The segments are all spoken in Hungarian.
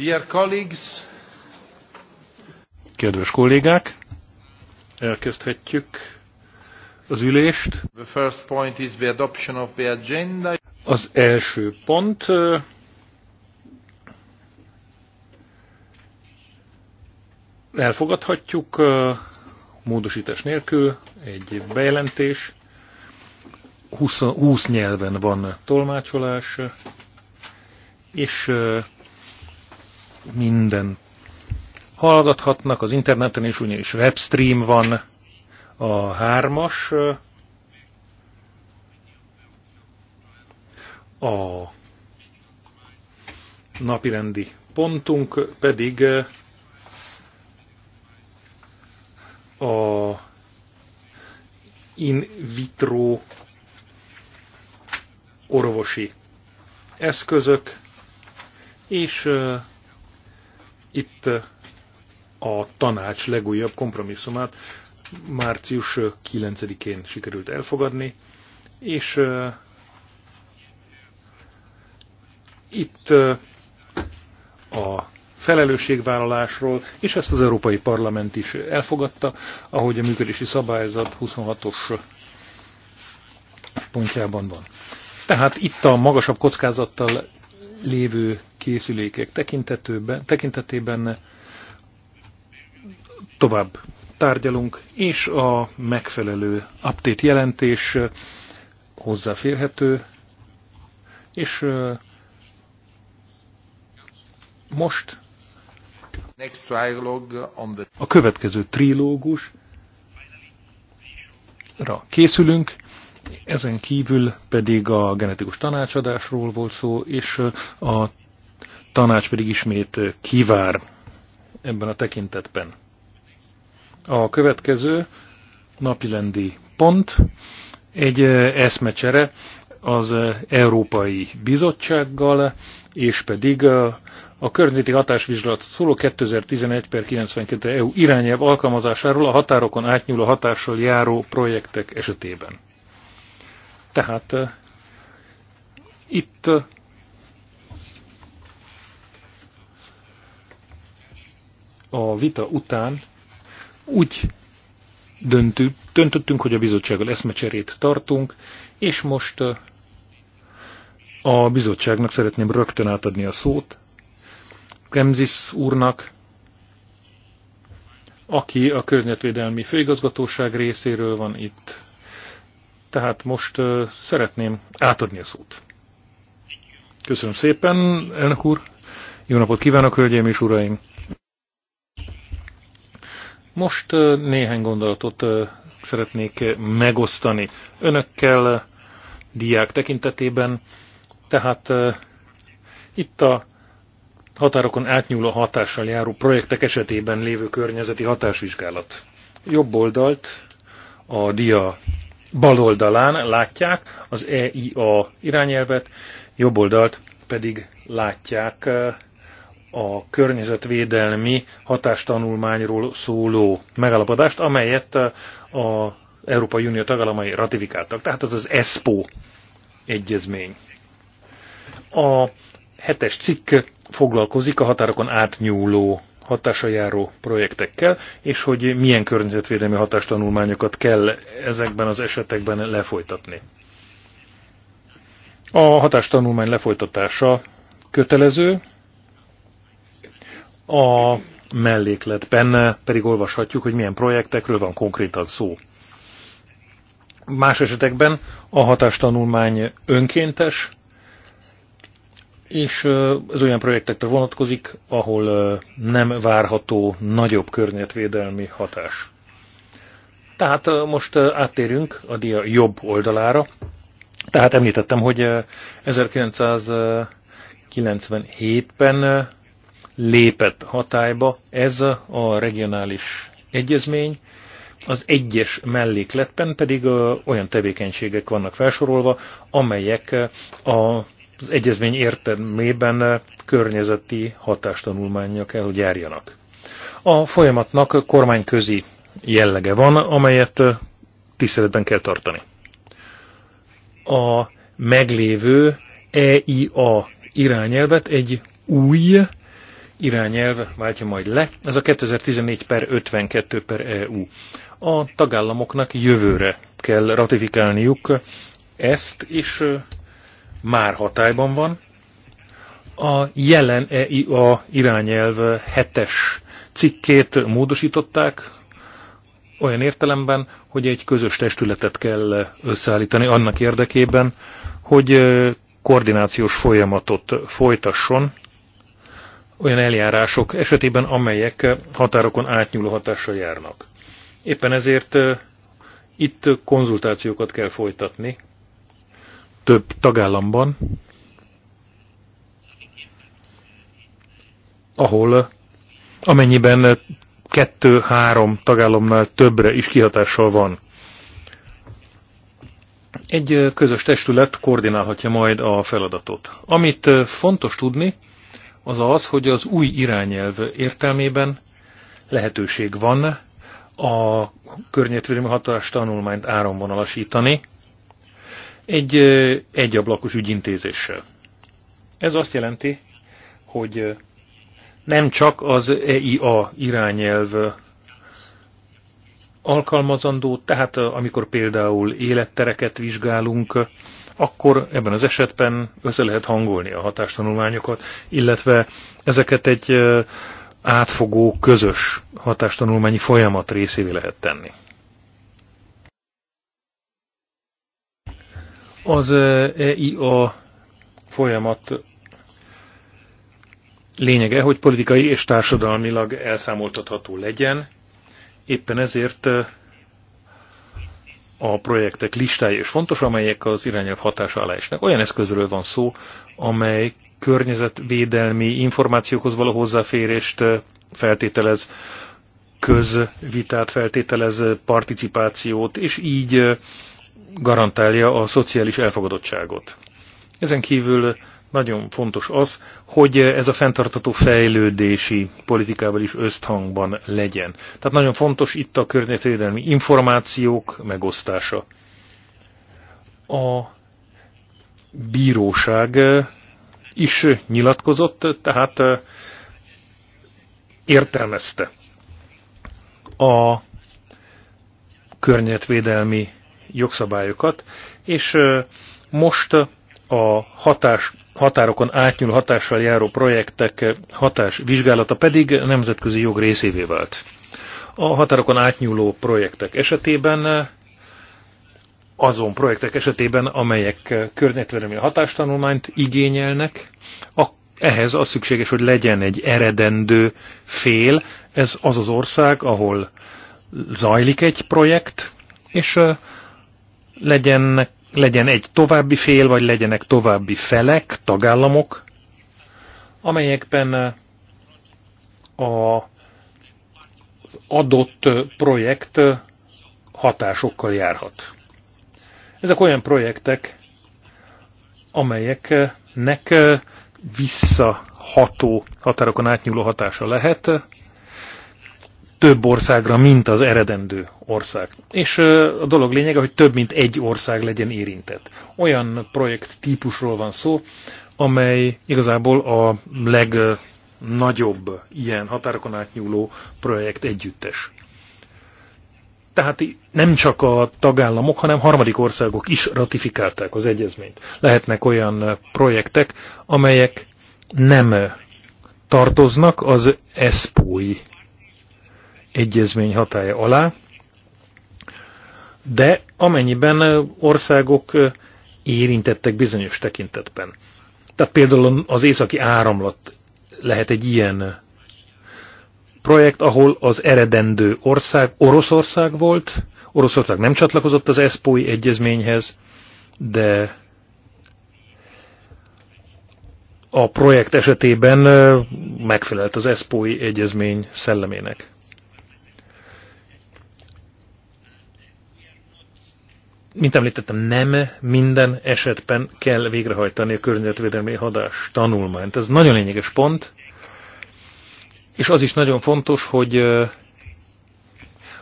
Dear colleagues, Kedves kollégák, elkezdhetjük az ülést. The first point is the adoption of the agenda. Az első pont elfogadhatjuk módosítás nélkül egy bejelentés. 20, 20 nyelven van tolmácsolás, és minden hallgathatnak az interneten, is ugyanis webstream van a hármas, a napirendi pontunk pedig a in vitro orvosi eszközök, és itt eh, a tanács legújabb kompromisszumát március 9-én eh, sikerült elfogadni, és eh, itt a felelősségvállalásról, és ezt az Európai Parlament is elfogadta, ahogy a működési szabályzat 26-os pontjában van. Tehát itt a magasabb kockázattal lévő készülékek tekintetőben, tekintetében tovább tárgyalunk, és a megfelelő update jelentés hozzáférhető, és most a következő trilógusra készülünk, ezen kívül pedig a genetikus tanácsadásról volt szó, és a tanács pedig ismét kivár ebben a tekintetben. A következő napilendi pont egy eszmecsere az Európai Bizottsággal, és pedig a környezeti hatásvizsgálat szóló 2011 per 92 EU irányelv alkalmazásáról a határokon átnyúló hatással járó projektek esetében. Tehát itt a vita után úgy döntünk, döntöttünk, hogy a bizottsággal eszmecserét tartunk, és most a bizottságnak szeretném rögtön átadni a szót, Kremzis úrnak, aki a környezetvédelmi főigazgatóság részéről van itt, tehát most szeretném átadni a szót. Köszönöm szépen, elnök úr. Jó napot kívánok, hölgyeim és uraim. Most néhány gondolatot szeretnék megosztani önökkel diák tekintetében. Tehát itt a határokon átnyúló hatással járó projektek esetében lévő környezeti hatásvizsgálat. Jobb oldalt a dia bal oldalán látják az EIA irányelvet, jobb oldalt pedig látják eh, a környezetvédelmi hatástanulmányról szóló megállapodást, amelyet eh, a Európai Unió tagállamai ratifikáltak. Tehát ez az ESPO egyezmény. A hetes cikk foglalkozik a határokon átnyúló hatása járó projektekkel, és hogy milyen környezetvédelmi hatástanulmányokat kell ezekben az esetekben lefolytatni. A hatástanulmány lefolytatása kötelező, a mellékletben pedig olvashatjuk, hogy milyen projektekről van konkrétan szó. Más esetekben a hatástanulmány önkéntes, és ez olyan projektekre vonatkozik, ahol nem várható nagyobb környezetvédelmi hatás. Tehát most áttérünk a dia jobb oldalára. Tehát említettem, hogy 1997-ben lépett hatályba ez a regionális egyezmény, az egyes mellékletben pedig olyan tevékenységek vannak felsorolva, amelyek a az egyezmény értelmében eh, környezeti hatástanulmányja kell, hogy járjanak. A folyamatnak kormányközi jellege van, amelyet eh, tiszteletben kell tartani. A meglévő EIA irányelvet egy új irányelv váltja majd le. Ez a 2014 per 52 per EU. A tagállamoknak jövőre kell ratifikálniuk ezt, és eh, már hatályban van. A jelen EIA irányelv hetes cikkét módosították olyan értelemben, hogy egy közös testületet kell összeállítani annak érdekében, hogy e, koordinációs folyamatot folytasson olyan eljárások esetében, amelyek határokon átnyúló hatással járnak. Éppen ezért e, itt konzultációkat kell folytatni több tagállamban, ahol amennyiben kettő-három tagállamnál többre is kihatással van. Egy közös testület koordinálhatja majd a feladatot. Amit fontos tudni, az az, hogy az új irányelv értelmében lehetőség van a környezetvédelmi hatástanulmányt áramvonalasítani, egy egyablakos ügyintézéssel. Ez azt jelenti, hogy nem csak az EIA irányelv alkalmazandó, tehát amikor például élettereket vizsgálunk, akkor ebben az esetben össze lehet hangolni a hatástanulmányokat, illetve ezeket egy átfogó, közös hatástanulmányi folyamat részévé lehet tenni. Az EIA folyamat lényege, hogy politikai és társadalmilag elszámoltatható legyen. Éppen ezért a projektek listája is fontos, amelyek az irányelv hatása alá esnek. Olyan eszközről van szó, amely környezetvédelmi információkhoz való hozzáférést feltételez, közvitát feltételez, participációt, és így garantálja a szociális elfogadottságot. Ezen kívül nagyon fontos az, hogy ez a fenntartató fejlődési politikával is összhangban legyen. Tehát nagyon fontos itt a környezetvédelmi információk megosztása. A bíróság is nyilatkozott, tehát értelmezte a környezetvédelmi jogszabályokat, és most a hatás, határokon átnyúló hatással járó projektek hatás vizsgálata pedig nemzetközi jog részévé vált. A határokon átnyúló projektek esetében azon projektek esetében, amelyek környezetvédelmi hatástanulmányt igényelnek, a, ehhez az szükséges, hogy legyen egy eredendő fél, ez az az ország, ahol zajlik egy projekt, és legyen, legyen egy további fél, vagy legyenek további felek, tagállamok, amelyekben eh, a adott projekt eh, hatásokkal járhat. Ezek olyan projektek, amelyeknek eh, visszaható határokon átnyúló hatása lehet, több országra, mint az eredendő ország. És a dolog lényege, hogy több mint egy ország legyen érintett. Olyan projekt típusról van szó, amely igazából a legnagyobb ilyen határokon átnyúló projekt együttes. Tehát nem csak a tagállamok, hanem harmadik országok is ratifikálták az egyezményt. Lehetnek olyan projektek, amelyek nem tartoznak az espoi egyezmény hatája alá, de amennyiben országok érintettek bizonyos tekintetben. Tehát például az északi áramlat lehet egy ilyen projekt, ahol az eredendő ország Oroszország volt. Oroszország nem csatlakozott az ESPOI egyezményhez, de a projekt esetében megfelelt az ESPOI egyezmény szellemének. mint említettem, nem minden esetben kell végrehajtani a környezetvédelmi hadás tanulmányt. Ez nagyon lényeges pont, és az is nagyon fontos, hogy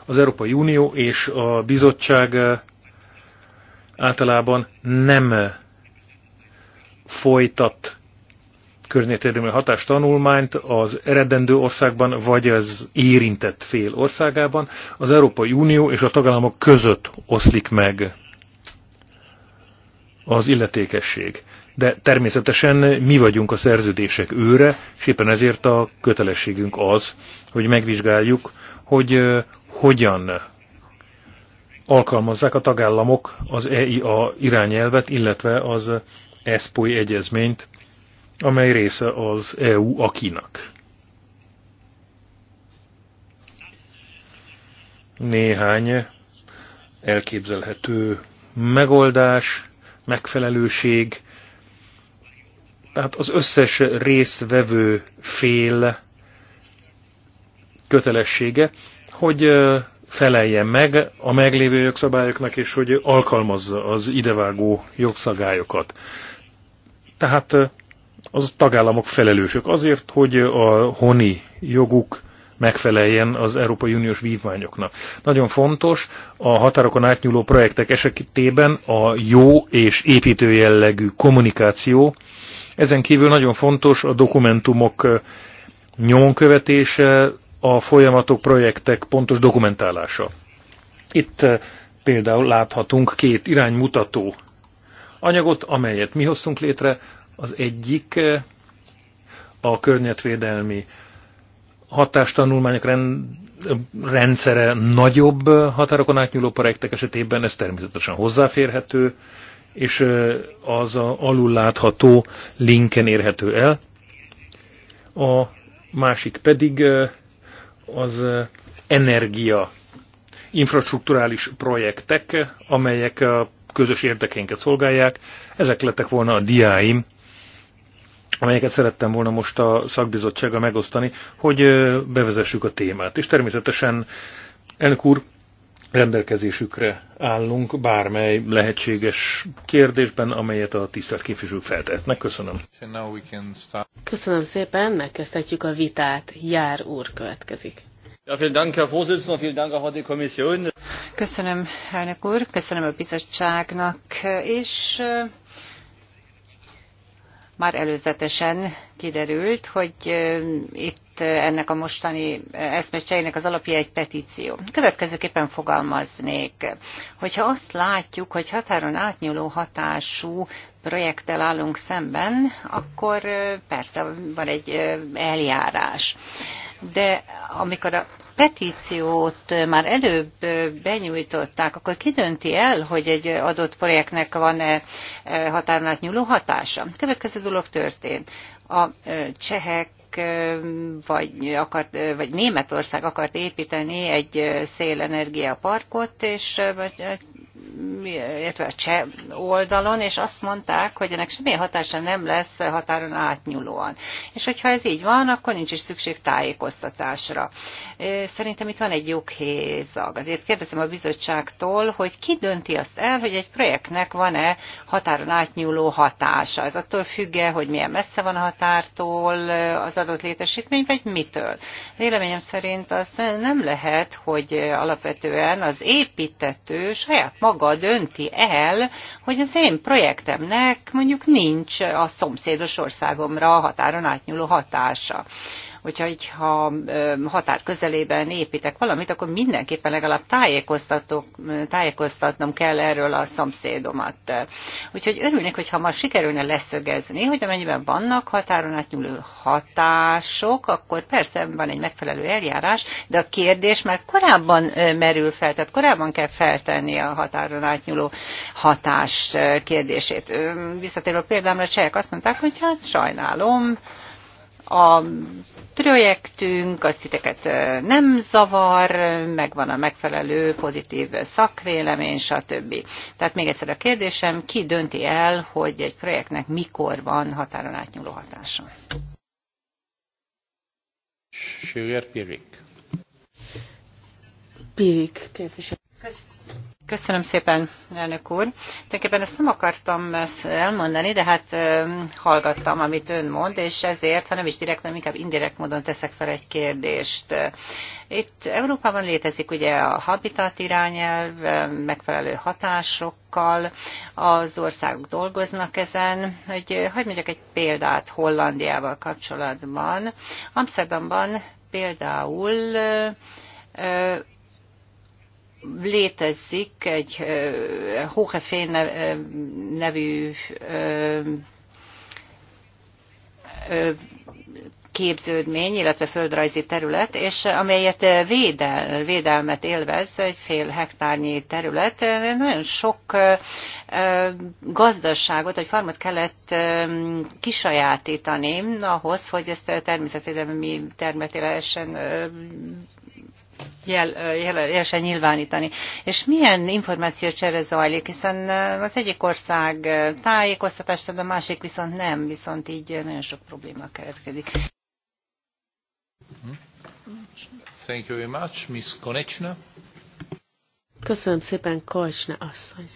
az Európai Unió és a bizottság általában nem folytat környezetvédelmi hatástanulmányt az eredendő országban, vagy az érintett fél országában, az Európai Unió és a tagállamok között oszlik meg az illetékesség. De természetesen mi vagyunk a szerződések őre, és éppen ezért a kötelességünk az, hogy megvizsgáljuk, hogy hogyan alkalmazzák a tagállamok az EIA irányelvet, illetve az ESPOI egyezményt amely része az EU akinak. Néhány elképzelhető megoldás, megfelelőség, tehát az összes résztvevő fél kötelessége, hogy feleljen meg a meglévő jogszabályoknak, és hogy alkalmazza az idevágó jogszabályokat. Tehát az tagállamok felelősök azért, hogy a honi joguk megfeleljen az Európai Uniós vívmányoknak. Nagyon fontos a határokon átnyúló projektek esetében a jó és építő jellegű kommunikáció. Ezen kívül nagyon fontos a dokumentumok nyomkövetése, a folyamatok, projektek pontos dokumentálása. Itt például láthatunk két iránymutató anyagot, amelyet mi hoztunk létre, az egyik eh, a környezetvédelmi hatástanulmányok rendszere nagyobb eh, határokon átnyúló projektek esetében, ez természetesen hozzáférhető, és eh, az a alul látható linken érhető el. A másik pedig az energia infrastruktúrális projektek, amelyek a közös érdekeinket szolgálják. Ezek lettek volna a diáim, amelyeket szerettem volna most a szakbizottsága megosztani, hogy bevezessük a témát. És természetesen, elnök úr, rendelkezésükre állunk bármely lehetséges kérdésben, amelyet a tisztelt képviselők feltehetnek. Köszönöm. Köszönöm szépen, megkezdhetjük a vitát. Jár úr következik. Köszönöm, elnök úr, köszönöm a bizottságnak, és már előzetesen kiderült, hogy itt ennek a mostani eszmecseinek az alapja egy petíció. Következőképpen fogalmaznék, hogyha azt látjuk, hogy határon átnyúló hatású projekttel állunk szemben, akkor persze van egy eljárás. De amikor a petíciót már előbb benyújtották, akkor ki dönti el, hogy egy adott projektnek van-e határon nyúló hatása? Következő dolog történt. A csehek vagy, akart, vagy Németország akart építeni egy szélenergia parkot, és illetve a cseh oldalon, és azt mondták, hogy ennek semmilyen hatása nem lesz határon átnyúlóan. És hogyha ez így van, akkor nincs is szükség tájékoztatásra. Szerintem itt van egy joghézag. Azért kérdezem a bizottságtól, hogy ki dönti azt el, hogy egy projektnek van-e határon átnyúló hatása. Ez attól függ-e, hogy milyen messze van a határtól az adott létesítmény, vagy mitől. Véleményem szerint az nem lehet, hogy alapvetően az építető saját maga maga dönti el, hogy az én projektemnek mondjuk nincs a szomszédos országomra határon átnyúló hatása hogyha így, ha határ közelében építek valamit, akkor mindenképpen legalább tájékoztatok, tájékoztatnom kell erről a szomszédomat. Úgyhogy örülnék, hogyha ma sikerülne leszögezni, hogy amennyiben vannak határon átnyúló hatások, akkor persze van egy megfelelő eljárás, de a kérdés már korábban merül fel, tehát korábban kell feltenni a határon átnyúló hatás kérdését. Visszatérve példámra a csehek azt mondták, hogy hát sajnálom, a projektünk, az titeket nem zavar, megvan a megfelelő pozitív szakvélemény, stb. Tehát még egyszer a kérdésem, ki dönti el, hogy egy projektnek mikor van határon átnyúló hatása? Schiller Pirik. Pirik képviselő. Köszönöm. Köszönöm szépen, elnök úr. Tulajdonképpen ezt nem akartam ezt elmondani, de hát hallgattam, amit ön mond, és ezért, ha nem is direkt, hanem inkább indirekt módon teszek fel egy kérdést. Itt Európában létezik ugye a habitat irányelv, megfelelő hatásokkal, az országok dolgoznak ezen. Hogy, hogy mondjak egy példát Hollandiával kapcsolatban. Amsterdamban például létezik egy Hochefén nevű képződmény, illetve földrajzi terület, és amelyet védel, védelmet élvez, egy fél hektárnyi terület, nagyon sok gazdaságot, vagy farmot kellett kisajátítani ahhoz, hogy ezt természetvédelmi területé lehessen jel, jel, nyilvánítani. És milyen információcsere zajlik, hiszen eh, az egyik ország eh, tájékoztatást ad, a másik viszont nem, viszont így eh, nagyon sok probléma keletkezik. Hmm? Thank you very much, Miss Konecsna. Köszönöm szépen, Kocsne asszony.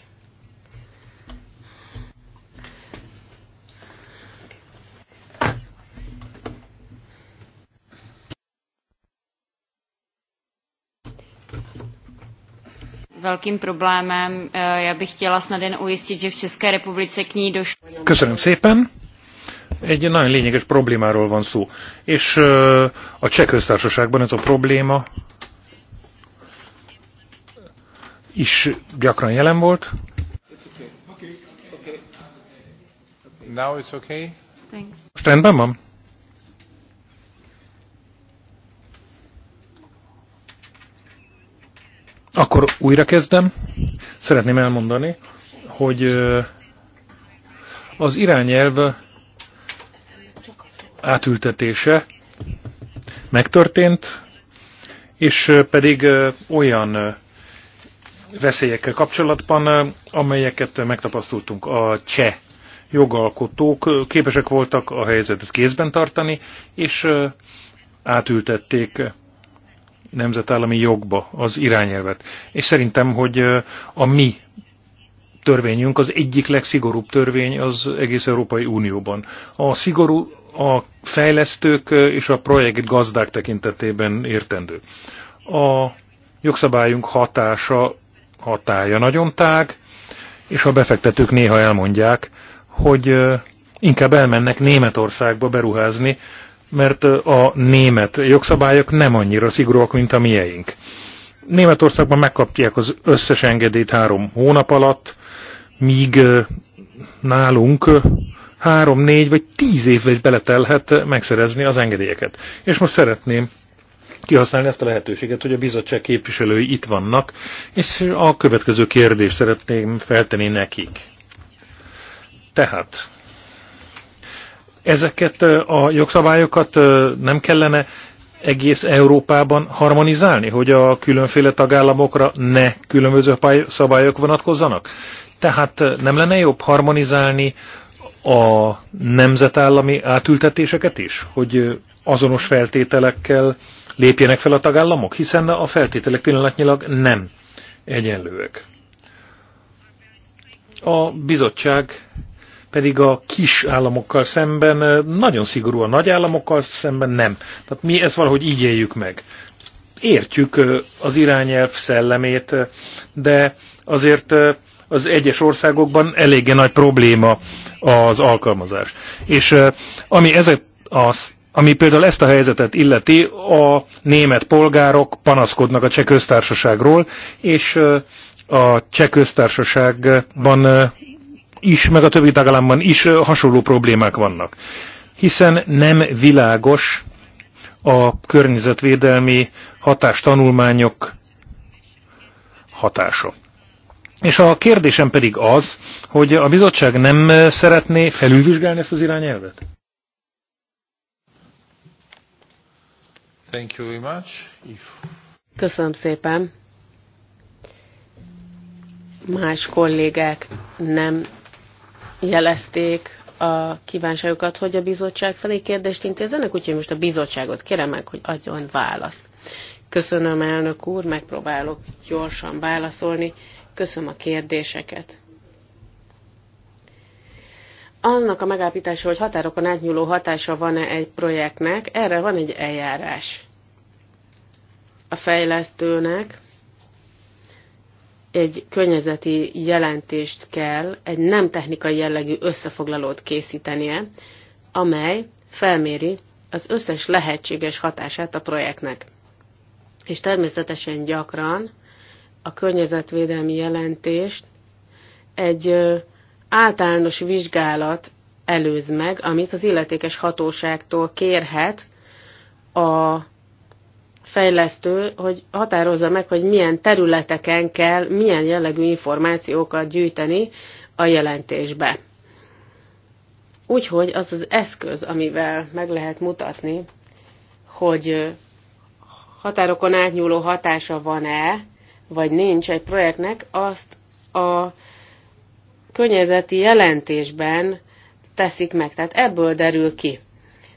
velkým problémem. Eh, já bych chtěla snad jen ujistit, že v České republice k ní došlo. Köszönöm szépen. Egy nagyon lényeges problémáról van szó. És eh, a cseh köztársaságban ez a probléma is gyakran jelen volt. Now it's okay. Thanks. Most rendben van? Akkor újra kezdem. Szeretném elmondani, hogy az irányelv átültetése megtörtént, és pedig olyan veszélyekkel kapcsolatban, amelyeket megtapasztaltunk a cseh jogalkotók képesek voltak a helyzetet kézben tartani, és átültették nemzetállami jogba az irányelvet. És szerintem, hogy a mi törvényünk az egyik legszigorúbb törvény az egész Európai Unióban. A szigorú a fejlesztők és a projekt gazdák tekintetében értendő. A jogszabályunk hatása, hatája nagyon tág, és a befektetők néha elmondják, hogy inkább elmennek Németországba beruházni, mert a német jogszabályok nem annyira szigorúak, mint a mieink. Németországban megkapják az összes engedélyt három hónap alatt, míg nálunk három, négy vagy tíz évvel is beletelhet megszerezni az engedélyeket. És most szeretném kihasználni ezt a lehetőséget, hogy a bizottság képviselői itt vannak, és a következő kérdést szeretném feltenni nekik. Tehát, ezeket a jogszabályokat nem kellene egész Európában harmonizálni, hogy a különféle tagállamokra ne különböző szabályok vonatkozzanak? Tehát nem lenne jobb harmonizálni a nemzetállami átültetéseket is, hogy azonos feltételekkel lépjenek fel a tagállamok, hiszen a feltételek pillanatnyilag nem egyenlőek. A bizottság pedig a kis államokkal szemben nagyon szigorú, a nagy államokkal szemben nem. Tehát mi ezt valahogy így éljük meg. Értjük az irányelv szellemét, de azért az egyes országokban eléggé nagy probléma az alkalmazás. És ami, ezek, az, ami például ezt a helyzetet illeti, a német polgárok panaszkodnak a cseh köztársaságról, és a cseh köztársaságban is, meg a többi tagállamban is hasonló problémák vannak. Hiszen nem világos a környezetvédelmi hatástanulmányok hatása. És a kérdésem pedig az, hogy a bizottság nem szeretné felülvizsgálni ezt az irányelvet? Thank you very much. If... Köszönöm szépen. Más kollégák nem jelezték a kívánságukat, hogy a bizottság felé kérdést intézzenek, úgyhogy most a bizottságot kérem meg, hogy adjon választ. Köszönöm, elnök úr, megpróbálok gyorsan válaszolni. Köszönöm a kérdéseket. Annak a megállapítása, hogy határokon átnyúló hatása van-e egy projektnek, erre van egy eljárás. A fejlesztőnek egy környezeti jelentést kell, egy nem technikai jellegű összefoglalót készítenie, amely felméri az összes lehetséges hatását a projektnek. És természetesen gyakran a környezetvédelmi jelentést egy általános vizsgálat előz meg, amit az illetékes hatóságtól kérhet a fejlesztő, hogy határozza meg, hogy milyen területeken kell, milyen jellegű információkat gyűjteni a jelentésbe. Úgyhogy az az eszköz, amivel meg lehet mutatni, hogy határokon átnyúló hatása van-e, vagy nincs egy projektnek, azt a környezeti jelentésben teszik meg. Tehát ebből derül ki.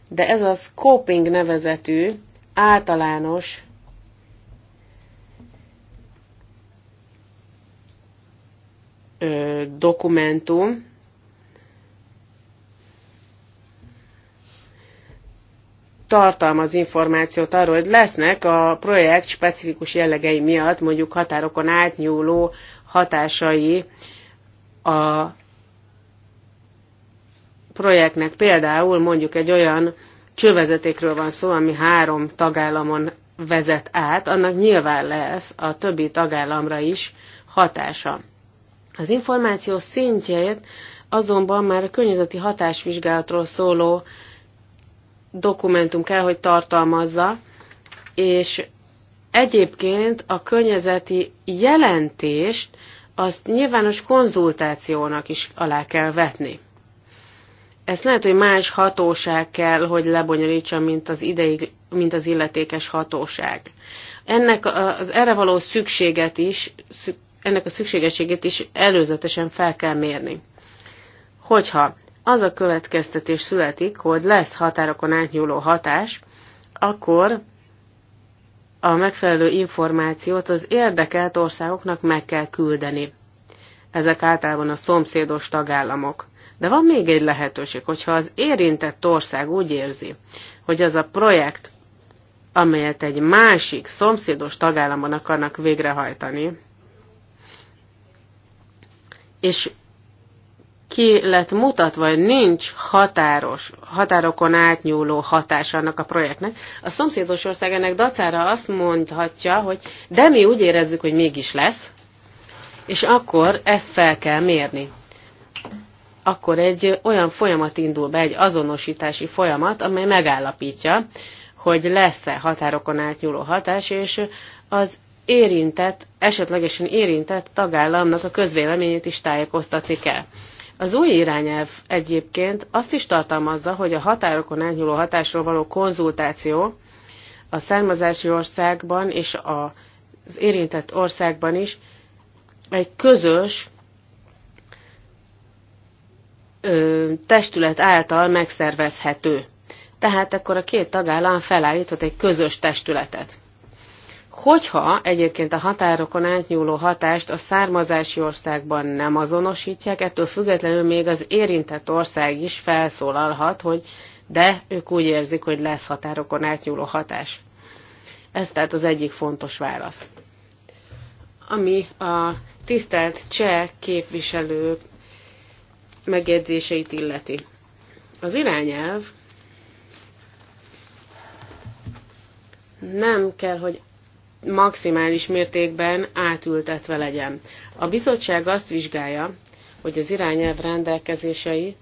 De ez a scoping nevezetű általános ö, dokumentum, tartalmaz információt arról, hogy lesznek a projekt specifikus jellegei miatt mondjuk határokon átnyúló hatásai a projektnek. Például mondjuk egy olyan csővezetékről van szó, ami három tagállamon vezet át, annak nyilván lesz a többi tagállamra is hatása. Az információ szintjét azonban már a környezeti hatásvizsgálatról szóló dokumentum kell, hogy tartalmazza, és egyébként a környezeti jelentést azt nyilvános konzultációnak is alá kell vetni. Ezt lehet, hogy más hatóság kell, hogy lebonyolítsa, mint az, ideig, mint az illetékes hatóság. Ennek az erre való szükséget is, ennek a szükségességét is előzetesen fel kell mérni. Hogyha az a következtetés születik, hogy lesz határokon átnyúló hatás, akkor a megfelelő információt az érdekelt országoknak meg kell küldeni. Ezek általában a szomszédos tagállamok. De van még egy lehetőség, hogyha az érintett ország úgy érzi, hogy az a projekt, amelyet egy másik szomszédos tagállamban akarnak végrehajtani, és ki lett mutatva, hogy nincs határos, határokon átnyúló hatás annak a projektnek, a szomszédos ország ennek dacára azt mondhatja, hogy de mi úgy érezzük, hogy mégis lesz, és akkor ezt fel kell mérni akkor egy olyan folyamat indul be, egy azonosítási folyamat, amely megállapítja, hogy lesz-e határokon átnyúló hatás, és az érintett, esetlegesen érintett tagállamnak a közvéleményét is tájékoztatni kell. Az új irányelv egyébként azt is tartalmazza, hogy a határokon átnyúló hatásról való konzultáció a származási országban és az érintett országban is egy közös ö, testület által megszervezhető. Tehát akkor a két tagállam felállított egy közös testületet. Hogyha egyébként a határokon átnyúló hatást a származási országban nem azonosítják, ettől függetlenül még az érintett ország is felszólalhat, hogy de ők úgy érzik, hogy lesz határokon átnyúló hatás. Ez tehát az egyik fontos válasz. Ami a tisztelt cseh képviselő megjegyzéseit illeti. Az irányelv nem kell, hogy maximális mértékben átültetve legyen. A bizottság azt vizsgálja, hogy az irányelv rendelkezései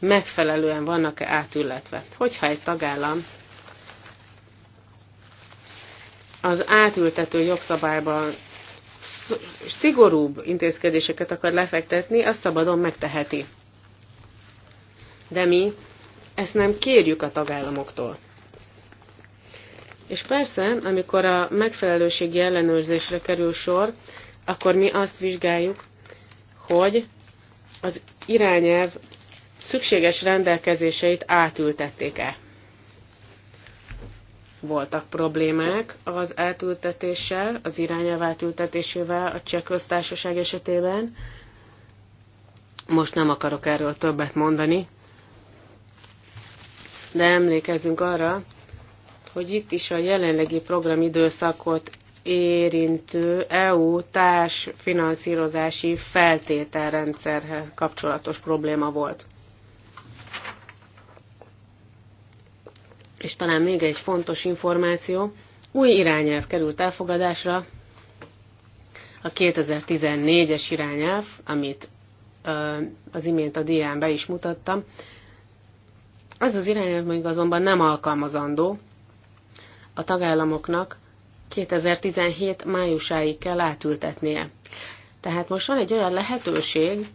megfelelően vannak-e átülletve. Hogyha egy tagállam az átültető jogszabályban szigorúbb intézkedéseket akar lefektetni, azt szabadon megteheti. De mi ezt nem kérjük a tagállamoktól. És persze, amikor a megfelelőségi ellenőrzésre kerül sor, akkor mi azt vizsgáljuk, hogy az irányelv szükséges rendelkezéseit átültették-e. Voltak problémák az átültetéssel, az irányelv átültetésével a cseh köztársaság esetében. Most nem akarok erről többet mondani, de emlékezzünk arra, hogy itt is a jelenlegi programidőszakot érintő EU társfinanszírozási feltételrendszerhez kapcsolatos probléma volt. És talán még egy fontos információ, új irányelv került elfogadásra, a 2014-es irányelv, amit az imént a dián be is mutattam, ez az irányelv még azonban nem alkalmazandó. A tagállamoknak 2017 májusáig kell átültetnie. Tehát most van egy olyan lehetőség,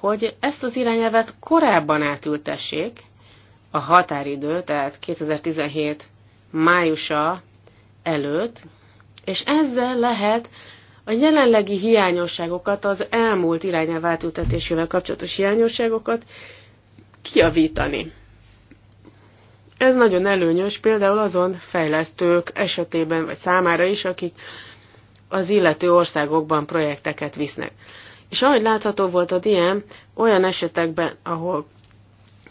hogy ezt az irányelvet korábban átültessék, a határidő, tehát 2017 májusa előtt, és ezzel lehet a jelenlegi hiányosságokat, az elmúlt irányelv átültetésével kapcsolatos hiányosságokat kijavítani. Ez nagyon előnyös például azon fejlesztők esetében, vagy számára is, akik az illető országokban projekteket visznek. És ahogy látható volt a DM, olyan esetekben, ahol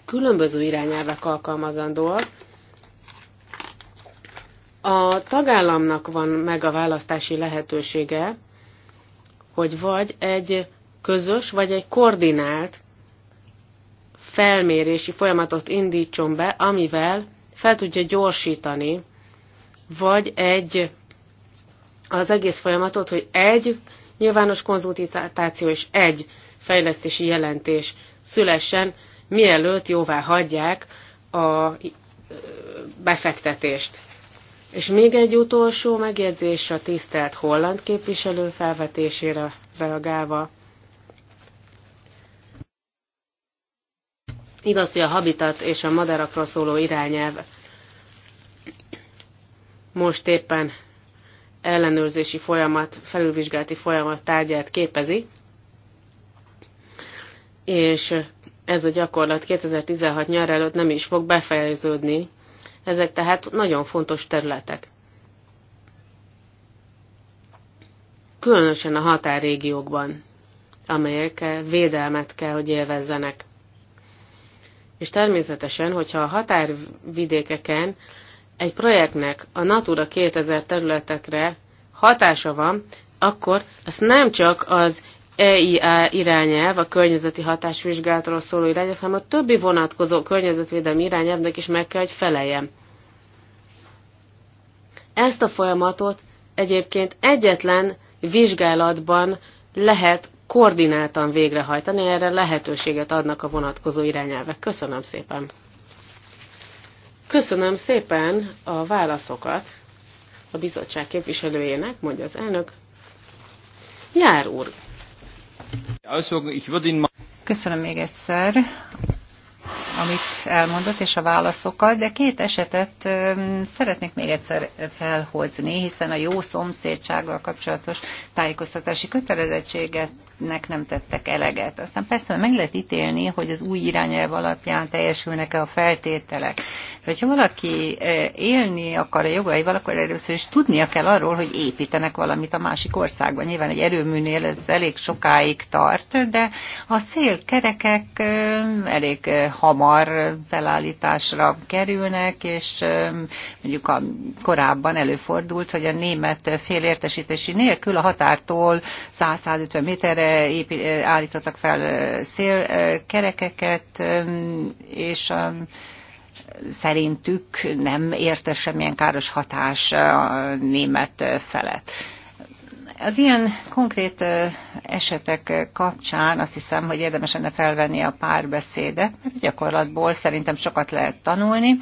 különböző irányelvek alkalmazandóak, a tagállamnak van meg a választási lehetősége, hogy vagy egy közös, vagy egy koordinált felmérési folyamatot indítson be, amivel fel tudja gyorsítani, vagy egy az egész folyamatot, hogy egy nyilvános konzultáció és egy fejlesztési jelentés szülessen, mielőtt jóvá hagyják a befektetést. És még egy utolsó megjegyzés a tisztelt holland képviselő felvetésére reagálva. Igaz, hogy a habitat és a madarakról szóló irányelv most éppen ellenőrzési folyamat, felülvizsgálati folyamat tárgyát képezi, és ez a gyakorlat 2016 nyár előtt nem is fog befejeződni. Ezek tehát nagyon fontos területek. Különösen a határrégiókban, amelyek védelmet kell, hogy élvezzenek. És természetesen, hogyha a határvidékeken egy projektnek a Natura 2000 területekre hatása van, akkor ezt nem csak az EIA irányelv, a környezeti hatásvizsgálatról szóló irányelv, hanem a többi vonatkozó környezetvédelmi irányelvnek is meg kell, hogy feleljen. Ezt a folyamatot egyébként egyetlen vizsgálatban lehet koordináltan végrehajtani, erre lehetőséget adnak a vonatkozó irányelvek. Köszönöm szépen! Köszönöm szépen a válaszokat a bizottság képviselőjének, mondja az elnök. Jár úr! Köszönöm még egyszer amit elmondott, és a válaszokat, de két esetet szeretnék még egyszer felhozni, hiszen a jó szomszédsággal kapcsolatos tájékoztatási kötelezettségetnek nem tettek eleget. Aztán persze meg lehet ítélni, hogy az új irányelv alapján teljesülnek-e a feltételek. hogyha valaki élni akar a jogaival, akkor először is tudnia kell arról, hogy építenek valamit a másik országban. Nyilván egy erőműnél ez elég sokáig tart, de a szélkerekek elég hamar hamar felállításra kerülnek, és mondjuk a korábban előfordult, hogy a német félértesítési nélkül a határtól 100-150 méterre állítottak fel szélkerekeket, és a szerintük nem érte semmilyen káros hatás a német felett. Az ilyen konkrét esetek kapcsán azt hiszem, hogy érdemes lenne felvenni a párbeszédet, mert gyakorlatból szerintem sokat lehet tanulni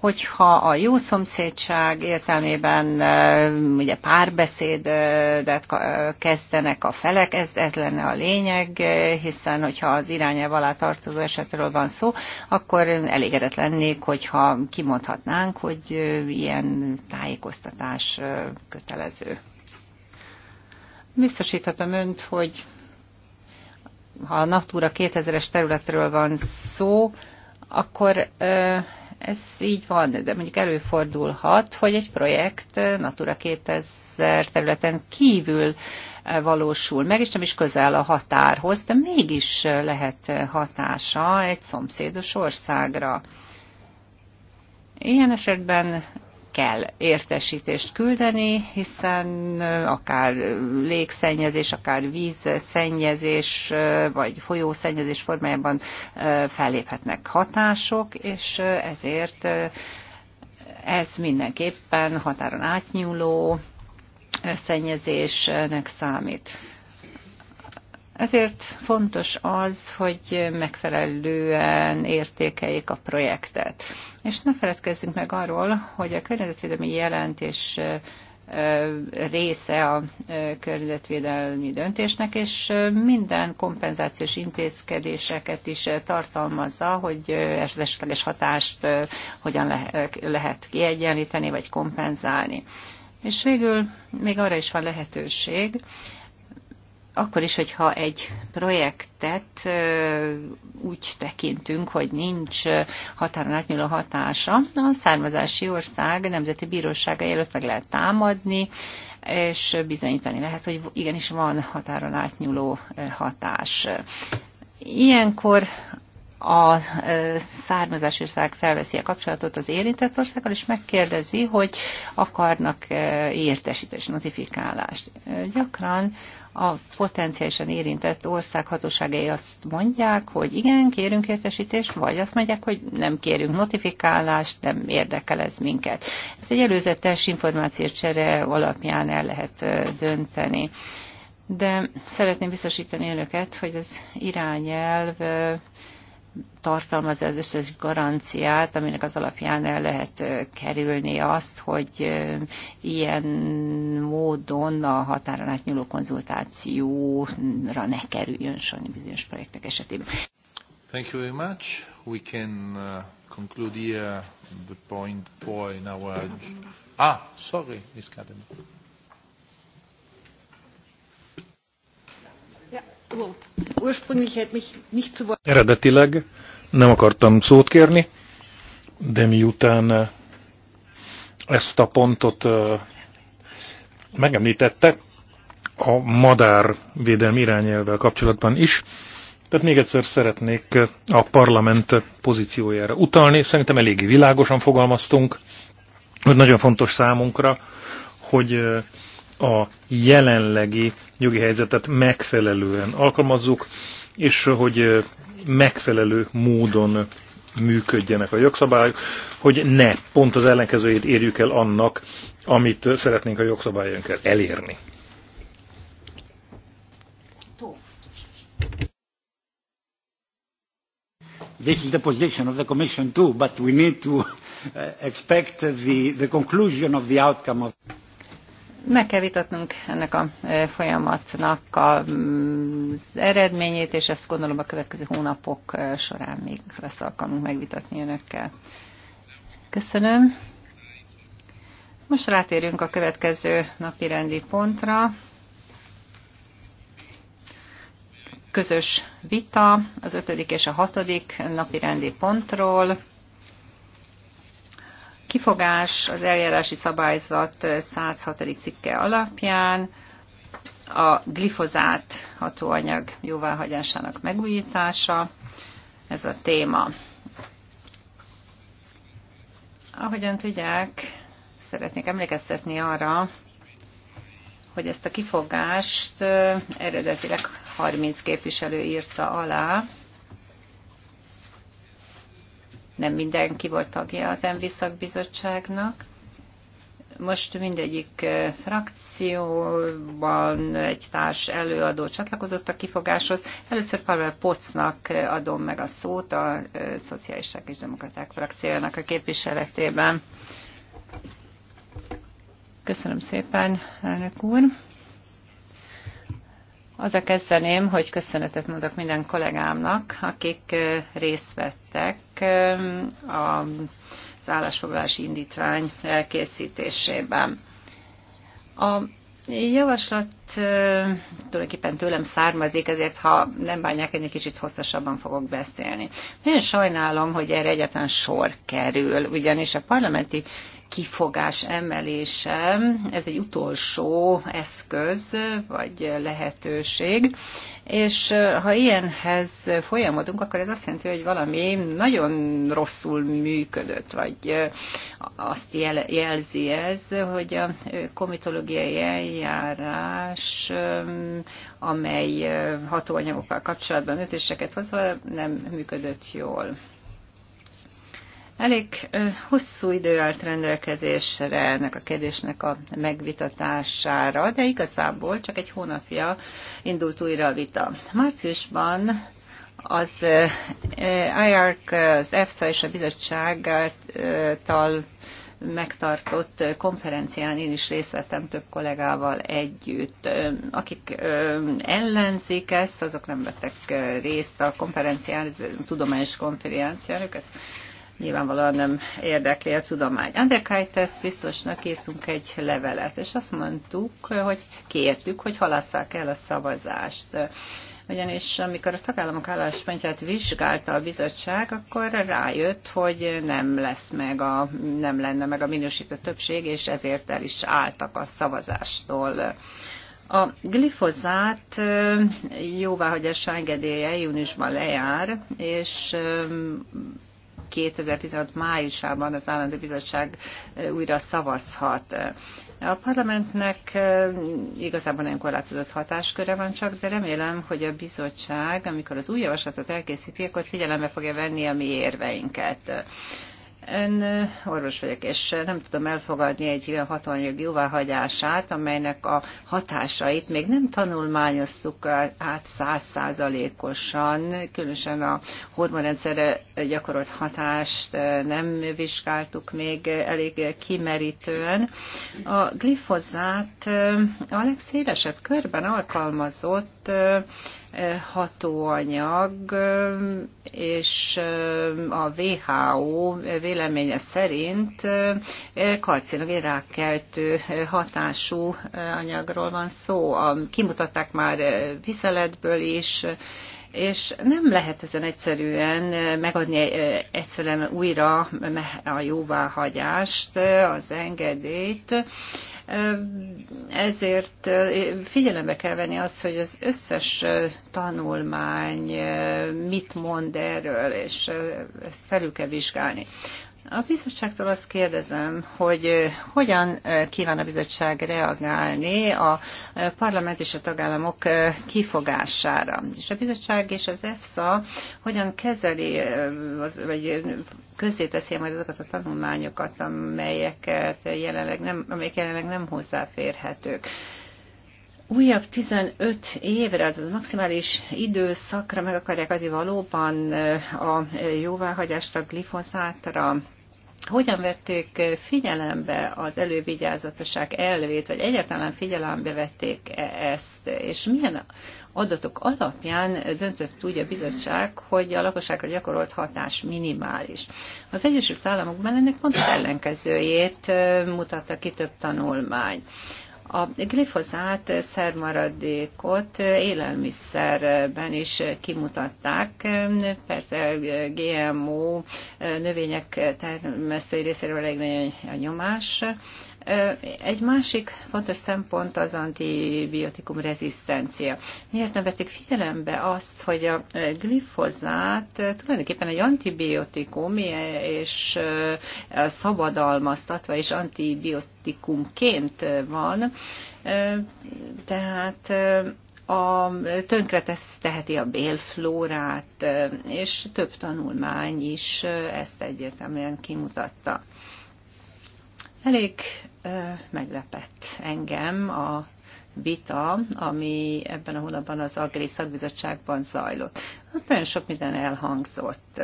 hogyha a jó szomszédság értelmében ugye párbeszédet kezdenek a felek, ez, ez lenne a lényeg, hiszen hogyha az irányelv alá tartozó esetről van szó, akkor elégedett lennék, hogyha kimondhatnánk, hogy ilyen tájékoztatás kötelező. Biztosíthatom önt, hogy ha a Natura 2000-es területről van szó, akkor ez így van, de mondjuk előfordulhat, hogy egy projekt Natura 2000 területen kívül valósul meg, és nem is közel a határhoz, de mégis lehet hatása egy szomszédos országra. Ilyen esetben kell értesítést küldeni, hiszen akár légszennyezés, akár vízszennyezés, vagy folyószennyezés formájában felléphetnek hatások, és ezért ez mindenképpen határon átnyúló szennyezésnek számít. Ezért fontos az, hogy megfelelően értékeljék a projektet. És ne feledkezzünk meg arról, hogy a környezetvédelmi jelentés része a környezetvédelmi döntésnek, és minden kompenzációs intézkedéseket is tartalmazza, hogy esetleges hatást hogyan lehet kiegyenlíteni vagy kompenzálni. És végül még arra is van lehetőség, akkor is, hogyha egy projektet úgy tekintünk, hogy nincs határon átnyúló hatása, a származási ország nemzeti bírósága előtt meg lehet támadni, és bizonyítani lehet, hogy igenis van határon átnyúló hatás. Ilyenkor a származási ország felveszi a kapcsolatot az érintett országgal, és megkérdezi, hogy akarnak értesítés, notifikálást. Gyakran a potenciálisan érintett ország hatóságai azt mondják, hogy igen, kérünk értesítést, vagy azt mondják, hogy nem kérünk notifikálást, nem érdekel ez minket. Ez egy előzetes csere alapján el lehet dönteni. De szeretném biztosítani önöket, hogy az irányelv tartalmaz az összes garanciát, aminek az alapján el lehet kerülni azt, hogy ilyen módon a határon átnyúló konzultációra ne kerüljön sajnos bizonyos projektek esetében. Thank you very much. We can uh, conclude here the point four in our... Ah, sorry, Ms. Kadenbach. Eredetileg nem akartam szót kérni, de miután eh, ezt a pontot eh, megemlítette, a madárvédelmi irányelvvel kapcsolatban is. Tehát még egyszer szeretnék eh, a parlament pozíciójára utalni. Szerintem eléggé világosan fogalmaztunk, hogy nagyon fontos számunkra, hogy a jelenlegi jogi helyzetet megfelelően alkalmazzuk, és hogy megfelelő módon működjenek a jogszabályok, hogy ne pont az ellenkezőjét érjük el annak, amit szeretnénk a jogszabályunkkal elérni. This is the position of the Commission too, but we need to uh, expect the, the conclusion of the outcome of meg kell vitatnunk ennek a e, folyamatnak mm, az eredményét, és ezt gondolom a következő hónapok e, során még lesz alkalmunk megvitatni önökkel. Köszönöm. Most rátérünk a következő napi rendi pontra. Közös vita az ötödik és a hatodik napi rendi pontról kifogás az eljárási szabályzat 106. cikke alapján a glifozát hatóanyag jóváhagyásának megújítása. Ez a téma. Ahogyan tudják, szeretnék emlékeztetni arra, hogy ezt a kifogást eredetileg 30 képviselő írta alá, nem mindenki volt tagja az Enviszak bizottságnak. Most mindegyik frakcióban egy társ előadó csatlakozott a kifogáshoz. Először Pavel Pocnak adom meg a szót a Szocialisták és Demokraták frakciójának a képviseletében. Köszönöm szépen, elnök úr. Azzal kezdeném, hogy köszönetet mondok minden kollégámnak, akik részt vettek az állásfoglalási indítvány elkészítésében. A javaslat tulajdonképpen tőlem származik, ezért ha nem bánják, én egy kicsit hosszasabban fogok beszélni. Nagyon sajnálom, hogy erre egyetlen sor kerül, ugyanis a parlamenti kifogás emelése, ez egy utolsó eszköz vagy lehetőség, és ha ilyenhez folyamodunk, akkor ez azt jelenti, hogy valami nagyon rosszul működött, vagy azt jelzi ez, hogy a komitológiai eljárás, amely hatóanyagokkal kapcsolatban ötéseket hozva, nem működött jól. Elég hosszú idő állt rendelkezésre ennek a kérdésnek a megvitatására, de igazából csak egy hónapja indult újra a vita. Márciusban az IARC, az EFSA és a bizottság által megtartott konferencián én is részt vettem több kollégával együtt. Akik ellenzik ezt, azok nem vettek részt a konferencián, ez a tudományos konferencián, őket nyilvánvalóan nem érdekli a tudomány. Andekaites biztosnak írtunk egy levelet, és azt mondtuk, hogy kértük, hogy halasszák el a szavazást ugyanis amikor a tagállamok álláspontját vizsgálta a bizottság, akkor rájött, hogy nem lesz meg a, nem lenne meg a minősítő többség, és ezért el is álltak a szavazástól. A glifozát jóváhagyása engedélye júniusban lejár, és 2016 májusában az állandó bizottság újra szavazhat. A parlamentnek igazából nem korlátozott hatásköre van csak, de remélem, hogy a bizottság, amikor az új javaslatot elkészíti, akkor figyelembe fogja venni a mi érveinket. Ön orvos vagyok, és nem tudom elfogadni egy olyan hatalmi jóváhagyását, amelynek a hatásait még nem tanulmányoztuk át százszázalékosan, különösen a hormonrendszerre gyakorolt hatást nem vizsgáltuk még elég kimerítően. A glifozát a legszélesebb körben alkalmazott hatóanyag, és a WHO véleménye szerint karcinogén rákkeltő hatású anyagról van szó. A, kimutatták már vizeletből is, és nem lehet ezen egyszerűen megadni egyszerűen újra a jóváhagyást, az engedélyt. Ezért figyelembe kell venni azt, hogy az összes tanulmány mit mond erről, és ezt felül kell vizsgálni. A bizottságtól azt kérdezem, hogy hogyan kíván a bizottság reagálni a parlament és a tagállamok kifogására. És a bizottság és az EFSA hogyan kezeli, vagy közzéteszi majd azokat a tanulmányokat, amelyeket jelenleg nem, amelyek jelenleg nem hozzáférhetők újabb 15 évre, a maximális időszakra meg akarják adni valóban a jóváhagyást a glifoszátra hogyan vették eh, figyelembe az elővigyázatosság elvét, vagy egyáltalán figyelembe vették e ezt, és milyen adatok alapján döntött úgy a bizottság, hogy a lakosságra gyakorolt hatás minimális. Az Egyesült Államokban ennek pont ellenkezőjét eh, mutatta ki több tanulmány. A glifozát szermaradékot élelmiszerben is kimutatták. Persze GMO növények termesztői részéről elég nagy a nyomás, egy másik fontos szempont az antibiotikum rezisztencia. Miért nem vették figyelembe azt, hogy a glifozát tulajdonképpen egy antibiotikum, és szabadalmaztatva és antibiotikumként van, tehát a, tönkretesz teheti a bélflórát, és több tanulmány is ezt egyértelműen kimutatta. Elég meglepett engem a vita, ami ebben a hónapban az Agri Szakbizottságban zajlott. Ott hát nagyon sok minden elhangzott.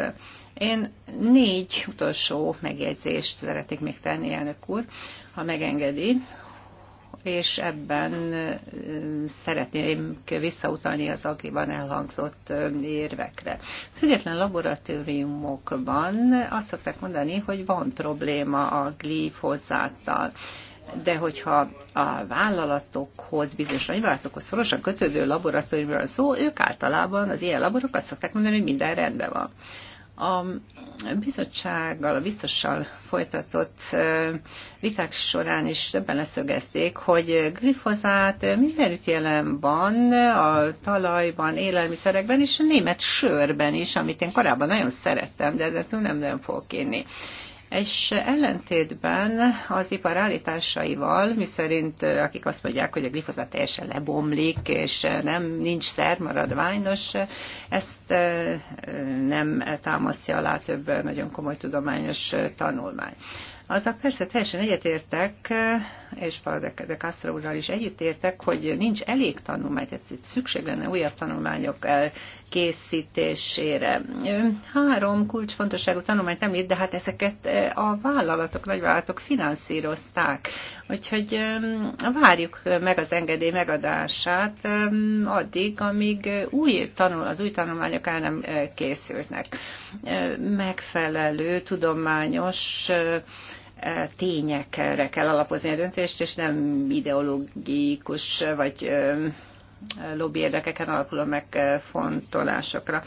Én négy utolsó megjegyzést szeretnék még tenni, elnök úr, ha megengedi és ebben szeretném visszautalni az agriban elhangzott érvekre. Független laboratóriumokban azt szokták mondani, hogy van probléma a glifozáttal de hogyha a vállalatokhoz, bizonyos nagyvállalatokhoz szorosan kötődő laboratóriumról szó, ők általában az ilyen laborok azt szokták mondani, hogy minden rendben van. A bizottsággal, a biztossal folytatott viták során is többen leszögezték, hogy glifozát mindenütt jelen van, a talajban, élelmiszerekben és a német sörben is, amit én korábban nagyon szerettem, de ezzel nem nagyon fogok inni és ellentétben az ipar állításaival, miszerint eh, akik azt mondják, hogy a glifozat teljesen lebomlik, és eh, nem nincs szermaradvány, nos, ezt eh, nem támasztja alá több nagyon komoly tudományos tanulmány azzal persze teljesen egyetértek, és Paldek de Castro úrral is egyetértek, hogy nincs elég tanulmány, tehát szükség lenne újabb tanulmányok készítésére. Három kulcsfontosságú tanulmányt említ, de hát ezeket e, a vállalatok, nagyvállalatok finanszírozták. Úgyhogy várjuk meg az engedély megadását addig, amíg új tanul, az új tanulmányok el nem e, készülnek. E, megfelelő tudományos tényekre kell alapozni a döntést, és nem ideológikus vagy lobby érdekeken alapuló megfontolásokra.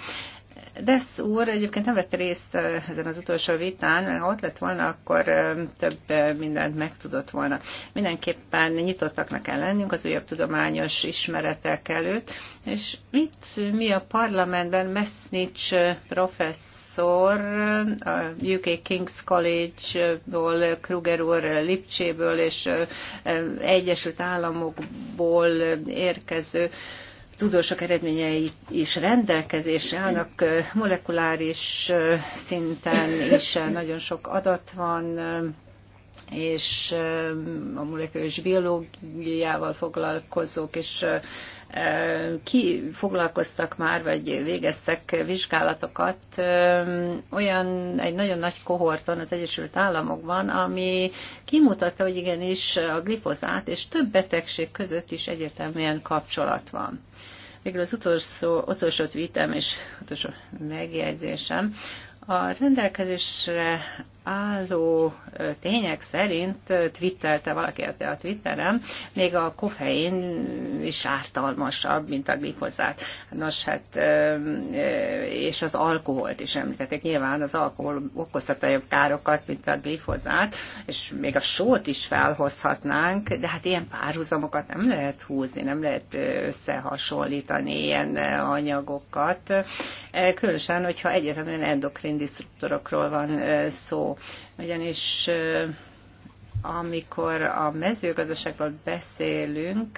Desz úr egyébként nem vett részt ezen az utolsó vitán, ha ott lett volna, akkor több mindent megtudott volna. Mindenképpen nyitottaknak kell lennünk az újabb tudományos ismeretek előtt, és itt mi a parlamentben Messnics professzor, professzor, a UK King's College-ból, Kruger úr Lipcséből és Egyesült Államokból érkező tudósok eredményei is rendelkezésre állnak, molekuláris szinten is nagyon sok adat van, és a molekuláris biológiával foglalkozók és ki foglalkoztak már, vagy végeztek vizsgálatokat olyan egy nagyon nagy kohorton az Egyesült Államokban, ami kimutatta, hogy igenis a glifozát és több betegség között is egyértelműen kapcsolat van. Végül az utolsó, utolsó tweetem és utolsó megjegyzésem a rendelkezésre álló tények szerint twittelte valaki a Twitterem, még a koffein is ártalmasabb, mint a glikozát. Nos, hát, és az alkoholt is említették. Nyilván az alkohol okozhat jobb károkat, mint a glifozát, és még a sót is felhozhatnánk, de hát ilyen párhuzamokat nem lehet húzni, nem lehet összehasonlítani ilyen anyagokat, különösen, hogyha egyértelműen endokrin disruptorokról van szó. Ugyanis amikor a mezőgazdaságról beszélünk,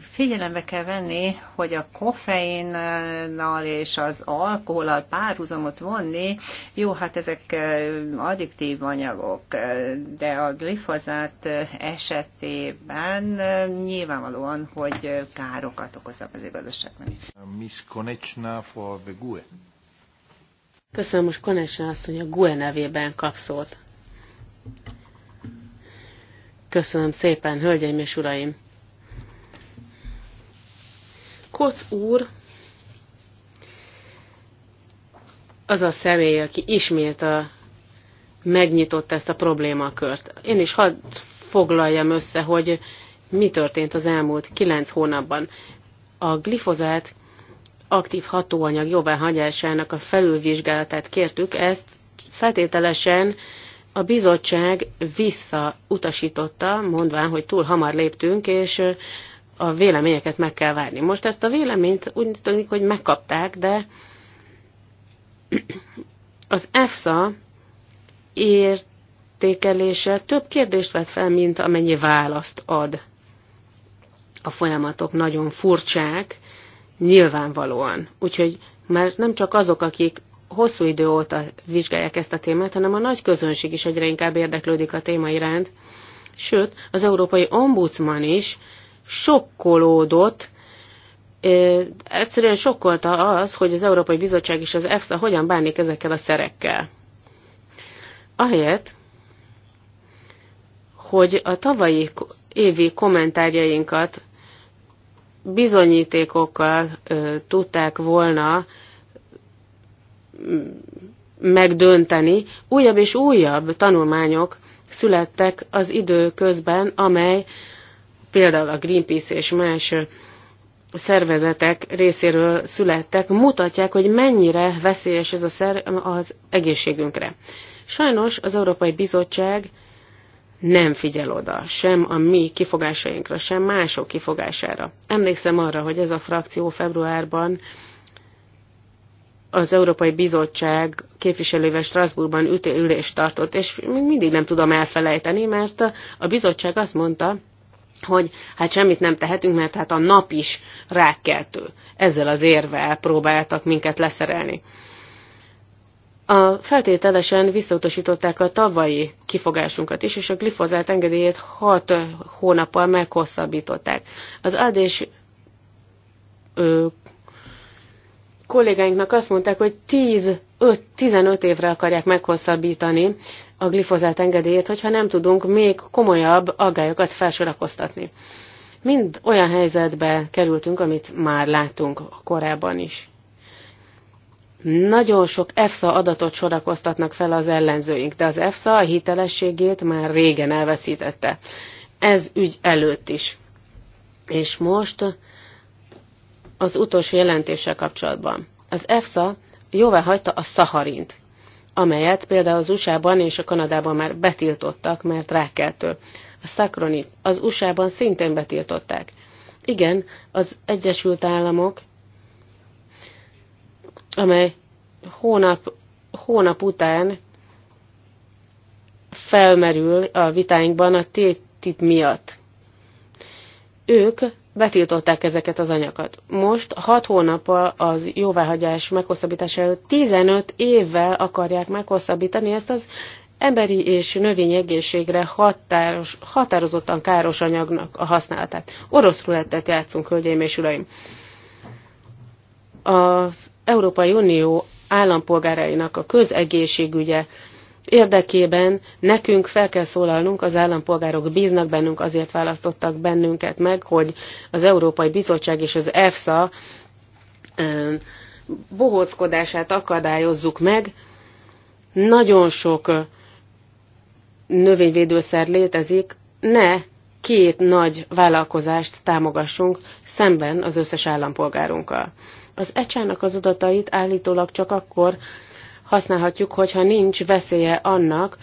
figyelembe kell venni, hogy a koffeinnal és az alkohollal párhuzamot vonni, jó, hát ezek addiktív anyagok, de a glifozát esetében nyilvánvalóan, hogy károkat okoz az igazságban is. Miss Konecsna for the GUE. Köszönöm, most Konechna asszony a GUE nevében kap szót. Köszönöm szépen, hölgyeim és uraim! Koc úr az a személy, aki ismét a, megnyitott ezt a problémakört. Én is hadd foglaljam össze, hogy mi történt az elmúlt kilenc hónapban. A glifozát aktív hatóanyag jóváhagyásának a felülvizsgálatát kértük, ezt feltételesen a bizottság visszautasította, mondván, hogy túl hamar léptünk, és a véleményeket meg kell várni. Most ezt a véleményt úgy tűnik, hogy megkapták, de az EFSA értékelése több kérdést vet fel, mint amennyi választ ad. A folyamatok nagyon furcsák, nyilvánvalóan. Úgyhogy már nem csak azok, akik hosszú idő óta vizsgálják ezt a témát, hanem a nagy közönség is egyre inkább érdeklődik a téma iránt. Sőt, az Európai Ombudsman is sokkolódott, egyszerűen sokkolta az, hogy az Európai Bizottság és az EFSA hogyan bánik ezekkel a szerekkel. Ahelyett, hogy a tavalyi évi kommentárjainkat bizonyítékokkal ö, tudták volna megdönteni, újabb és újabb tanulmányok születtek az idő közben, amely például a Greenpeace és más szervezetek részéről születtek, mutatják, hogy mennyire veszélyes ez a szer az egészségünkre. Sajnos az Európai Bizottság nem figyel oda, sem a mi kifogásainkra, sem mások kifogására. Emlékszem arra, hogy ez a frakció februárban az Európai Bizottság képviselővel Strasbourgban ülést tartott, és mindig nem tudom elfelejteni, mert a bizottság azt mondta, hogy hát semmit nem tehetünk, mert hát a nap is rákkeltő. Ezzel az érvel próbáltak minket leszerelni. A feltételesen visszautasították a tavalyi kifogásunkat is, és a glifozát engedélyét 6 hónappal meghosszabbították. Az adés ö, kollégáinknak azt mondták, hogy 10 5, 15 évre akarják meghosszabbítani a glifozát engedélyét, hogyha nem tudunk még komolyabb aggályokat felsorakoztatni. Mind olyan helyzetbe kerültünk, amit már láttunk korábban is. Nagyon sok EFSA adatot sorakoztatnak fel az ellenzőink, de az EFSA a hitelességét már régen elveszítette. Ez ügy előtt is. És most az utolsó jelentése kapcsolatban. Az EFSA jóvá hagyta a szaharint amelyet például az USA-ban és a Kanadában már betiltottak, mert rákeltől. A szakronit az USA-ban szintén betiltották. Igen, az Egyesült Államok, amely hónap, hónap után felmerül a vitáinkban a TTIP miatt. Ők betiltották ezeket az anyagokat. Most 6 hónap az jóváhagyás meghosszabbítása előtt 15 évvel akarják meghosszabbítani ezt az emberi és növény egészségre határos, határozottan káros anyagnak a használatát. Orosz rulettet játszunk, hölgyeim és uraim. Az Európai Unió állampolgárainak a közegészségügye érdekében nekünk fel kell szólalnunk, az állampolgárok bíznak bennünk, azért választottak bennünket meg, hogy az Európai Bizottság és az EFSA bohóckodását akadályozzuk meg. Nagyon sok növényvédőszer létezik, ne két nagy vállalkozást támogassunk szemben az összes állampolgárunkkal. Az ecsának az adatait állítólag csak akkor használhatjuk, hogyha nincs veszélye annak,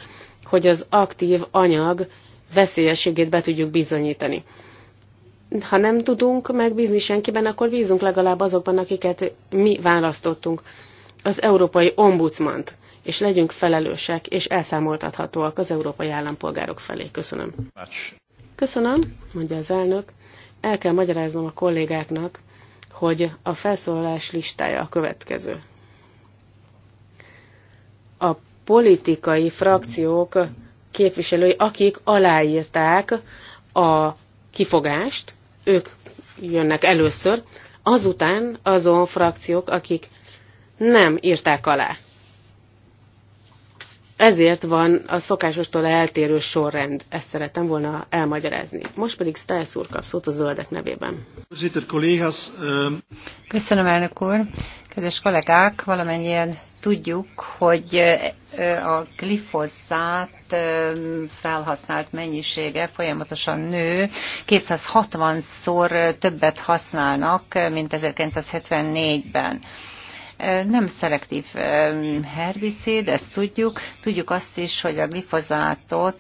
hogy az aktív anyag veszélyességét be tudjuk bizonyítani. Ha nem tudunk megbízni senkiben, akkor bízunk legalább azokban, akiket mi választottunk. Az Európai Ombudsmant és legyünk felelősek és elszámoltathatóak az európai állampolgárok felé. Köszönöm. Köszönöm, mondja az elnök. El kell magyaráznom a kollégáknak, hogy a felszólalás listája a következő a politikai frakciók képviselői, akik aláírták a kifogást, ők jönnek először, azután azon frakciók, akik nem írták alá. Ezért van a szokásostól eltérő sorrend. Ezt szeretem volna elmagyarázni. Most pedig Stiles úr kap szót a zöldek nevében. Ehm, Köszönöm, elnök úr. Kedves kollégák, valamennyien tudjuk, hogy e, e, a glifozát e, felhasznált mennyisége folyamatosan nő. 260-szor többet használnak, mint 1974-ben nem szelektív herbicid, ezt tudjuk. Tudjuk azt is, hogy a glifozátot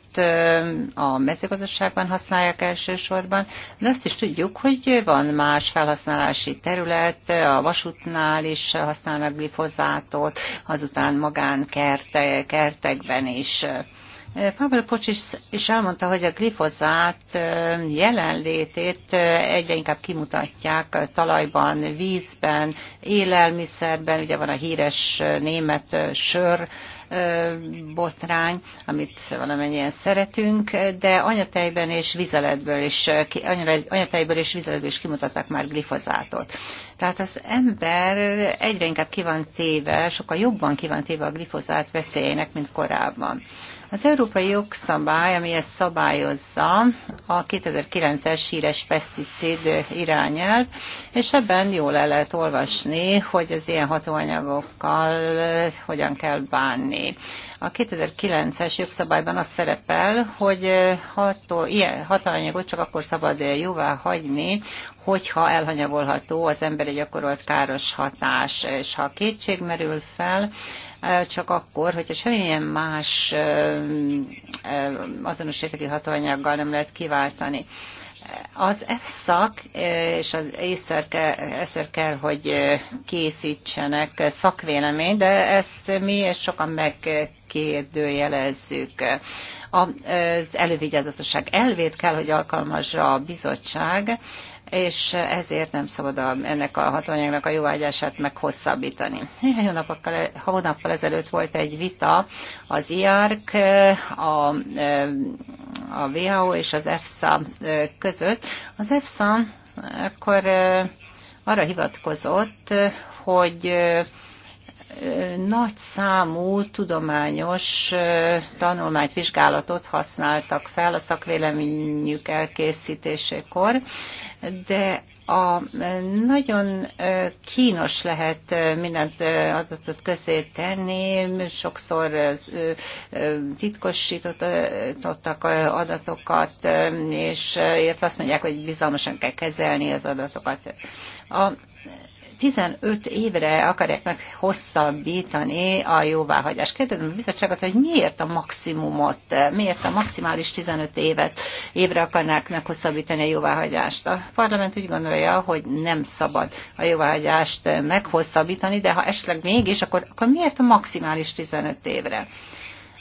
a mezőgazdaságban használják elsősorban, de azt is tudjuk, hogy van más felhasználási terület, a vasútnál is használnak glifozátot, azután magánkertekben is. Eh, Pavel Pocsis is elmondta, hogy a glifozát eh, jelenlétét eh, egyre inkább kimutatják talajban, vízben, élelmiszerben, ugye van a híres német sör, botrány, amit valamennyien szeretünk, de anyatejben és vizeletből is, anyatejből és vizeletből is kimutatták már glifozátot. Tehát az ember egyre inkább ki van téve, sokkal jobban ki van téve a glifozát veszélyének, mint korábban. Az európai jogszabály, ami ezt szabályozza, a 2009-es híres peszticid irányel, és ebben jól el lehet olvasni, hogy az ilyen hatóanyagokkal hogyan kell bánni. A 2009-es jogszabályban az szerepel, hogy ható, ilyen hatóanyagot csak akkor szabad jóvá hagyni, hogyha elhanyagolható az emberi gyakorolt káros hatás, és ha kétség merül fel, csak akkor, hogyha semmilyen más azonos értékű hatóanyaggal nem lehet kiváltani. Az EFSZAK és az észer kell, kell, hogy készítsenek szakvéleményt, de ezt mi és sokan megkérdőjelezzük. Az elővigyázatosság elvét kell, hogy alkalmazza a bizottság, és ezért nem szabad a, ennek a hatóanyagnak a jóvágyását meghosszabbítani. Néhány hónapokkal, e, hónappal ezelőtt volt egy vita az IARC, e, a, e, a WHO és az EFSA között. Az EFSA akkor arra hivatkozott, hogy nagy számú tudományos tanulmányt, vizsgálatot használtak fel a szakvéleményük elkészítésekor, de a nagyon kínos lehet mindent adatot közé tenni, sokszor titkosítottak adatokat, és azt mondják, hogy bizalmasan kell kezelni az adatokat. A 15 évre akarják meg hosszabbítani a jóváhagyást. Kérdezem a bizottságot, hogy miért a maximumot, miért a maximális 15 évet, évre akarnák hosszabbítani a jóváhagyást. A parlament úgy gondolja, hogy nem szabad a jóváhagyást meghosszabbítani, de ha esetleg mégis, akkor, akkor miért a maximális 15 évre?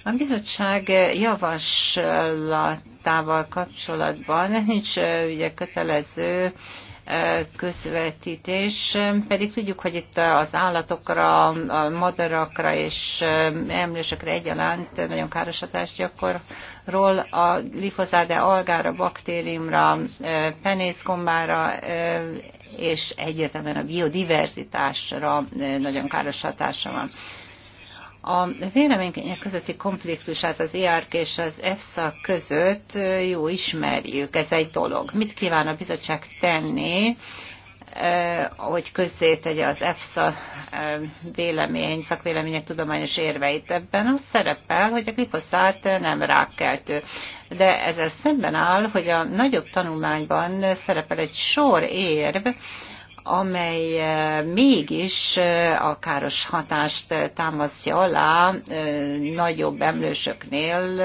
A bizottság javaslatával kapcsolatban nincs ugye kötelező közvetítés, pedig tudjuk, hogy itt az állatokra, a madarakra és emlősökre egyaránt nagyon káros hatást gyakorol. A glifozáde algára, baktériumra, penészgombára és egyértelműen a biodiverzitásra nagyon káros hatása van. A vélemények közötti konfliktusát az IARC és az EFSA között jó ismerjük, ez egy dolog. Mit kíván a bizottság tenni, hogy tegye az EFSA vélemény, szakvélemények tudományos érveit. Ebben az szerepel, hogy a glifoszát nem rákkeltő. De ezzel szemben áll, hogy a nagyobb tanulmányban szerepel egy sor érv, amely eh, mégis eh, a káros hatást eh, támasztja alá nagyobb emlősöknél,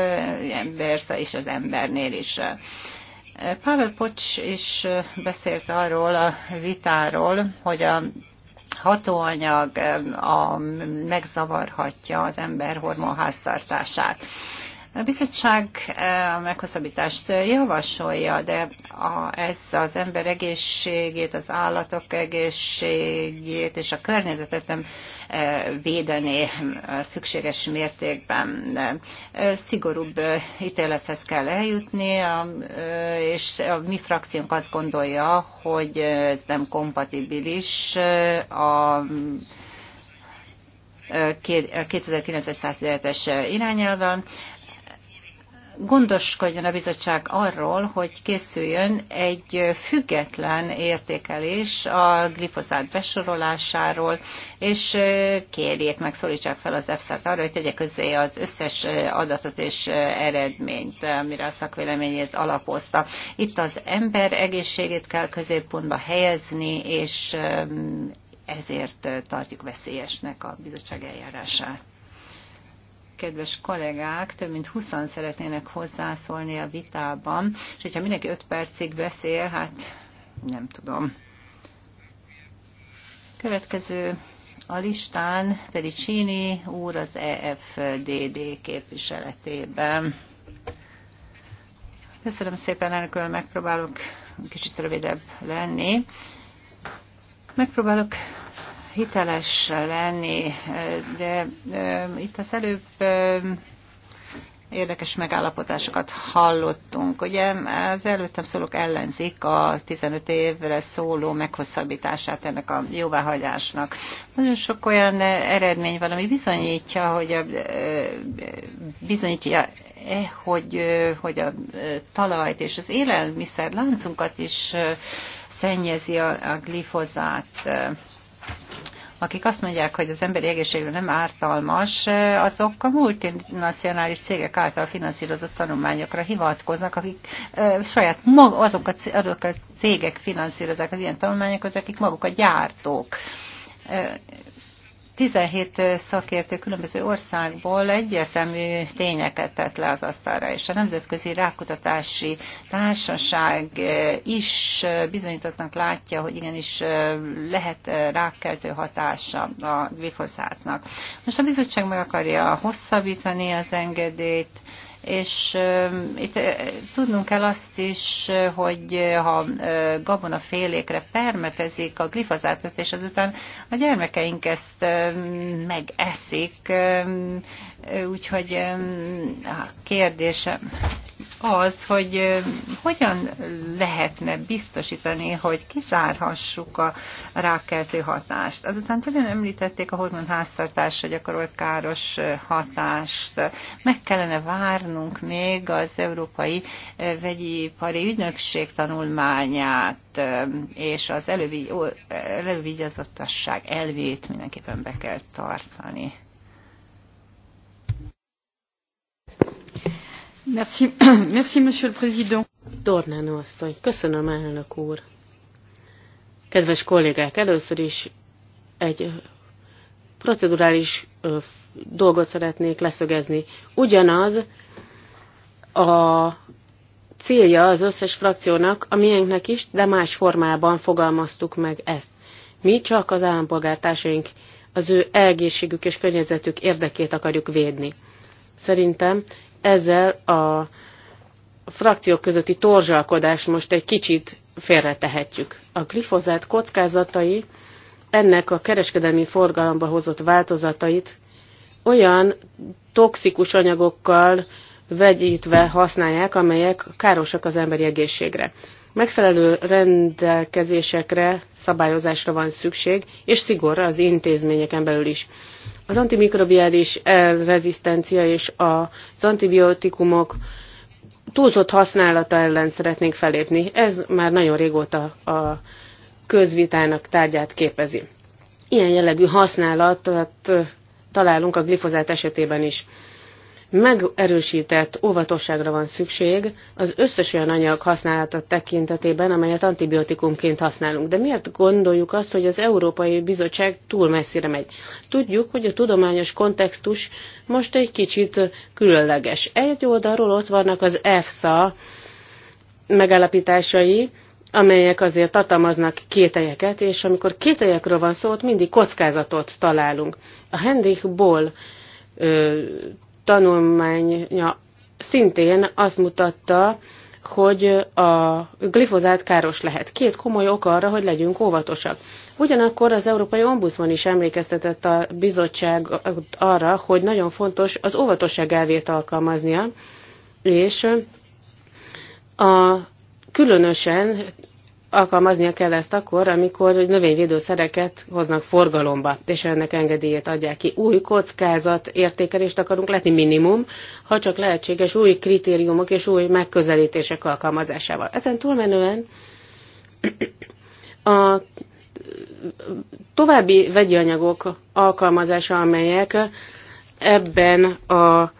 embersze és az embernél is. Pavel Pocs is beszélt arról a vitáról, hogy a hatóanyag a, megzavarhatja az ember hormonháztartását. A bizottság eh, a meghosszabbítást eh, javasolja, de a, ez az ember egészségét, az állatok egészségét és a környezetet nem eh, védené szükséges mértékben. Szigorúbb ítélethez kell eljutni, és a mi frakciónk azt gondolja, hogy ez nem kompatibilis a 2009-es 117-es irányelven gondoskodjon a bizottság arról, hogy készüljön egy független értékelés a glifozát besorolásáról, és kérjék meg, szólítsák fel az EFSA-t arra, hogy tegye közé az összes adatot és eredményt, amire a szakvéleményét alapozta. Itt az ember egészségét kell középpontba helyezni, és ezért tartjuk veszélyesnek a bizottság eljárását kedves kollégák, több mint 20 szeretnének hozzászólni a vitában, és hogyha mindenki 5 percig beszél, hát nem tudom. Következő a listán pedig Csini úr az EFDD képviseletében. Köszönöm szépen, elnök megpróbálok kicsit rövidebb lenni. Megpróbálok hiteles lenni, de itt az előbb érdekes megállapotásokat hallottunk. Ugye az előttem szólók ellenzik a 15 évre szóló meghosszabbítását ennek a jóváhagyásnak. Nagyon sok olyan eredmény van, ami bizonyítja, hogy a, bizonyítja E, hogy, hogy a talajt és az élelmiszer láncunkat is szennyezi a, a glifozát akik azt mondják, hogy az emberi egészségre nem ártalmas, azok a multinacionális cégek által finanszírozott tanulmányokra hivatkoznak, akik saját mag, azok, a, azok a cégek finanszírozzák az ilyen tanulmányokat, akik maguk a gyártók. 17 szakértő különböző országból egyértelmű tényeket tett le az asztalra, és a Nemzetközi Rákutatási Társaság is bizonyítottnak látja, hogy igenis lehet rákkeltő hatása a glifoszátnak. Most a bizottság meg akarja hosszabbítani az engedélyt, és itt tudnunk kell azt is, hogy ha félékre permetezik a glifazátot, és azután a gyermekeink ezt megeszik, úgyhogy a kérdésem az, hogy hogyan lehetne biztosítani, hogy kizárhassuk a rákkeltő hatást. Azután külön említették a hormon háztartásra gyakorolt káros hatást. Meg kellene várnunk még az Európai Vegyipari Ügynökség tanulmányát, és az elővigyazottasság elvét mindenképpen be kell tartani. Tornánó asszony, köszönöm elnök úr. Kedves kollégák, először is egy procedurális ö, dolgot szeretnék leszögezni. Ugyanaz a célja az összes frakciónak, a miénknek is, de más formában fogalmaztuk meg ezt. Mi csak az állampolgártársaink az ő egészségük és környezetük érdekét akarjuk védni. Szerintem ezzel a frakciók közötti torzsalkodást most egy kicsit félretehetjük. A glifozát kockázatai, ennek a kereskedelmi forgalomba hozott változatait olyan toxikus anyagokkal vegyítve használják, amelyek károsak az emberi egészségre. Megfelelő rendelkezésekre, szabályozásra van szükség, és szigorra az intézményeken belül is. Az antimikrobiális rezisztencia és az antibiotikumok túlzott használata ellen szeretnénk felépni. Ez már nagyon régóta a közvitának tárgyát képezi. Ilyen jellegű használatot találunk a glifozát esetében is megerősített óvatosságra van szükség az összes olyan anyag használata tekintetében, amelyet antibiotikumként használunk. De miért gondoljuk azt, hogy az Európai Bizottság túl messzire megy? Tudjuk, hogy a tudományos kontextus most egy kicsit különleges. Egy oldalról ott vannak az EFSA megállapításai, amelyek azért tartalmaznak kételyeket, és amikor kételyekről van szó, ott mindig kockázatot találunk. A Hendrik Boll tanulmánya szintén azt mutatta, hogy a glifozát káros lehet. Két komoly oka arra, hogy legyünk óvatosak. Ugyanakkor az Európai Ombudsman is emlékeztetett a bizottság arra, hogy nagyon fontos az óvatosság elvét alkalmaznia, és a különösen alkalmaznia kell ezt akkor, amikor növényvédőszereket hoznak forgalomba, és ennek engedélyét adják ki. Új kockázat értékelést akarunk letni minimum, ha csak lehetséges új kritériumok és új megközelítések alkalmazásával. Ezen túlmenően a további vegyi anyagok alkalmazása, amelyek ebben a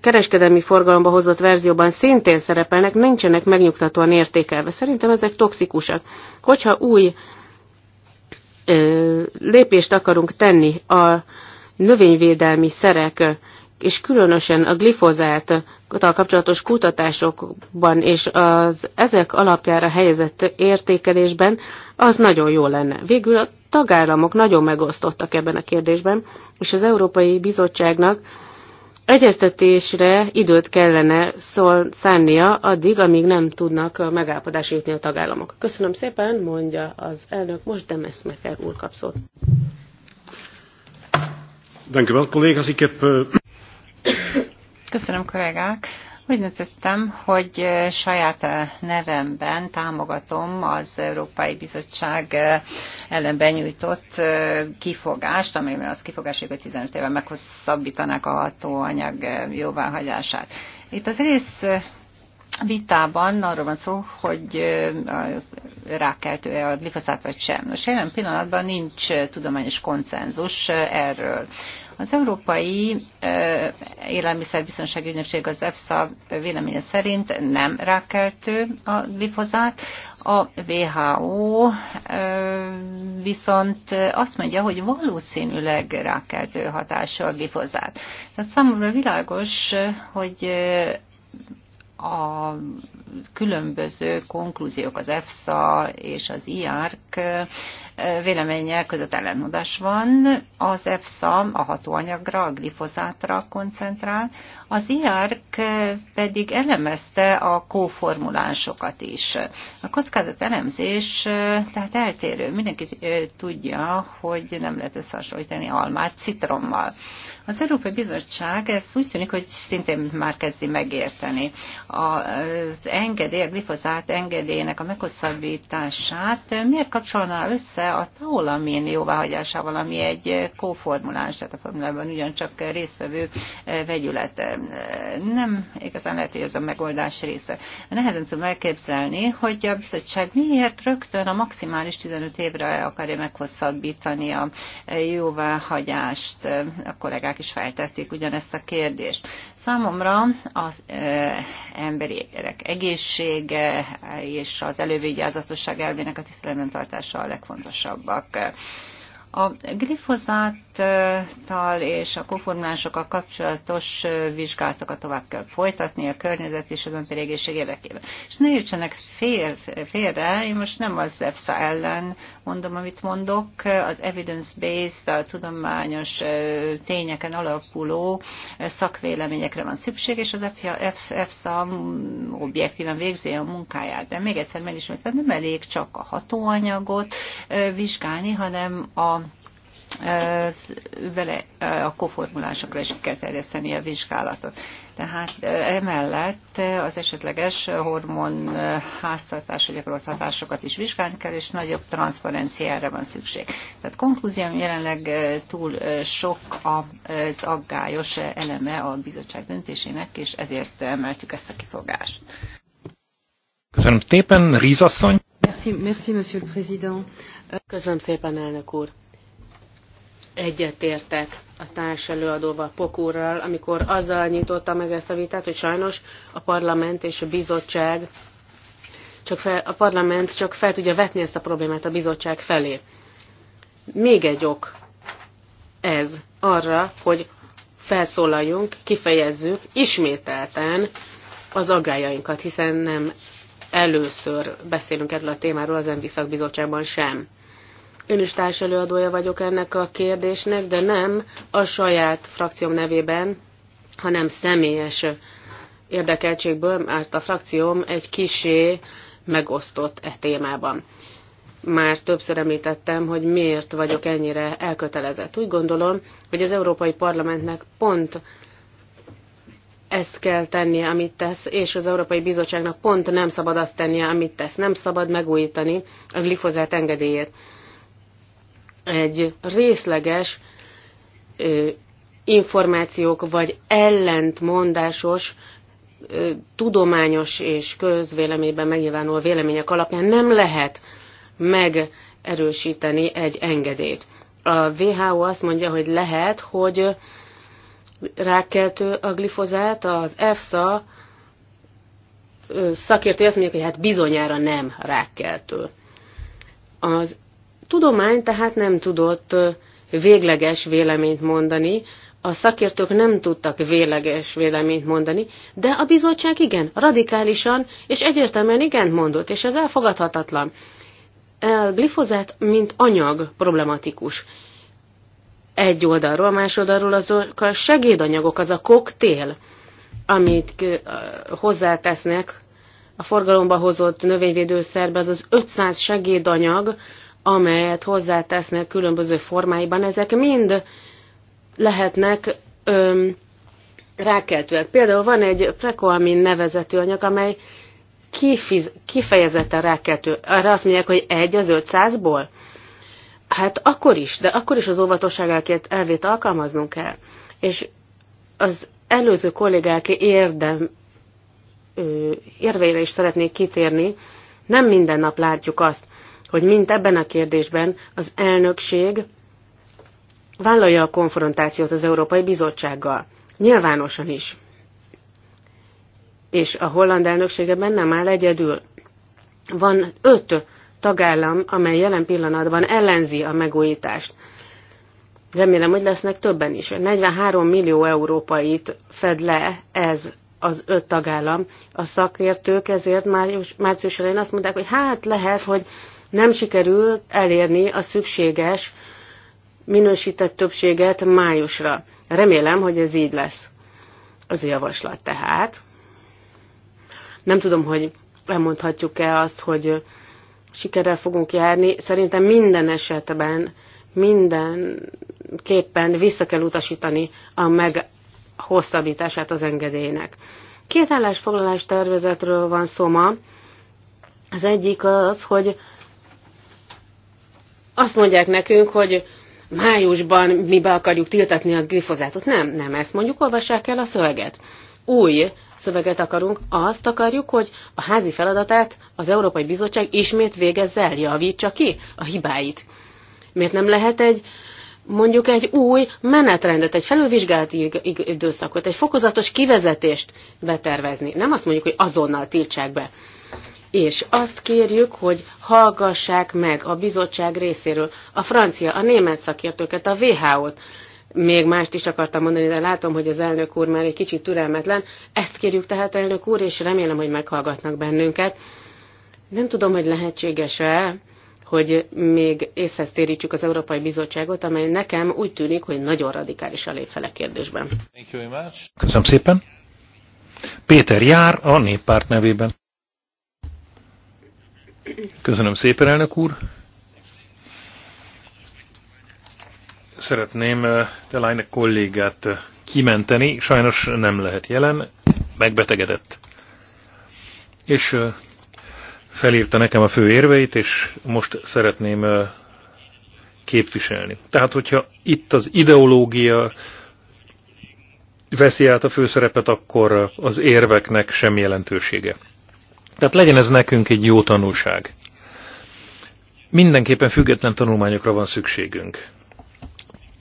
kereskedelmi forgalomba hozott verzióban szintén szerepelnek, nincsenek megnyugtatóan értékelve. Szerintem ezek toxikusak. Hogyha új ö, lépést akarunk tenni a növényvédelmi szerek és különösen a glifozáttal kapcsolatos kutatásokban és az ezek alapjára helyezett értékelésben, az nagyon jó lenne. Végül a tagállamok nagyon megosztottak ebben a kérdésben, és az Európai Bizottságnak Egyeztetésre időt kellene szól szánnia addig, amíg nem tudnak megállapodásra jutni a tagállamok. Köszönöm szépen, mondja az elnök. Most Demes Meker úr kap szót. Eh, Köszönöm, kollégák. Úgy döntöttem, hogy saját nevemben támogatom az Európai Bizottság ellen benyújtott kifogást, amelyben az kifogás hogy 15 éve meghosszabbítanák a hatóanyag jóváhagyását. Itt az rész vitában arról van szó, hogy rákeltő-e a glifoszát vagy sem. Nos, jelen pillanatban nincs tudományos konszenzus erről. Az Európai Élelmiszerbiztonsági Ügynökség az EFSA véleménye szerint nem rákeltő a glifozát, a WHO viszont azt mondja, hogy valószínűleg rákeltő hatása a glifozát. Tehát számomra világos, hogy a különböző konklúziók az EFSA és az IARC vélemények között ellentmondás van. Az EFSA a hatóanyagra, a glifozátra koncentrál, az IARC pedig elemezte a kóformulánsokat is. A kockázat elemzés tehát eltérő. Mindenki tudja, hogy nem lehet összehasonlítani almát citrommal. Az Európai Bizottság ezt úgy tűnik, hogy szintén már kezdi megérteni. Az engedély, a glifozát engedélyének a meghosszabbítását miért kapcsolná össze össze a taolamin jóváhagyásával, ami egy kóformuláns, tehát a formulában ugyancsak résztvevő eh, vegyület. Eh, nem igazán lehet, hogy ez a megoldás része. Nehezen tudom elképzelni, hogy a bizottság miért rögtön a maximális 15 évre akarja meghosszabbítani a eh, jóváhagyást. A kollégák is feltették ugyanezt a kérdést. Számomra az ö, emberi egészsége és az elővigyázatosság elvének a tiszteletben tartása a legfontosabbak. A glifozát környezettal és a koformulásokkal kapcsolatos vizsgálatokat tovább kell folytatni a környezet és az emberi egészség érdekében. És ne értsenek fél, félre, én most nem az EFSA ellen mondom, amit mondok, az evidence-based, a tudományos tényeken alapuló szakvéleményekre van szükség, és az EFSA objektíven végzi a munkáját. De még egyszer megismétlem, nem elég csak a hatóanyagot vizsgálni, hanem a vele a koformulásokra is kell terjeszteni a vizsgálatot. Tehát emellett az esetleges hormon háztartás vagy hatásokat is vizsgálni kell, és nagyobb transzparenciára van szükség. Tehát konklúzióm jelenleg túl sok az aggályos eleme a bizottság döntésének, és ezért emeltük ezt a kifogást. Köszönöm szépen, Rízasszony. Merci, merci, monsieur le président. Köszönöm szépen, elnök úr egyetértek a társ előadóval, Pokúrral, amikor azzal nyitotta meg ezt a vitát, hogy sajnos a parlament és a bizottság csak fel, a parlament csak fel tudja vetni ezt a problémát a bizottság felé. Még egy ok ez arra, hogy felszólaljunk, kifejezzük ismételten az aggájainkat, hiszen nem először beszélünk erről a témáról az MV szakbizottságban sem. Ön is társelőadója vagyok ennek a kérdésnek, de nem a saját frakcióm nevében, hanem személyes érdekeltségből, mert a frakcióm egy kisé megosztott e témában. Már többször említettem, hogy miért vagyok ennyire elkötelezett. Úgy gondolom, hogy az Európai Parlamentnek pont ezt kell tennie, amit tesz, és az Európai Bizottságnak pont nem szabad azt tennie, amit tesz. Nem szabad megújítani a glifozát engedélyét egy részleges információk vagy ellentmondásos tudományos és közvéleményben megnyilvánuló vélemények alapján nem lehet megerősíteni egy engedélyt. A WHO azt mondja, hogy lehet, hogy rákkeltő a glifozát, az EFSA szakértője azt mondja, hogy hát bizonyára nem rákkeltő. Az tudomány tehát nem tudott végleges véleményt mondani, a szakértők nem tudtak véleges véleményt mondani, de a bizottság igen, radikálisan és egyértelműen igen mondott, és ez elfogadhatatlan. A glifozát, mint anyag problematikus. Egy oldalról, más oldalról azok a segédanyagok, az a koktél, amit hozzátesznek a forgalomba hozott növényvédőszerbe, az az 500 segédanyag, amelyet hozzátesznek különböző formáiban, ezek mind lehetnek öm, rákeltőek. Például van egy prekoamin nevezetű anyag, amely kifiz, kifejezetten rákeltő. Arra azt mondják, hogy egy az 500-ból? Hát akkor is, de akkor is az óvatosság elvét alkalmaznunk kell. És az előző kollégák érdem, érveire is szeretnék kitérni. Nem minden nap látjuk azt, hogy mint ebben a kérdésben az elnökség vállalja a konfrontációt az Európai Bizottsággal. Nyilvánosan is. És a holland elnökségeben nem áll egyedül. Van öt tagállam, amely jelen pillanatban ellenzi a megújítást. Remélem, hogy lesznek többen is. 43 millió európait fed le ez az öt tagállam. A szakértők ezért már, március elején azt mondták, hogy hát lehet, hogy nem sikerült elérni a szükséges minősített többséget májusra. Remélem, hogy ez így lesz. Az a javaslat tehát. Nem tudom, hogy elmondhatjuk-e azt, hogy sikerrel fogunk járni. Szerintem minden esetben, mindenképpen vissza kell utasítani a meghosszabbítását az engedélynek. Két állásfoglalás tervezetről van szó ma. Az egyik az, hogy azt mondják nekünk, hogy májusban mi be akarjuk tiltatni a glifozátot. Nem, nem ezt mondjuk, olvassák el a szöveget. Új szöveget akarunk, azt akarjuk, hogy a házi feladatát az Európai Bizottság ismét végezze el, javítsa ki a hibáit. Miért nem lehet egy mondjuk egy új menetrendet, egy felülvizsgálati időszakot, egy fokozatos kivezetést betervezni. Nem azt mondjuk, hogy azonnal tiltsák be és azt kérjük, hogy hallgassák meg a bizottság részéről a francia, a német szakértőket, a WHO-t. Még mást is akartam mondani, de látom, hogy az elnök úr már egy kicsit türelmetlen. Ezt kérjük tehát, elnök úr, és remélem, hogy meghallgatnak bennünket. Nem tudom, hogy lehetséges-e, hogy még észhez térítsük az Európai Bizottságot, amely nekem úgy tűnik, hogy nagyon radikális a lépfele kérdésben. Köszönöm szépen. Péter Jár a néppárt nevében. Köszönöm szépen, elnök úr. Szeretném eh, Delajnek kollégát eh, kimenteni, sajnos nem lehet jelen, megbetegedett. És eh, felírta nekem a fő érveit, és most szeretném képviselni. Tehát, hogyha itt az ideológia veszi át a főszerepet, akkor az érveknek sem jelentősége. Tehát legyen ez nekünk egy jó tanulság. Mindenképpen független tanulmányokra van szükségünk.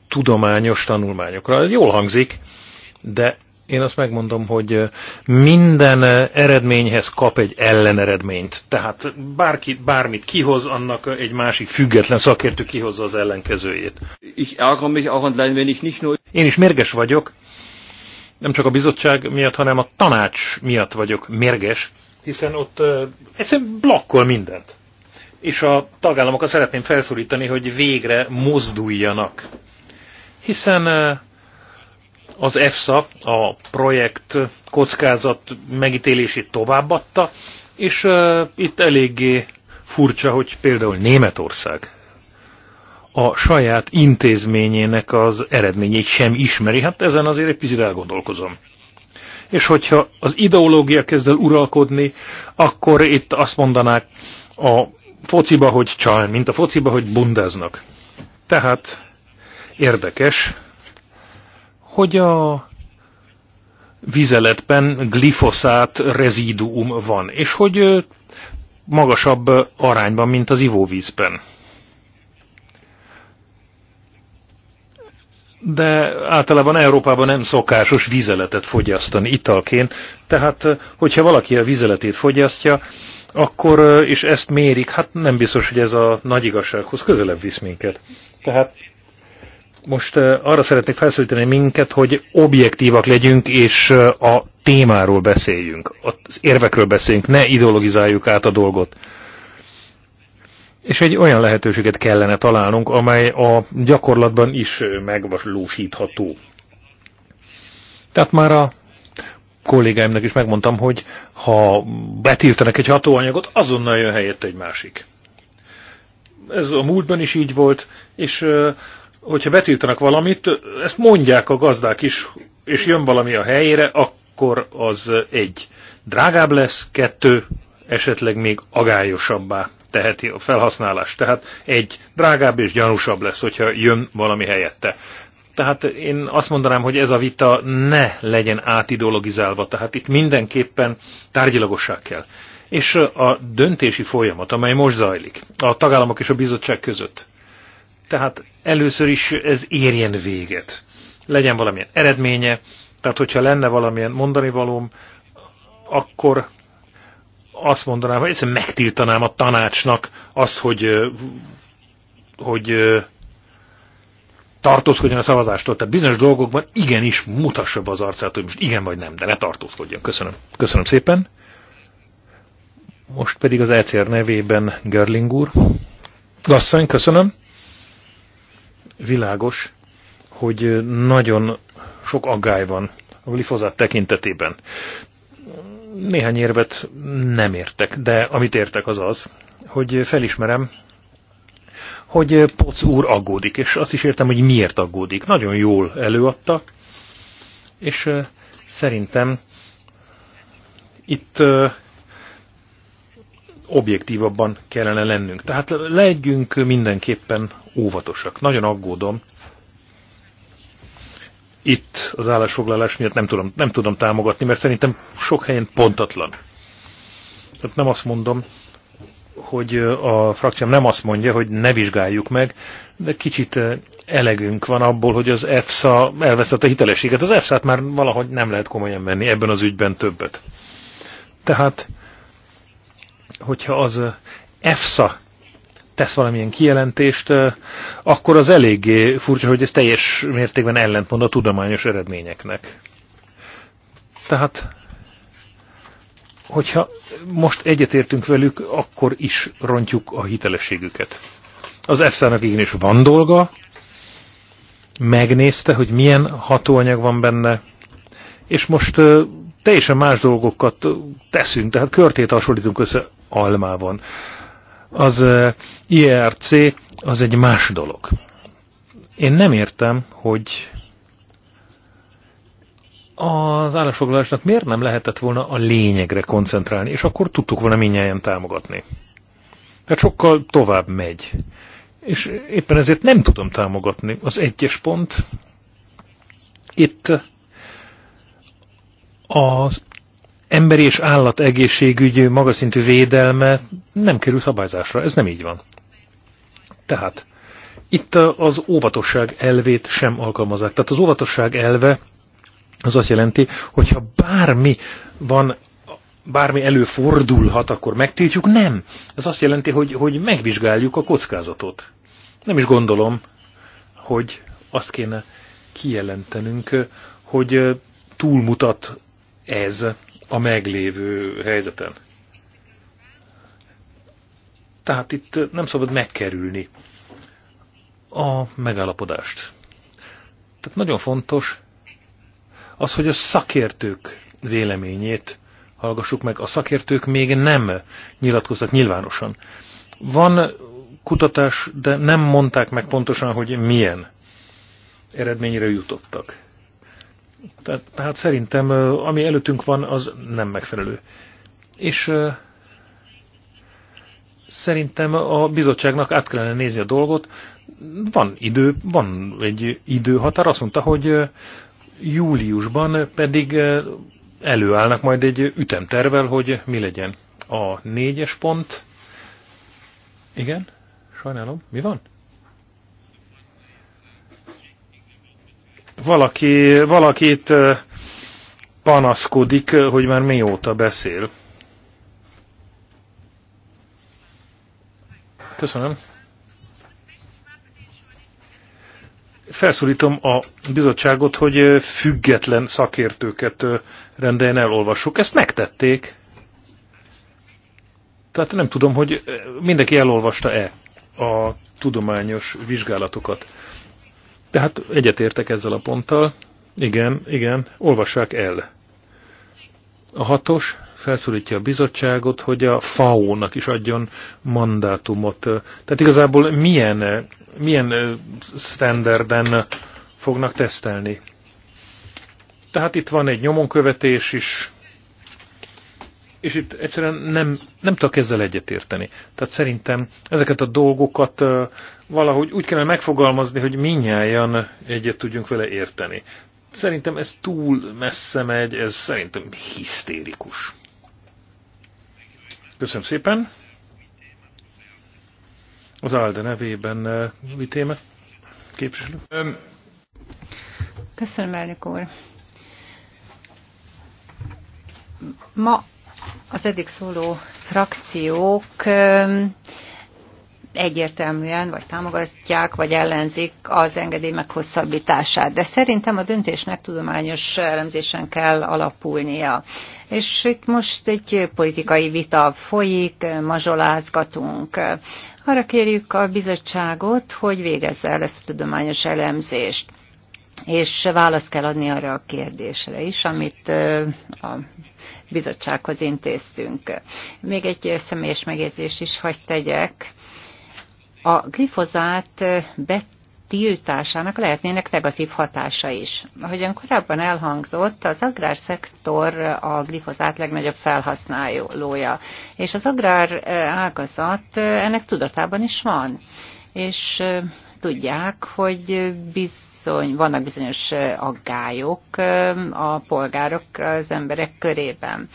Tudományos tanulmányokra. Ez jól hangzik, de én azt megmondom, hogy minden eredményhez kap egy elleneredményt. Tehát bárki, bármit kihoz, annak egy másik független szakértő kihozza az ellenkezőjét. Én is mérges vagyok, nem csak a bizottság miatt, hanem a tanács miatt vagyok mérges, hiszen ott egyszerűen blokkol mindent. És a tagállamokat szeretném felszólítani, hogy végre mozduljanak. Hiszen az EFSA a projekt kockázat megítélését továbbadta, és itt eléggé furcsa, hogy például Németország a saját intézményének az eredményét sem ismeri. Hát ezen azért egy picit elgondolkozom. És hogyha az ideológia kezd el uralkodni, akkor itt azt mondanák a fociba, hogy csal, mint a fociba, hogy bundáznak. Tehát érdekes, hogy a vizeletben glifoszát rezidúm van, és hogy magasabb arányban, mint az ivóvízben. de általában Európában nem szokásos vizeletet fogyasztani italként, tehát eh, hogyha valaki a vizeletét fogyasztja, akkor, eh, és ezt mérik, hát nem biztos, hogy ez a nagy igazsághoz közelebb visz minket. Tehát most eh, arra szeretnék felszólítani minket, hogy objektívak legyünk, és a témáról beszéljünk, az érvekről beszéljünk, ne ideologizáljuk át a dolgot. És egy olyan lehetőséget kellene találnunk, amely a gyakorlatban is megvalósítható. Tehát már a kollégáimnak is megmondtam, hogy ha betiltanak egy hatóanyagot, azonnal jön helyett egy másik. Ez a múltban is így volt, és hogyha betiltanak valamit, ezt mondják a gazdák is, és jön valami a helyére, akkor az egy drágább lesz, kettő esetleg még agályosabbá teheti a felhasználás. Tehát egy drágább és gyanúsabb lesz, hogyha jön valami helyette. Tehát én azt mondanám, hogy ez a vita ne legyen átideologizálva, tehát itt mindenképpen tárgyilagosság kell. És a döntési folyamat, amely most zajlik, a tagállamok és a bizottság között, tehát először is ez érjen véget. Legyen valamilyen eredménye, tehát hogyha lenne valamilyen mondani valóm, akkor azt mondanám, hogy egyszerűen megtiltanám a tanácsnak azt, hogy, hogy tartózkodjon a szavazástól. Tehát bizonyos dolgokban igenis mutassa be az arcát, hogy most igen vagy nem, de ne tartózkodjon. Köszönöm. Köszönöm szépen. Most pedig az ECR nevében Görling úr. Gasszony, köszönöm. Világos, hogy nagyon sok aggály van a glifozát tekintetében néhány érvet nem értek, de amit értek az az, hogy felismerem, hogy Poc úr aggódik, és azt is értem, hogy miért aggódik. Nagyon jól előadta, és szerintem itt objektívabban kellene lennünk. Tehát legyünk mindenképpen óvatosak. Nagyon aggódom, itt az állásfoglalás miatt nem tudom, nem tudom támogatni, mert szerintem sok helyen pontatlan. Tehát nem azt mondom, hogy a frakcióm nem azt mondja, hogy ne vizsgáljuk meg, de kicsit elegünk van abból, hogy az EFSA elvesztette hitelességet. Az efsa már valahogy nem lehet komolyan menni ebben az ügyben többet. Tehát, hogyha az EFSA tesz valamilyen kijelentést, akkor az eléggé furcsa, hogy ez teljes mértékben ellentmond a tudományos eredményeknek. Tehát, hogyha most egyetértünk velük, akkor is rontjuk a hitelességüket. Az EFSA-nak igenis van dolga, megnézte, hogy milyen hatóanyag van benne, és most teljesen más dolgokat teszünk, tehát körtét hasonlítunk össze almában. Az eh, IRC e az egy más dolog. Én nem értem, hogy az állásfoglalásnak miért nem lehetett volna a lényegre koncentrálni, és akkor tudtuk volna minnyáján támogatni. Tehát sokkal tovább megy. És éppen ezért nem tudom támogatni az egyes pont. Itt az emberi és állat egészségügy magaszintű védelme nem kerül szabályzásra. Ez nem így van. Tehát itt az óvatosság elvét sem alkalmazák. Tehát az óvatosság elve az azt jelenti, hogyha bármi van, bármi előfordulhat, akkor megtiltjuk. Nem. Ez azt jelenti, hogy, hogy megvizsgáljuk a kockázatot. Nem is gondolom, hogy azt kéne kijelentenünk, hogy túlmutat ez a meglévő helyzeten. Tehát itt nem szabad megkerülni a megállapodást. Tehát nagyon fontos az, hogy a szakértők véleményét hallgassuk meg. A szakértők még nem nyilatkoztak nyilvánosan. Van kutatás, de nem mondták meg pontosan, hogy milyen eredményre jutottak. Tehát, tehát szerintem, ami előttünk van, az nem megfelelő. És szerintem a bizottságnak át kellene nézni a dolgot. Van idő, van egy időhatár, azt mondta, hogy júliusban pedig előállnak majd egy ütemtervel, hogy mi legyen. A négyes pont. Igen? Sajnálom. Mi van? valaki, valakit panaszkodik, hogy már mióta beszél. Köszönöm. Felszólítom a bizottságot, hogy független szakértőket rendeljen elolvassuk. Ezt megtették. Tehát nem tudom, hogy mindenki elolvasta-e a tudományos vizsgálatokat. Tehát egyetértek ezzel a ponttal. Igen, igen, olvassák el. A hatos felszólítja a bizottságot, hogy a FAO-nak is adjon mandátumot. Tehát igazából milyen, milyen standarden fognak tesztelni? Tehát itt van egy nyomonkövetés is, és itt egyszerűen nem, nem tudok ezzel egyetérteni. Tehát szerintem ezeket a dolgokat valahogy úgy kellene megfogalmazni, hogy minnyáján egyet tudjunk vele érteni. Szerintem ez túl messze megy, ez szerintem hisztérikus. Köszönöm szépen. Az ALDE nevében mi téma? képviselő. Köszönöm, elnök úr. Ma az eddig szóló frakciók egyértelműen vagy támogatják, vagy ellenzik az engedély meghosszabbítását. De szerintem a döntésnek tudományos elemzésen kell alapulnia. És itt most egy politikai vita folyik, mazsolázgatunk. Arra kérjük a bizottságot, hogy végezze el ezt a tudományos elemzést és választ kell adni arra a kérdésre is, amit a bizottsághoz intéztünk. Még egy személyes megjegyzést is hagy tegyek. A glifozát betiltásának lehetnének negatív hatása is. Ahogyan korábban elhangzott, az agrárszektor a glifozát legnagyobb felhasználója, és az agrár ágazat ennek tudatában is van. És tudják, hogy bizony, vannak bizonyos aggályok a polgárok, az emberek körében.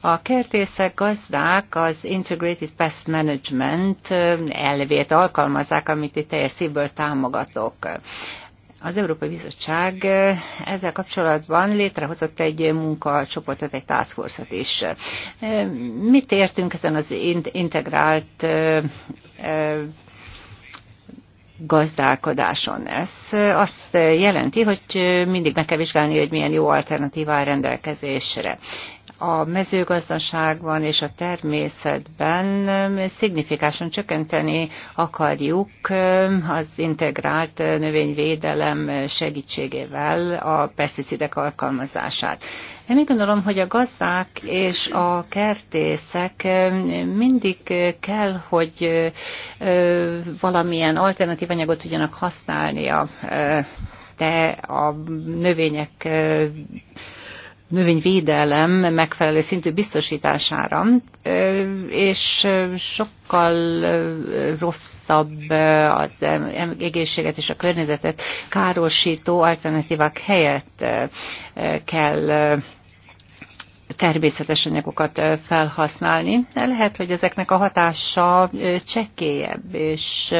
A kertészek gazdák az Integrated Pest Management elvét alkalmazzák, amit itt teljes szívből támogatok. Az Európai Bizottság ezzel kapcsolatban létrehozott egy munkacsoportot, egy task force-ot is. Mit értünk ezen az integrált gazdálkodáson. Ez azt jelenti, hogy mindig meg kell vizsgálni, hogy milyen jó alternatíva áll rendelkezésre a mezőgazdaságban és a természetben szignifikánsan csökkenteni akarjuk az integrált növényvédelem segítségével a peszticidek alkalmazását. Én még gondolom, hogy a gazdák és a kertészek mindig kell, hogy valamilyen alternatív anyagot tudjanak használni a, de a növények növényvédelem megfelelő szintű biztosítására, és sokkal rosszabb az egészséget és a környezetet károsító alternatívák helyett kell természetes anyagokat felhasználni. Lehet, hogy ezeknek a hatása csekélyebb, és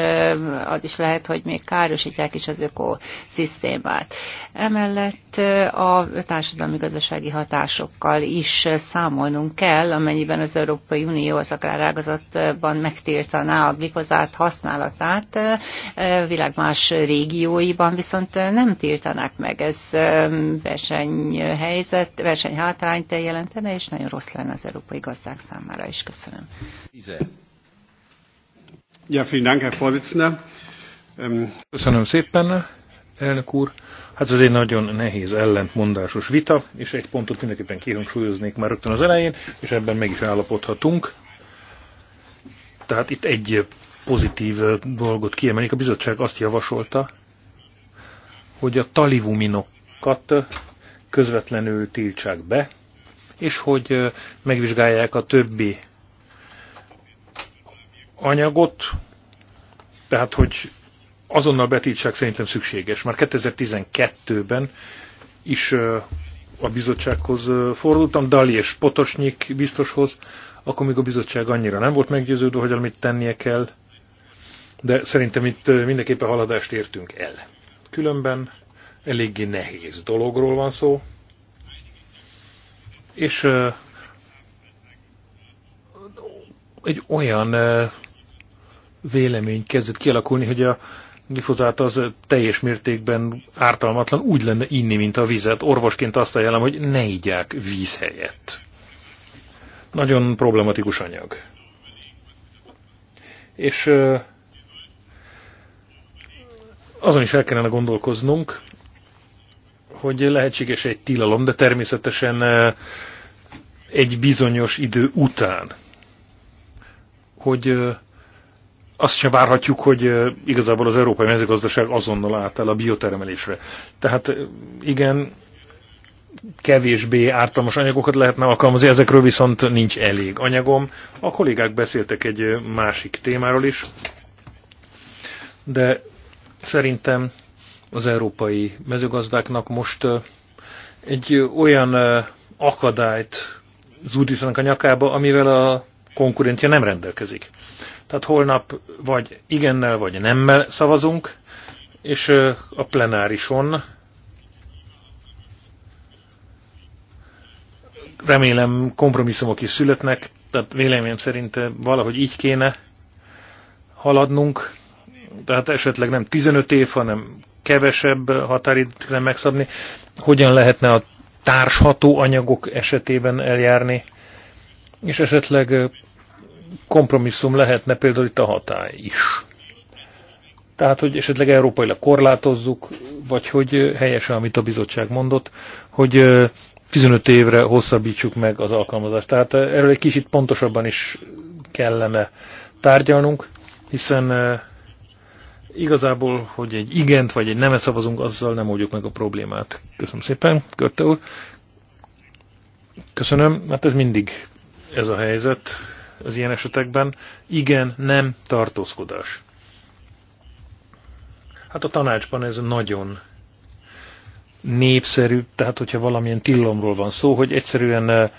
az is lehet, hogy még károsítják is az ökoszisztémát. Emellett itt a társadalmi-gazdasági hatásokkal is számolnunk kell, amennyiben az Európai Unió az agrárágazatban megtiltaná a glifozát használatát, világ más régióiban viszont nem tiltanák meg. Ez versenyhelyzet, versenyhátrányt jelentene, és nagyon rossz lenne az európai gazdák számára is. Köszönöm. Ja, vielen Dank, Herr Vorsitzender. Köszönöm szépen, elnök úr. Hát ez egy nagyon nehéz ellentmondásos vita, és egy pontot mindenképpen kihangsúlyoznék már rögtön az elején, és ebben meg is állapodhatunk. Tehát itt egy pozitív dolgot kiemelik. A bizottság azt javasolta, hogy a talivuminokat közvetlenül tiltsák be, és hogy megvizsgálják a többi anyagot, tehát hogy azonnal betiltság szerintem szükséges. Már 2012-ben is a bizottsághoz fordultam, Dali és Potosnyik biztoshoz, akkor még a bizottság annyira nem volt meggyőződő, hogy amit tennie kell, de szerintem itt mindenképpen haladást értünk el. Különben eléggé nehéz dologról van szó, és egy olyan vélemény kezdett kialakulni, hogy a glifozát az teljes mértékben ártalmatlan úgy lenne inni, mint a vizet. Orvosként azt ajánlom, hogy ne igyák víz helyett. Nagyon problematikus anyag. És azon is el kellene gondolkoznunk, hogy lehetséges egy tilalom, de természetesen egy bizonyos idő után, hogy azt sem várhatjuk, hogy igazából az európai mezőgazdaság azonnal el a biotermelésre. Tehát igen, kevésbé ártalmas anyagokat lehetne alkalmazni, ezekről viszont nincs elég anyagom. A kollégák beszéltek egy másik témáról is, de szerintem az európai mezőgazdáknak most egy olyan akadályt zúdítanak a nyakába, amivel a konkurencia nem rendelkezik. Tehát holnap vagy igennel, vagy nemmel szavazunk, és a plenárison remélem kompromisszumok is születnek, tehát véleményem szerint valahogy így kéne haladnunk, tehát esetleg nem 15 év, hanem kevesebb határidőt kéne megszabni. Hogyan lehetne a társható anyagok esetében eljárni, és esetleg kompromisszum lehetne például itt a hatály is. Tehát, hogy esetleg európailag korlátozzuk, vagy hogy helyesen, amit a bizottság mondott, hogy 15 évre hosszabbítsuk meg az alkalmazást. Tehát erről egy kicsit pontosabban is kellene tárgyalnunk, hiszen igazából, hogy egy igent vagy egy nemet szavazunk, azzal nem oldjuk meg a problémát. Köszönöm szépen, Körte úr. Köszönöm, mert hát ez mindig ez a helyzet az ilyen esetekben. Igen, nem, tartózkodás. Hát a tanácsban ez nagyon népszerű, tehát hogyha valamilyen tillomról van szó, hogy egyszerűen eh,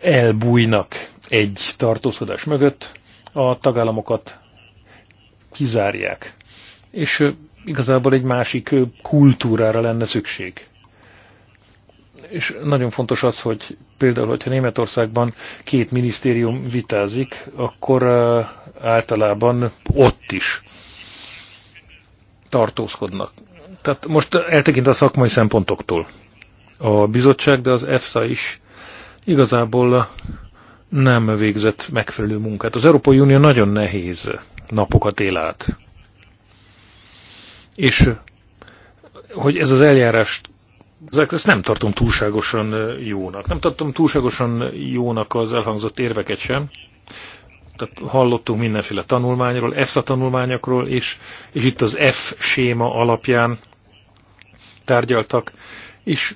elbújnak egy tartózkodás mögött, a tagállamokat kizárják. És eh, igazából egy másik eh, kultúrára lenne szükség. És nagyon fontos az, hogy például, hogyha Németországban két minisztérium vitázik, akkor általában ott is tartózkodnak. Tehát most eltekint a szakmai szempontoktól a bizottság, de az EFSA is igazából nem végzett megfelelő munkát. Az Európai Unió nagyon nehéz napokat él át. És hogy ez az eljárás ezt nem tartom túlságosan jónak. Nem tartom túlságosan jónak az elhangzott érveket sem. Tehát hallottunk mindenféle tanulmányról, EFSA tanulmányokról, és, és itt az F séma alapján tárgyaltak, és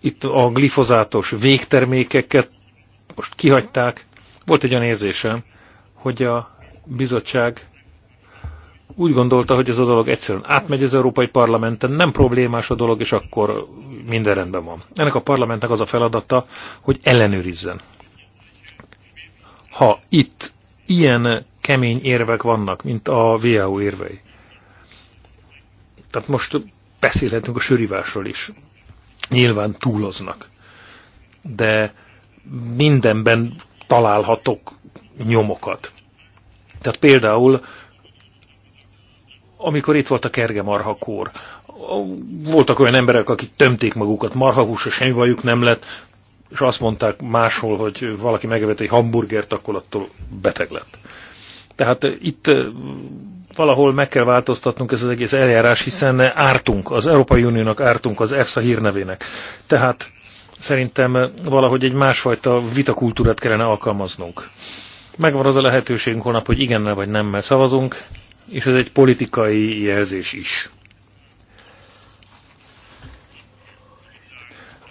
itt a glifozátos végtermékeket most kihagyták. Volt egy olyan érzésem, hogy a bizottság úgy gondolta, hogy ez a dolog egyszerűen átmegy az Európai Parlamenten, nem problémás a dolog, és akkor minden rendben van. Ennek a parlamentnek az a feladata, hogy ellenőrizzen. Ha itt ilyen kemény érvek vannak, mint a WHO érvei, tehát most beszélhetünk a sörivásról is, nyilván túloznak, de mindenben találhatok nyomokat. Tehát például amikor itt volt a kerge marhakór, voltak olyan emberek, akik tömték magukat és semmi bajuk nem lett, és azt mondták máshol, hogy valaki megevett egy hamburgert, akkor attól beteg lett. Tehát itt valahol meg kell változtatnunk ez az egész eljárás, hiszen ártunk, az Európai Uniónak ártunk, az EFSA hírnevének. Tehát szerintem valahogy egy másfajta vitakultúrát kellene alkalmaznunk. Megvan az a lehetőségünk holnap, hogy igennel vagy nemmel szavazunk, és ez egy politikai jelzés is.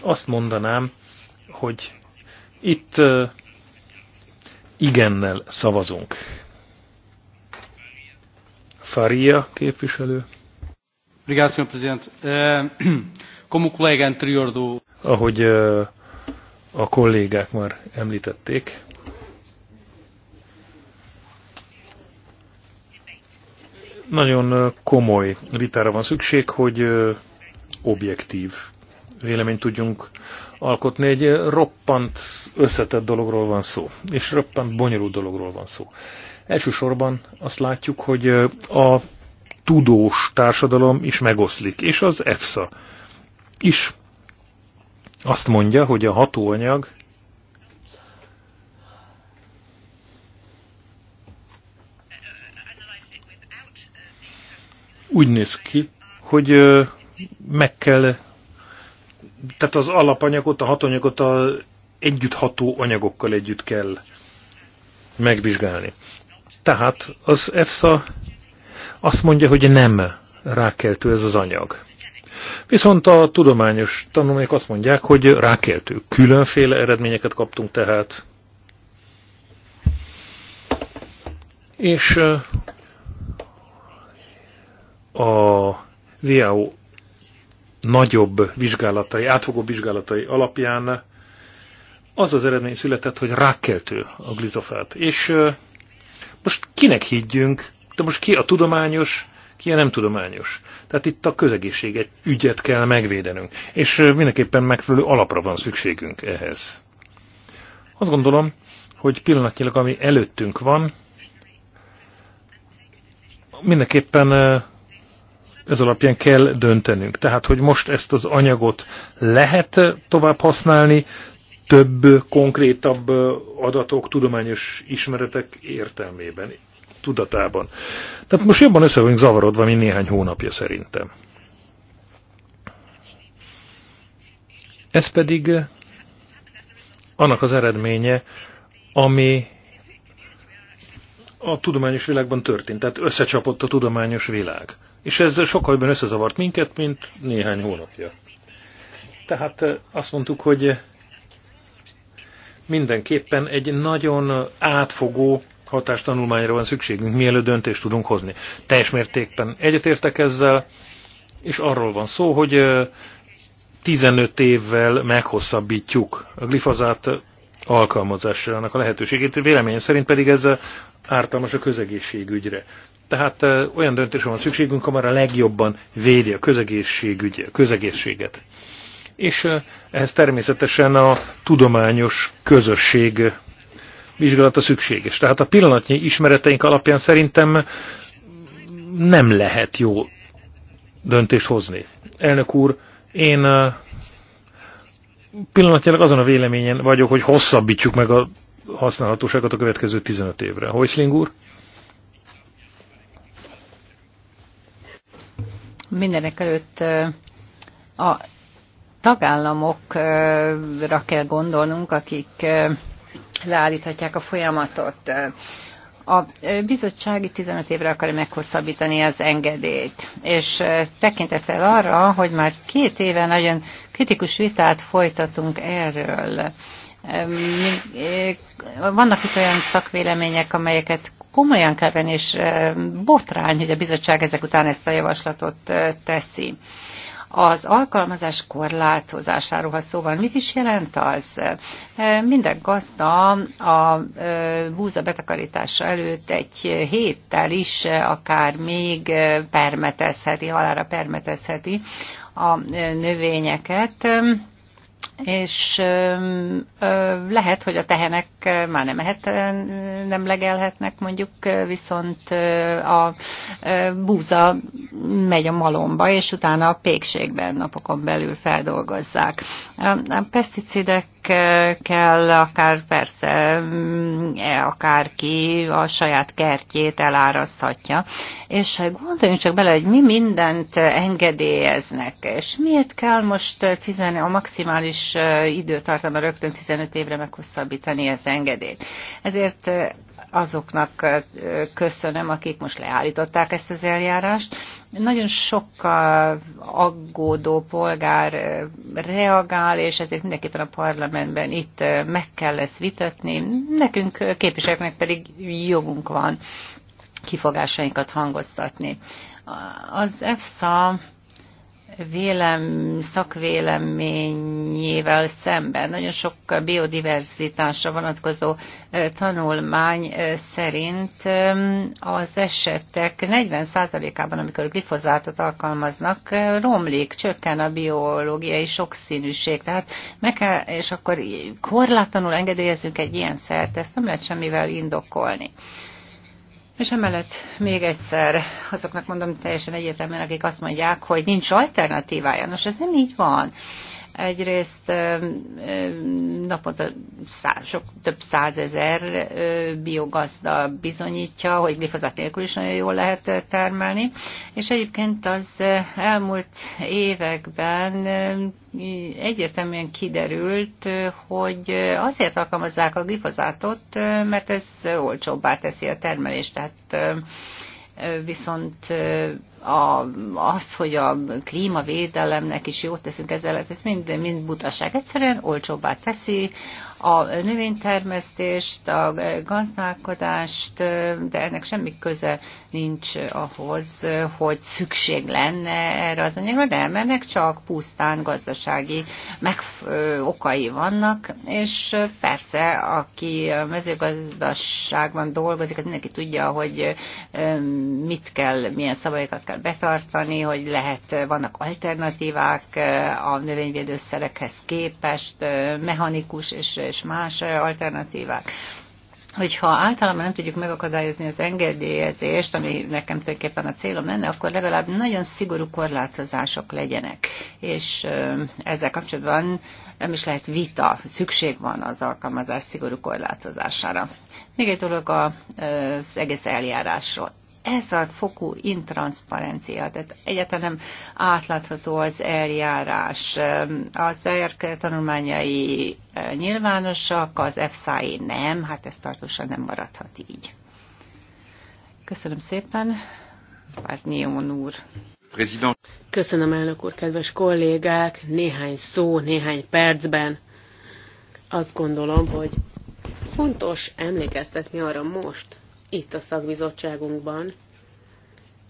Azt mondanám, hogy itt igennel szavazunk. Faria képviselő. Obrigado, Sr. Presidente. Eh, como colega anterior do... Ahogy a kollégák már említették, nagyon komoly vitára van szükség, hogy objektív véleményt tudjunk alkotni. Egy roppant összetett dologról van szó, és roppant bonyolult dologról van szó. Elsősorban azt látjuk, hogy a tudós társadalom is megoszlik, és az EFSA is azt mondja, hogy a hatóanyag úgy néz ki, hogy meg kell, tehát az alapanyagot, a hatanyagot a együttható anyagokkal együtt kell megvizsgálni. Tehát az EFSA azt mondja, hogy nem rákeltő ez az anyag. Viszont a tudományos tanulmányok azt mondják, hogy rákeltő. Különféle eredményeket kaptunk tehát. És a WHO nagyobb vizsgálatai, átfogó vizsgálatai alapján az az eredmény született, hogy rákkeltő a glizofát. És most kinek higgyünk, de most ki a tudományos, ki a nem tudományos. Tehát itt a közegészség egy ügyet kell megvédenünk, és mindenképpen megfelelő alapra van szükségünk ehhez. Azt gondolom, hogy pillanatnyilag, ami előttünk van, mindenképpen ez alapján kell döntenünk. Tehát, hogy most ezt az anyagot lehet tovább használni, több konkrétabb adatok, tudományos ismeretek értelmében, tudatában. Tehát most jobban össze vagyunk zavarodva, mint néhány hónapja szerintem. Ez pedig annak az eredménye, ami a tudományos világban történt. Tehát összecsapott a tudományos világ. És ez sokkal jobban összezavart minket, mint néhány hónapja. Tehát eh, azt mondtuk, hogy eh, mindenképpen egy nagyon átfogó hatástanulmányra van szükségünk, mielőtt döntést tudunk hozni. Teljes mértékben egyetértek ezzel, és arról van szó, hogy 15 eh, évvel meghosszabbítjuk a glifazát alkalmazásának a lehetőségét, véleményem szerint pedig ez eh, ártalmas a közegészségügyre. Tehát eh, olyan döntésre van szükségünk, amár a legjobban védi a közegészségügy, a közegészséget. És eh, ehhez természetesen a tudományos közösség vizsgálata szükséges. Tehát a pillanatnyi ismereteink alapján szerintem nem lehet jó döntést hozni. Elnök úr, én pillanatnyilag azon a véleményen vagyok, hogy hosszabbítsuk meg a használhatóságot a következő 15 évre. Hojszling úr? Mindenek előtt a tagállamokra kell gondolnunk, akik leállíthatják a folyamatot. A bizottsági 15 évre akarja meghosszabbítani az engedélyt, és tekintettel arra, hogy már két éve nagyon kritikus vitát folytatunk erről. Vannak itt olyan szakvélemények, amelyeket komolyan kell venni, és botrány, hogy a bizottság ezek után ezt a javaslatot teszi. Az alkalmazás korlátozásáról, ha szó van, mit is jelent az? E, minden gazda a búza e, betakarítása előtt egy héttel is e, akár még permetezheti, halára permetezheti a növényeket és lehet, hogy a tehenek már nem, ehet, nem legelhetnek, mondjuk viszont a búza megy a malomba, és utána a pékségben napokon belül feldolgozzák. A peszticidek kell akár persze mm, e, akárki a saját kertjét eláraszthatja. És gondoljunk csak bele, hogy mi mindent engedélyeznek, és miért kell most 10, a maximális és időtartama rögtön 15 évre meghosszabbítani az engedélyt. Ezért azoknak köszönöm, akik most leállították ezt az eljárást. Nagyon sok aggódó polgár reagál, és ezért mindenképpen a parlamentben itt meg kell ezt vitatni. Nekünk képviselőknek pedig jogunk van kifogásainkat hangoztatni. Az EFSA vélem, szakvéleményével szemben. Nagyon sok biodiverzitásra vonatkozó tanulmány szerint az esetek 40%-ában, amikor glifozátot alkalmaznak, romlik, csökken a biológiai sokszínűség. Tehát meg kell, és akkor korlátlanul engedélyezünk egy ilyen szert, ezt nem lehet semmivel indokolni. És emellett még egyszer azoknak mondom teljesen egyértelműen, akik azt mondják, hogy nincs alternatívája. Nos, ez nem így van. Egyrészt naponta szá, sok, több százezer biogazda bizonyítja, hogy glifozat nélkül is nagyon jól lehet termelni, és egyébként az elmúlt években egyértelműen kiderült, hogy azért alkalmazzák a glifozátot, mert ez olcsóbbá teszi a termelést, tehát viszont a, az, hogy a klímavédelemnek is jót teszünk ezzel, hát ez mind, mind butaság. Egyszerűen olcsóbbá teszi a növénytermesztést, a gazdálkodást, de ennek semmi köze nincs ahhoz, hogy szükség lenne erre az anyagra, de ennek csak pusztán gazdasági meg, okai vannak, és persze, aki a mezőgazdaságban dolgozik, az mindenki tudja, hogy mit kell, milyen szabályokat kell betartani, hogy lehet, vannak alternatívák eh, a növényvédőszerekhez képest, eh, mechanikus és és más eh, alternatívák hogyha általában nem tudjuk megakadályozni az engedélyezést, ami nekem tulajdonképpen a célom lenne, akkor legalább nagyon szigorú korlátozások legyenek. És ezzel kapcsolatban nem is lehet vita, szükség van az alkalmazás szigorú korlátozására. Még egy dolog az egész eljárásról ez a fokú intranszparencia, tehát egyáltalán nem átlátható az eljárás. Az ERK tanulmányai eh, nyilvánosak, az FSI nem, hát ez tartósan nem maradhat így. Köszönöm szépen, Várnion úr. Köszönöm, elnök úr, kedves kollégák! Néhány szó, néhány percben. Azt gondolom, hogy fontos emlékeztetni arra most, itt a szakbizottságunkban,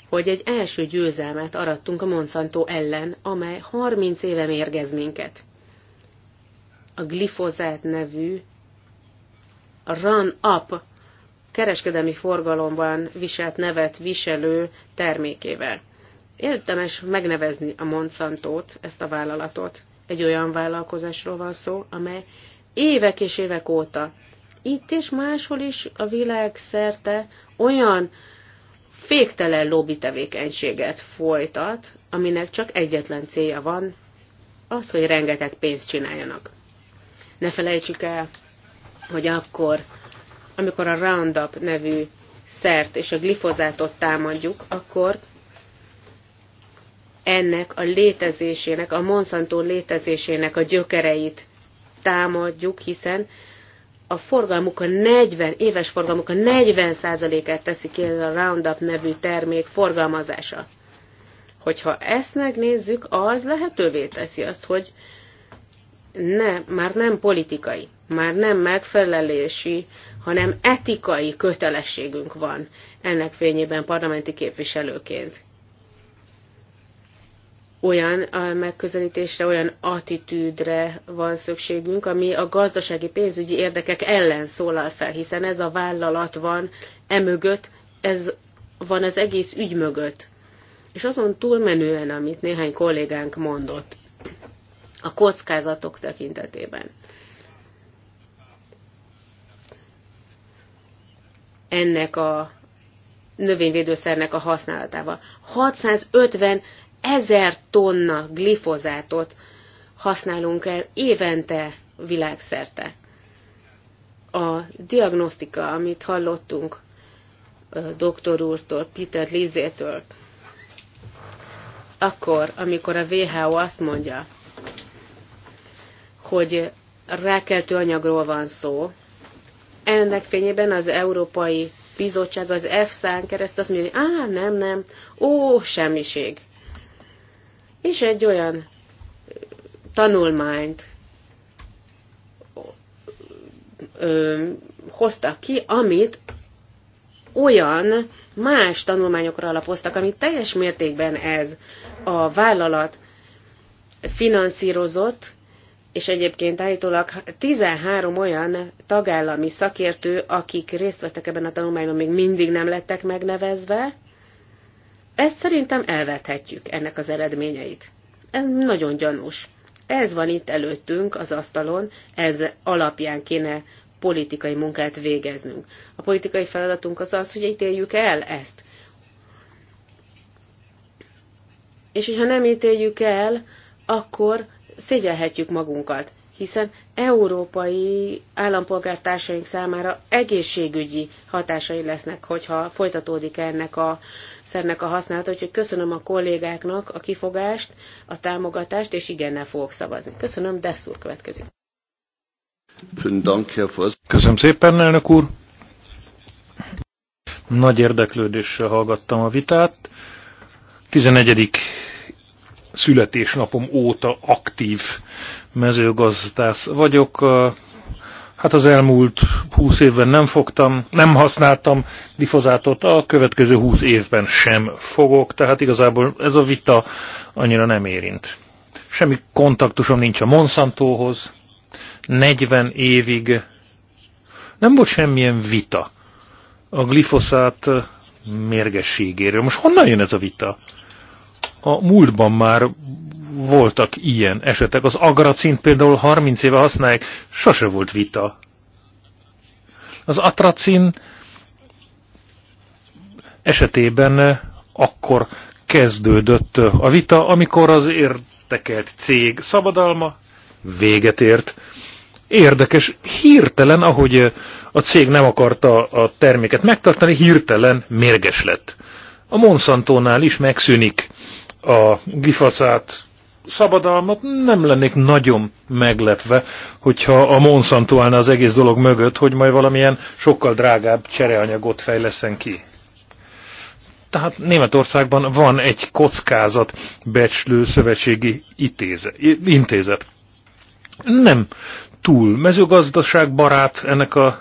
hogy egy első győzelmet arattunk a Monsanto ellen, amely 30 éve mérgez minket. A glifozát nevű Run-Up kereskedelmi forgalomban viselt nevet viselő termékével. Érdemes megnevezni a Monsantót, ezt a vállalatot. Egy olyan vállalkozásról van szó, amely évek és évek óta itt és máshol is a világ szerte olyan féktelen lobby tevékenységet folytat, aminek csak egyetlen célja van, az, hogy rengeteg pénzt csináljanak. Ne felejtsük el, hogy akkor, amikor a Roundup nevű szert és a glifozátot támadjuk, akkor ennek a létezésének, a Monsanto létezésének a gyökereit támadjuk, hiszen a forgalmuk a 40, éves forgalmuk a 40%-át teszi ki ez a Roundup nevű termék forgalmazása. Hogyha ezt megnézzük, az lehetővé teszi azt, hogy ne, már nem politikai, már nem megfelelési, hanem etikai kötelességünk van ennek fényében parlamenti képviselőként olyan megközelítésre, olyan attitűdre van szükségünk, ami a gazdasági pénzügyi érdekek ellen szólal fel, hiszen ez a vállalat van emögött, ez van az egész ügy mögött. És azon túlmenően, amit néhány kollégánk mondott, a kockázatok tekintetében. Ennek a növényvédőszernek a használatával. 650 ezer tonna glifozátot használunk el évente világszerte. A diagnosztika, amit hallottunk doktor úrtól, Peter Lizétől, akkor, amikor a WHO azt mondja, hogy rákeltő anyagról van szó, ennek fényében az Európai Bizottság az EFSA-n keresztül azt mondja, hogy á, nem, nem, ó, semmiség és egy olyan tanulmányt ö, hoztak ki, amit olyan más tanulmányokra alapoztak, amit teljes mértékben ez a vállalat finanszírozott, és egyébként állítólag 13 olyan tagállami szakértő, akik részt vettek ebben a tanulmányban, még mindig nem lettek megnevezve, ezt szerintem elvethetjük, ennek az eredményeit. Ez nagyon gyanús. Ez van itt előttünk az asztalon, ez alapján kéne politikai munkát végeznünk. A politikai feladatunk az az, hogy ítéljük el ezt. És hogyha nem ítéljük el, akkor szégyelhetjük magunkat hiszen európai állampolgártársaink számára egészségügyi hatásai lesznek, hogyha folytatódik ennek a szernek a használata. Úgyhogy köszönöm a kollégáknak a kifogást, a támogatást, és igennel fogok szavazni. Köszönöm, Desszúr következik. Köszönöm szépen, elnök úr! Nagy érdeklődéssel hallgattam a vitát. 11 születésnapom óta aktív mezőgazdász vagyok. Hát az elmúlt 20 évben nem fogtam, nem használtam difozátot, a következő 20 évben sem fogok, tehát igazából ez a vita annyira nem érint. Semmi kontaktusom nincs a Monsantóhoz, 40 évig nem volt semmilyen vita a glifoszát mérgességéről. Most honnan jön ez a vita? A múltban már voltak ilyen esetek. Az agracint például 30 éve használják, sose volt vita. Az atracin esetében akkor kezdődött a vita, amikor az értekelt cég szabadalma véget ért. Érdekes, hirtelen, ahogy a cég nem akarta a terméket megtartani, hirtelen mérges lett. A Monsantónál is megszűnik a gifaszát szabadalmat, nem lennék nagyon meglepve, hogyha a Monsanto állna az egész dolog mögött, hogy majd valamilyen sokkal drágább csereanyagot fejleszen ki. Tehát Németországban van egy kockázat becslő szövetségi itéze, intézet. Nem túl mezőgazdaság barát ennek a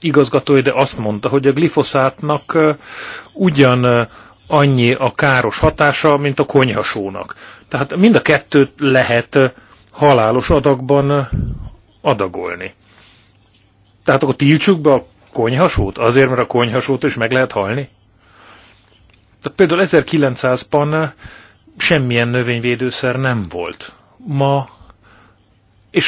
igazgatója, de azt mondta, hogy a glifoszátnak ugyan annyi a káros hatása, mint a konyhasónak. Tehát mind a kettőt lehet halálos adagban adagolni. Tehát akkor tiltsuk be a konyhasót? Azért, mert a konyhasót is meg lehet halni? Tehát például 1900-ban semmilyen növényvédőszer nem volt. Ma, és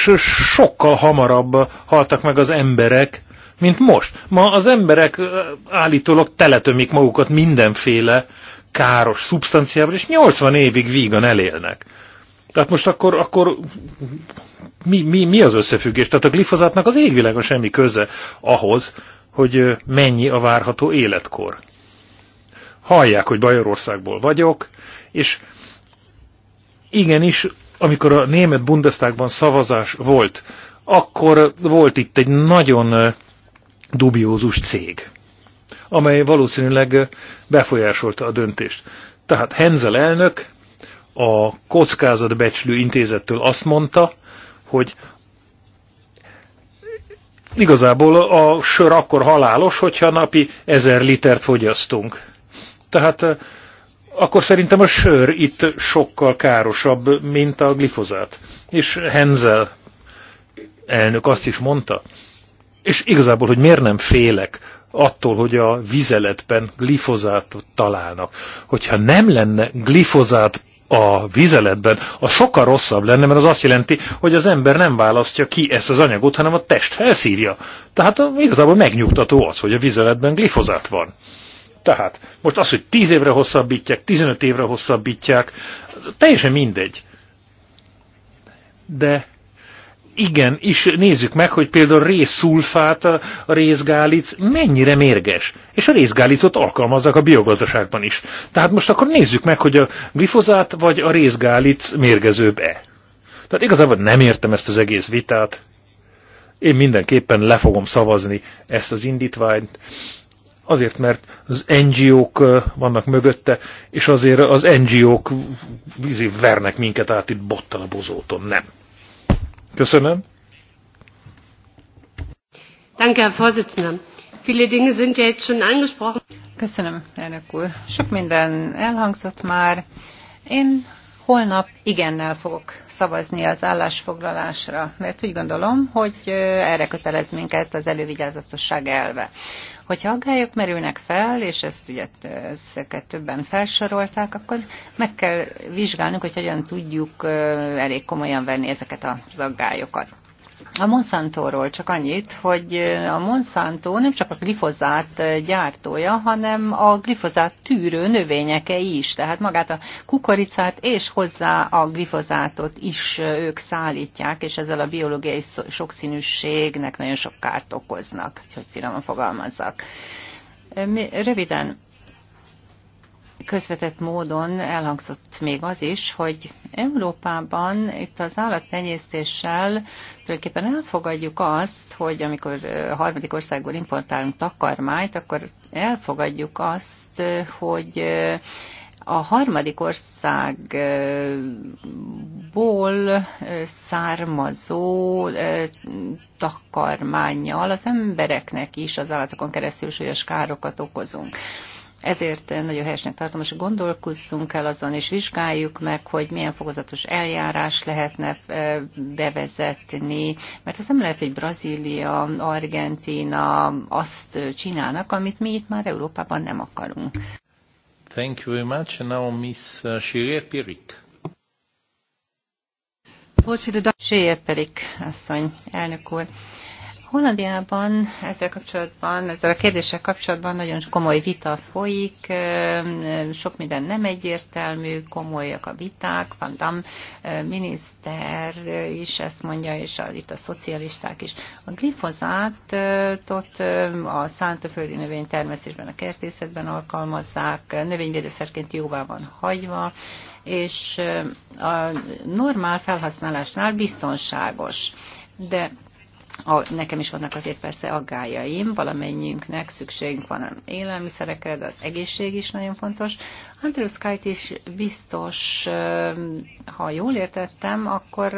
sokkal hamarabb haltak meg az emberek, mint most. Ma az emberek állítólag teletömik magukat mindenféle káros szubstanciával, és 80 évig vígan elélnek. Tehát most akkor, akkor mi, mi, mi az összefüggés? Tehát a glifozátnak az égvilágon semmi köze ahhoz, hogy mennyi a várható életkor. Hallják, hogy Bajorországból vagyok, és igenis, amikor a német Bundestagban szavazás volt, akkor volt itt egy nagyon dubiózus cég, amely valószínűleg befolyásolta a döntést. Tehát Henzel elnök a kockázatbecslő intézettől azt mondta, hogy igazából a sör akkor halálos, hogyha napi ezer litert fogyasztunk. Tehát eh, akkor szerintem a sör itt sokkal károsabb, mint a glifozát. És Henzel elnök azt is mondta, és igazából, hogy miért nem félek attól, hogy a vizeletben glifozátot találnak. Hogyha nem lenne glifozát a vizeletben, a sokkal rosszabb lenne, mert az azt jelenti, hogy az ember nem választja ki ezt az anyagot, hanem a test felszívja. Tehát igazából megnyugtató az, hogy a vizeletben glifozát van. Tehát most az, hogy 10 évre hosszabbítják, 15 évre hosszabbítják, teljesen mindegy. De igen, és nézzük meg, hogy például részszulfát, a részgálic mennyire mérges. És a részgálicot alkalmazzák a biogazdaságban is. Tehát most akkor nézzük meg, hogy a glifozát vagy a részgálic mérgezőbb-e. Tehát igazából nem értem ezt az egész vitát. Én mindenképpen le fogom szavazni ezt az indítványt, azért, mert az NGO-k vannak mögötte, és azért az NGO-k izé, vernek minket át itt bottal a bozóton. Nem. Köszönöm. Danke, Herr Vorsitzender. Viele Dinge sind ja jetzt schon angesprochen. Köszönöm, elnök úr. Sok minden elhangzott már. Én holnap igennel fogok szavazni az állásfoglalásra, mert úgy gondolom, hogy erre kötelez minket az elővigyázatosság elve. Hogyha aggályok merülnek fel, és ezt ugye ezeket többen felsorolták, akkor meg kell vizsgálnunk, hogy hogyan tudjuk elég komolyan venni ezeket az aggályokat. A Monsantóról csak annyit, hogy a Monsanto nem csak a glifozát gyártója, hanem a glifozát tűrő növényeke is. Tehát magát a kukoricát és hozzá a glifozátot is ők szállítják, és ezzel a biológiai sokszínűségnek nagyon sok kárt okoznak, hogy finoman fogalmazzak. Röviden, közvetett módon elhangzott még az is, hogy Európában itt az állattenyésztéssel tulajdonképpen elfogadjuk azt, hogy amikor harmadik országból importálunk takarmányt, akkor elfogadjuk azt, hogy a harmadik országból származó takarmányjal az embereknek is az állatokon keresztül súlyos károkat okozunk. Ezért nagyon helyesnek tartom, és gondolkozzunk el azon, és vizsgáljuk meg, hogy milyen fokozatos eljárás lehetne bevezetni, mert az nem lehet, hogy Brazília, Argentina azt csinálnak, amit mi itt már Európában nem akarunk. Thank you very much. And now Miss Shirley uh, Pirik. Voorzitter, Pirik, asszony, elnök úr. Hollandiában ezzel kapcsolatban, ezzel a kérdéssel kapcsolatban nagyon komoly vita folyik, sok minden nem egyértelmű, komolyak a viták, Van Dam miniszter is ezt mondja, és a, itt a szocialisták is. A glifozátot a szántóföldi növénytermesztésben, a kertészetben alkalmazzák, növényvédőszerként jóvá van hagyva, és a normál felhasználásnál biztonságos. De a nekem is vannak azért persze aggájaim, valamennyiünknek szükségünk van élelmiszerekre, de az egészség is nagyon fontos. Andrew Skyt is biztos, ha jól értettem, akkor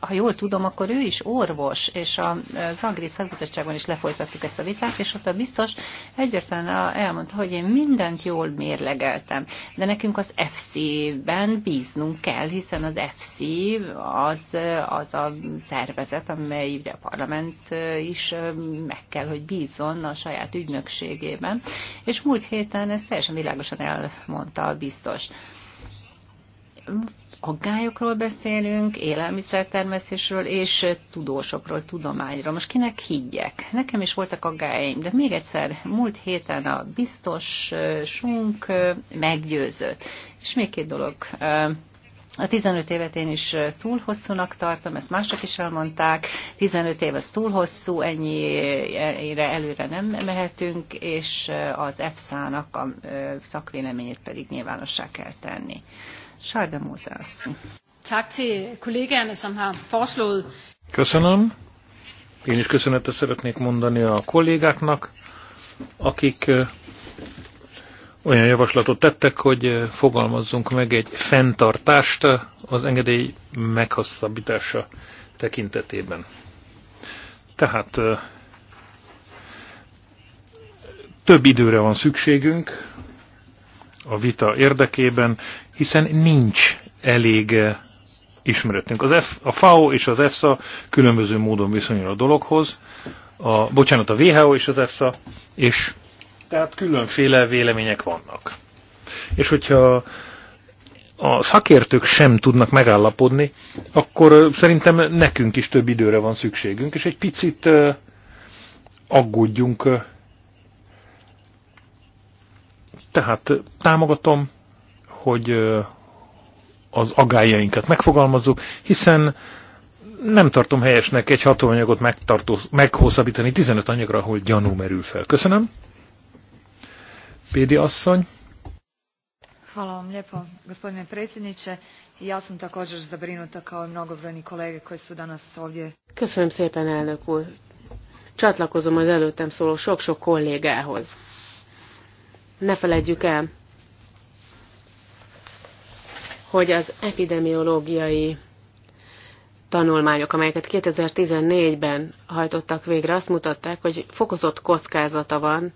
ha jól tudom, akkor ő is orvos, és a Zagri Szakbizottságban is lefolytattuk ezt a vitát, és ott a biztos egyértelműen elmondta, hogy én mindent jól mérlegeltem, de nekünk az FC-ben bíznunk kell, hiszen az FC az, az a szervezet, amely ugye a parlament is meg kell, hogy bízzon a saját ügynökségében, és múlt héten ezt teljesen világosan elmondta a biztos aggályokról beszélünk, élelmiszertermesztésről és tudósokról, tudományról. Most kinek higgyek? Nekem is voltak aggályaim, de még egyszer, múlt héten a biztosunk meggyőzött. És még két dolog. A 15 évet én is túl hosszúnak tartom, ezt mások is elmondták. 15 év az túl hosszú, ennyire e, előre nem mehetünk, és az EFSA-nak a szakvéleményét pedig nyilvánossá kell tenni. Tak til som har foreslået. Köszönöm. Én is köszönetet szeretnék mondani a kollégáknak, akik olyan javaslatot tettek, hogy fogalmazzunk meg egy fenntartást az engedély meghosszabbítása tekintetében. Tehát több időre van szükségünk, a vita érdekében, hiszen nincs elég eh, ismeretünk. Az F, a FAO és az EFSA különböző módon viszonyul a dologhoz, a, bocsánat, a WHO és az EFSA, és tehát különféle vélemények vannak. És hogyha a szakértők sem tudnak megállapodni, akkor eh, szerintem nekünk is több időre van szükségünk, és egy picit eh, aggódjunk tehát támogatom, hogy az agályainkat megfogalmazzuk, hiszen nem tartom helyesnek egy hatóanyagot meghosszabbítani 15 anyagra, ahol gyanú merül fel. Köszönöm. Pédi asszony. Hvala vam lijepo, gospodine predsjedniče. Ja sam također zabrinuta kao i mnogobrojni kolege koji su danas ovdje. Köszönöm szépen, elnök úr. Csatlakozom az előttem szóló sok-sok kollégához ne felejtjük el, hogy az epidemiológiai tanulmányok, amelyeket 2014-ben hajtottak végre, azt mutatták, hogy fokozott kockázata van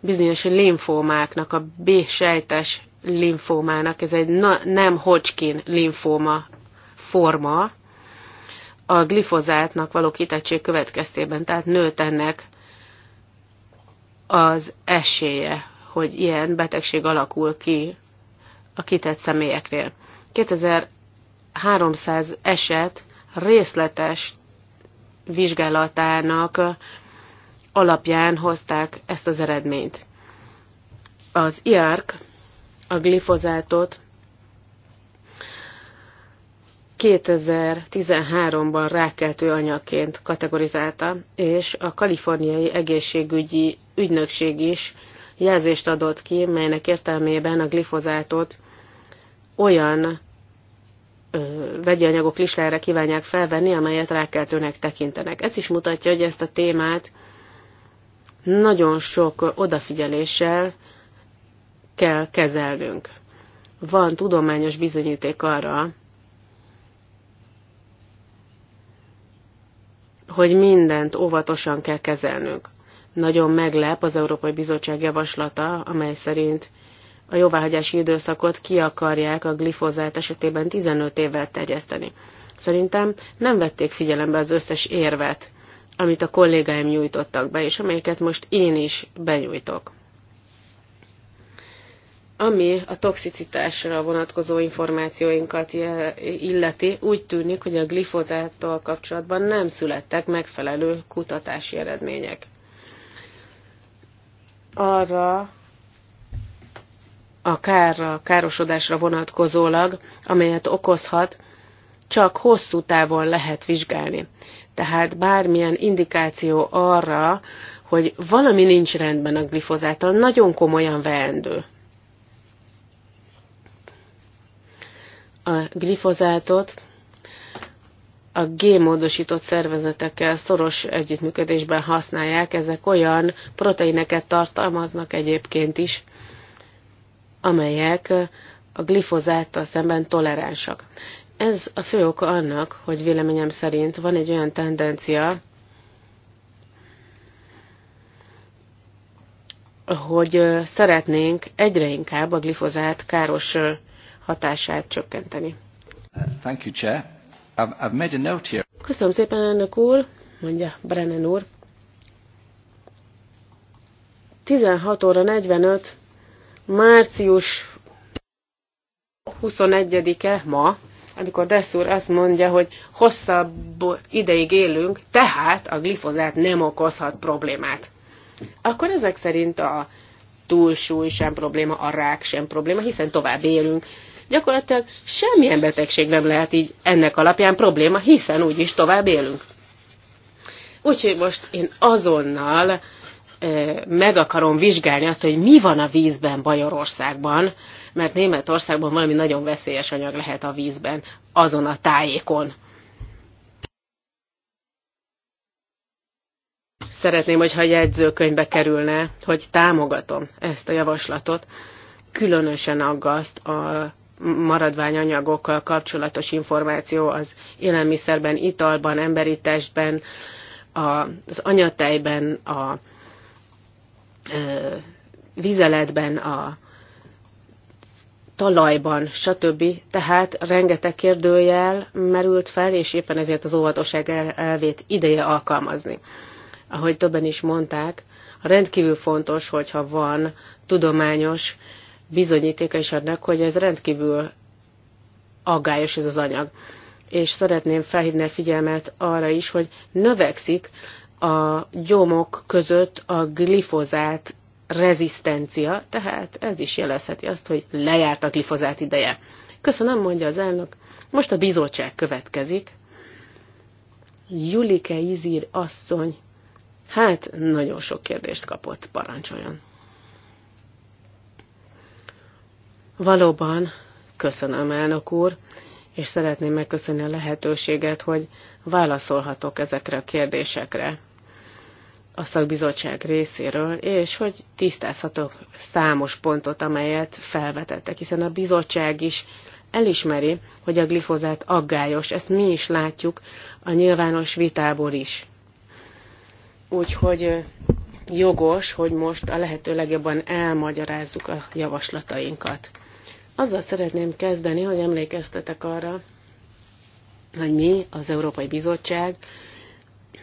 bizonyos linfómáknak, a B-sejtes linfómának, ez egy na, nem Hodgkin linfóma forma, a glifozátnak való kitettség következtében, tehát nőtt ennek az esélye hogy ilyen betegség alakul ki a kitett személyeknél. 2300 eset részletes vizsgálatának alapján hozták ezt az eredményt. Az IARC a glifozátot 2013-ban rákeltő anyagként kategorizálta, és a kaliforniai egészségügyi ügynökség is jelzést adott ki, melynek értelmében a glifozátot olyan ö, vegyi anyagok listájára kívánják felvenni, amelyet rákeltőnek tekintenek. Ez is mutatja, hogy ezt a témát nagyon sok odafigyeléssel kell kezelnünk. Van tudományos bizonyíték arra, hogy mindent óvatosan kell kezelnünk. Nagyon meglep az Európai Bizottság javaslata, amely szerint a jóváhagyási időszakot ki akarják a glifozát esetében 15 évvel terjeszteni. Szerintem nem vették figyelembe az összes érvet, amit a kollégáim nyújtottak be, és amelyeket most én is benyújtok. Ami a toxicitásra vonatkozó információinkat illeti, úgy tűnik, hogy a glifozáttal kapcsolatban nem születtek megfelelő kutatási eredmények arra a kárra, károsodásra vonatkozólag, amelyet okozhat, csak hosszú távon lehet vizsgálni. Tehát bármilyen indikáció arra, hogy valami nincs rendben a glifozáttal, nagyon komolyan veendő. A glifozátot a gémódosított szervezetekkel szoros együttműködésben használják. Ezek olyan proteineket tartalmaznak egyébként is, amelyek a glifozáttal szemben toleránsak. Ez a fő oka annak, hogy véleményem szerint van egy olyan tendencia, hogy szeretnénk egyre inkább a glifozát káros hatását csökkenteni. Thank you, Chair. I've, made a note here. Köszönöm szépen, elnök úr, mondja Brennan úr. 16 óra 45, március 21-e ma, amikor Dessur azt mondja, hogy hosszabb ideig élünk, tehát a glifozát nem okozhat problémát. Akkor ezek szerint a túlsúly sem probléma, a rák sem probléma, hiszen tovább élünk gyakorlatilag semmilyen betegség nem lehet így ennek alapján probléma, hiszen úgyis tovább élünk. Úgyhogy most én azonnal meg akarom vizsgálni azt, hogy mi van a vízben Bajorországban, mert Németországban valami nagyon veszélyes anyag lehet a vízben, azon a tájékon. Szeretném, hogyha egy jegyzőkönyvbe kerülne, hogy támogatom ezt a javaslatot. Különösen aggaszt a maradványanyagokkal kapcsolatos információ az élelmiszerben, italban, emberi testben, az anyatejben, a vizeletben, a talajban, stb. Tehát rengeteg kérdőjel merült fel, és éppen ezért az óvatosság elvét ideje alkalmazni. Ahogy többen is mondták, rendkívül fontos, hogyha van tudományos bizonyítéka is annak, hogy ez rendkívül aggályos ez az anyag. És szeretném felhívni a figyelmet arra is, hogy növekszik a gyomok között a glifozát rezisztencia, tehát ez is jelezheti azt, hogy lejárt a glifozát ideje. Köszönöm, mondja az elnök. Most a bizottság következik. Julike Izír asszony, hát nagyon sok kérdést kapott, parancsoljon. Valóban köszönöm, elnök úr, és szeretném megköszönni a lehetőséget, hogy válaszolhatok ezekre a kérdésekre a szakbizottság részéről, és hogy tisztázhatok számos pontot, amelyet felvetettek, hiszen a bizottság is elismeri, hogy a glifozát aggályos, ezt mi is látjuk a nyilvános vitából is. Úgyhogy jogos, hogy most a lehető legjobban elmagyarázzuk a javaslatainkat. Azzal szeretném kezdeni, hogy emlékeztetek arra, hogy mi, az Európai Bizottság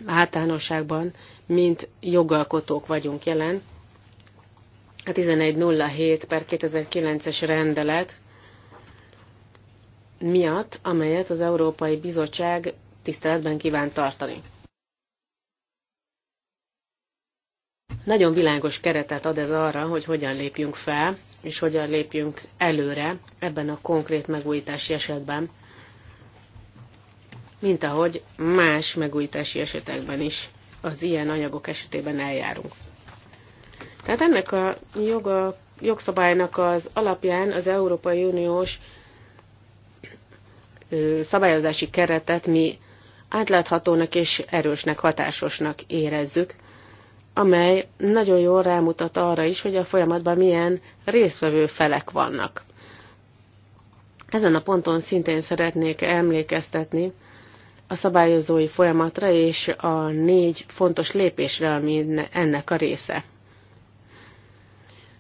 általánosságban, mint jogalkotók vagyunk jelen. A 1107 per 2009-es rendelet miatt, amelyet az Európai Bizottság tiszteletben kíván tartani. Nagyon világos keretet ad ez arra, hogy hogyan lépjünk fel, és hogyan lépjünk előre ebben a konkrét megújítási esetben, mint ahogy más megújítási esetekben is az ilyen anyagok esetében eljárunk. Tehát ennek a joga, jogszabálynak az alapján az Európai Uniós szabályozási keretet mi átláthatónak és erősnek, hatásosnak érezzük, amely nagyon jól rámutat arra is, hogy a folyamatban milyen részvevő felek vannak. Ezen a ponton szintén szeretnék emlékeztetni a szabályozói folyamatra és a négy fontos lépésre, ami ennek a része.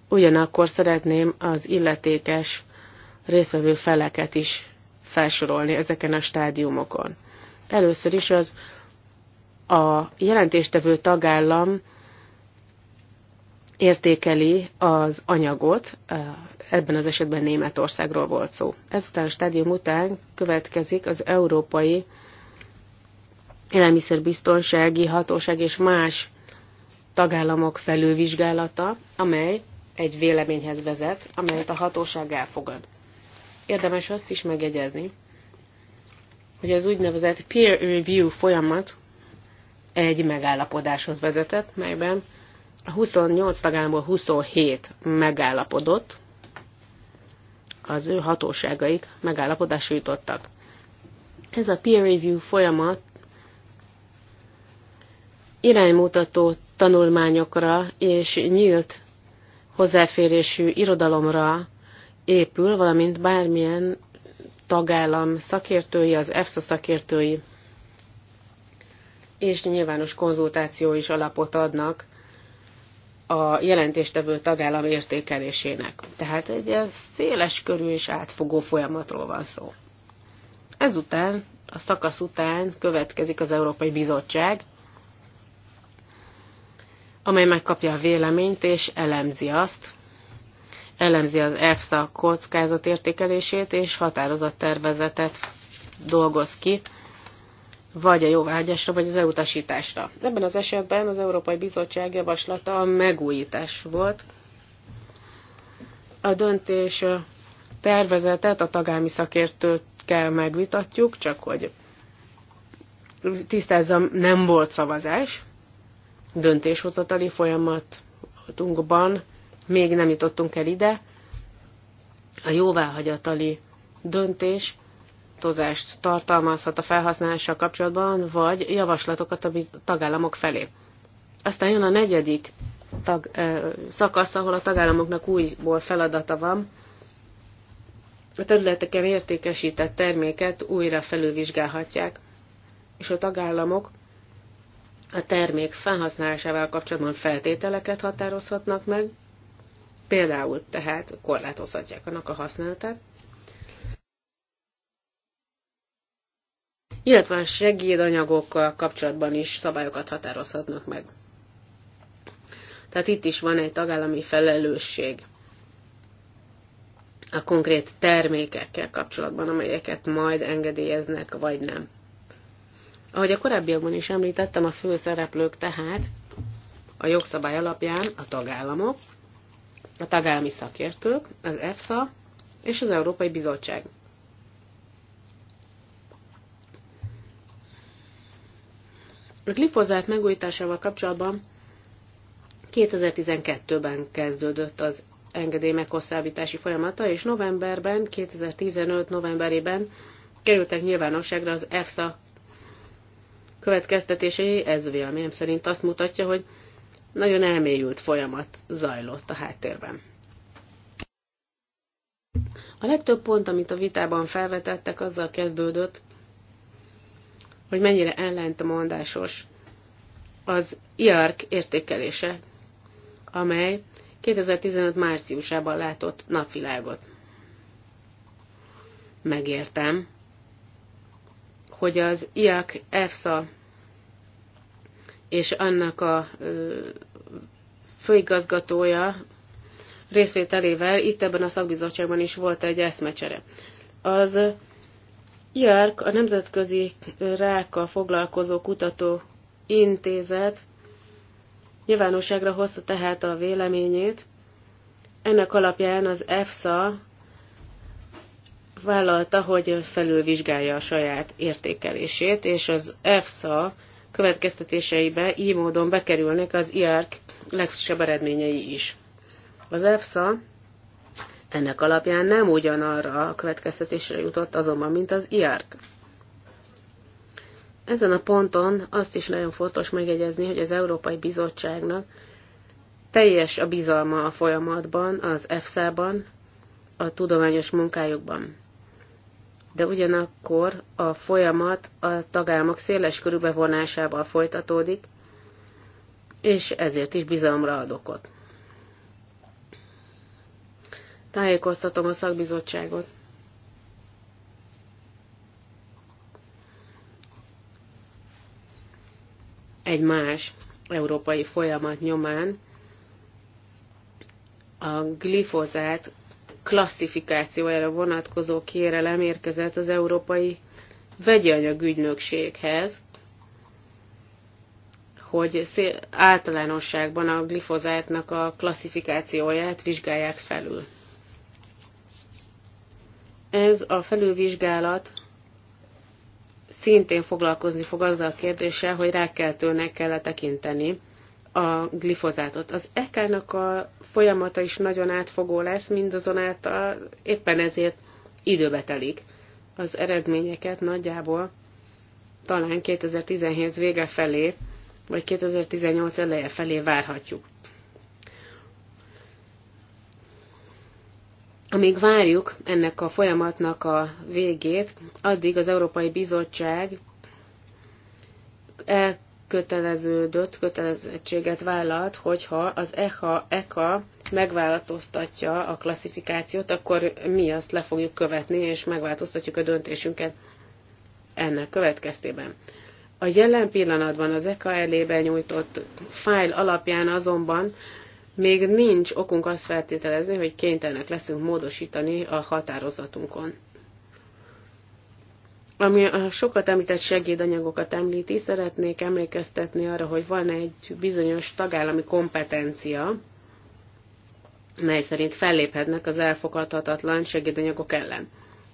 Ugyanakkor szeretném az illetékes részvevő feleket is felsorolni ezeken a stádiumokon. Először is az a jelentéstevő tagállam értékeli az anyagot, eh, ebben az esetben Németországról volt szó. Ezután a stádium után következik az Európai Élelmiszerbiztonsági Hatóság és más tagállamok felülvizsgálata, amely egy véleményhez vezet, amelyet a hatóság elfogad. Érdemes azt is megjegyezni, hogy az úgynevezett peer review folyamat egy megállapodáshoz vezetett, melyben 28 tagállamból 27 megállapodott, az ő hatóságaik megállapodásra jutottak. Ez a peer review folyamat iránymutató tanulmányokra és nyílt hozzáférésű irodalomra épül, valamint bármilyen tagállam szakértői, az EFSA szakértői, és nyilvános konzultáció is alapot adnak a jelentéstevő tagállam értékelésének. Tehát egy ilyen széles körű és átfogó folyamatról van szó. Ezután, a szakasz után következik az Európai Bizottság, amely megkapja a véleményt és elemzi azt, elemzi az EFSA kockázatértékelését és határozattervezetet dolgoz ki, vagy a jóváhagyásra, vagy az elutasításra. Ebben az esetben az Európai Bizottság javaslata a megújítás volt. A döntés tervezetet a tagállami szakértőkkel megvitatjuk, csak hogy tisztázzam, nem volt szavazás, döntéshozatali folyamatunkban még nem jutottunk el ide. A jóváhagyatali döntés korlátozást tartalmazhat a felhasználással kapcsolatban, vagy javaslatokat a tagállamok felé. Aztán jön a negyedik tag, ö, szakasz, ahol a tagállamoknak újból feladata van, a területeken értékesített terméket újra felülvizsgálhatják, és a tagállamok a termék felhasználásával kapcsolatban feltételeket határozhatnak meg, például tehát korlátozhatják annak a használatát, illetve a segédanyagokkal kapcsolatban is szabályokat határozhatnak meg. Tehát itt is van egy tagállami felelősség a konkrét termékekkel kapcsolatban, amelyeket majd engedélyeznek, vagy nem. Ahogy a korábbiakban is említettem, a főszereplők tehát a jogszabály alapján a tagállamok, a tagállami szakértők, az EFSA és az Európai Bizottság. A glifozát megújításával kapcsolatban 2012-ben kezdődött az engedély meghosszabbítási folyamata, és novemberben, 2015 novemberében kerültek nyilvánosságra az EFSA következtetései, ez véleményem szerint azt mutatja, hogy nagyon elmélyült folyamat zajlott a háttérben. A legtöbb pont, amit a vitában felvetettek, azzal kezdődött, hogy mennyire ellentmondásos az IARC értékelése, amely 2015 márciusában látott napvilágot. Megértem, hogy az IAC EFSA és annak a főigazgatója részvételével itt ebben a szakbizottságban is volt egy eszmecsere. Az IARC, a Nemzetközi Rákkal Foglalkozó Kutató Intézet nyilvánosságra hozta tehát a véleményét. Ennek alapján az EFSA vállalta, hogy felülvizsgálja a saját értékelését, és az EFSA következtetéseibe így módon bekerülnek az IARC legfrissebb eredményei is. Az EFSA ennek alapján nem ugyanarra a következtetésre jutott azonban, mint az IARC. Ezen a ponton azt is nagyon fontos megjegyezni, hogy az Európai Bizottságnak teljes a bizalma a folyamatban, az EFSA-ban, a tudományos munkájukban. De ugyanakkor a folyamat a tagállamok széles körülbevonásával folytatódik, és ezért is bizalomra ad okot. Tájékoztatom a szakbizottságot. Egy más európai folyamat nyomán a glifozát klasszifikációjára vonatkozó kérelem érkezett az Európai Vegyanyagügynökséghez, hogy általánosságban a glifozátnak a klasszifikációját vizsgálják felül. Ez a felülvizsgálat szintén foglalkozni fog azzal a kérdéssel, hogy rákeltőnek kell -e tekinteni a glifozátot. Az EK-nak a folyamata is nagyon átfogó lesz, mindazonáltal éppen ezért időbe telik. Az eredményeket nagyjából talán 2017 vége felé, vagy 2018 eleje felé várhatjuk. Amíg várjuk ennek a folyamatnak a végét, addig az Európai Bizottság elköteleződött, kötelezettséget vállalt, hogyha az EHA, ECA megváltoztatja a klasszifikációt, akkor mi azt le fogjuk követni, és megváltoztatjuk a döntésünket ennek következtében. A jelen pillanatban az EKA elébe nyújtott fájl alapján azonban még nincs okunk azt feltételezni, hogy kénytelenek leszünk módosítani a határozatunkon. Ami a sokat említett segédanyagokat említi, szeretnék emlékeztetni arra, hogy van egy bizonyos tagállami kompetencia, mely szerint felléphetnek az elfogadhatatlan segédanyagok ellen.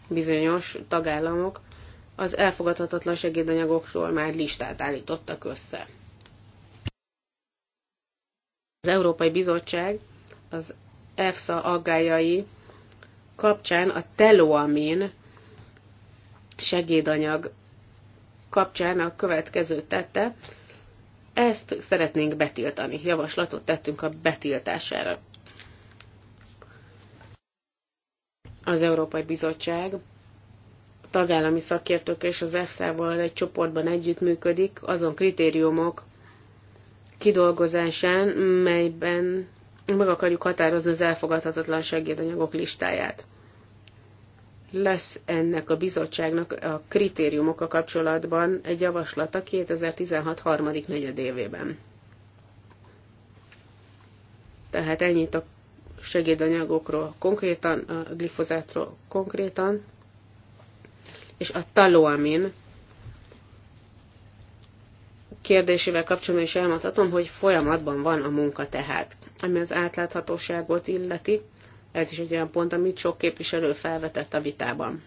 Bizonyos tagállamok az elfogadhatatlan segédanyagokról már listát állítottak össze. Az Európai Bizottság az EFSA aggájai kapcsán a teloamin segédanyag kapcsán a következőt tette, ezt szeretnénk betiltani. Javaslatot tettünk a betiltására. Az Európai Bizottság tagállami szakértők és az EFSA-val egy csoportban együttműködik azon kritériumok kidolgozásán, melyben meg akarjuk határozni az elfogadhatatlan segédanyagok listáját. Lesz ennek a bizottságnak a kritériumokkal kapcsolatban egy javaslata 2016 harmadik negyedévében. Tehát ennyit a segédanyagokról konkrétan, a glifozátról konkrétan, és a taloamin kérdésével kapcsolatban is elmondhatom, hogy folyamatban van a munka tehát. Ami az átláthatóságot illeti, ez is egy olyan pont, amit sok képviselő felvetett a vitában.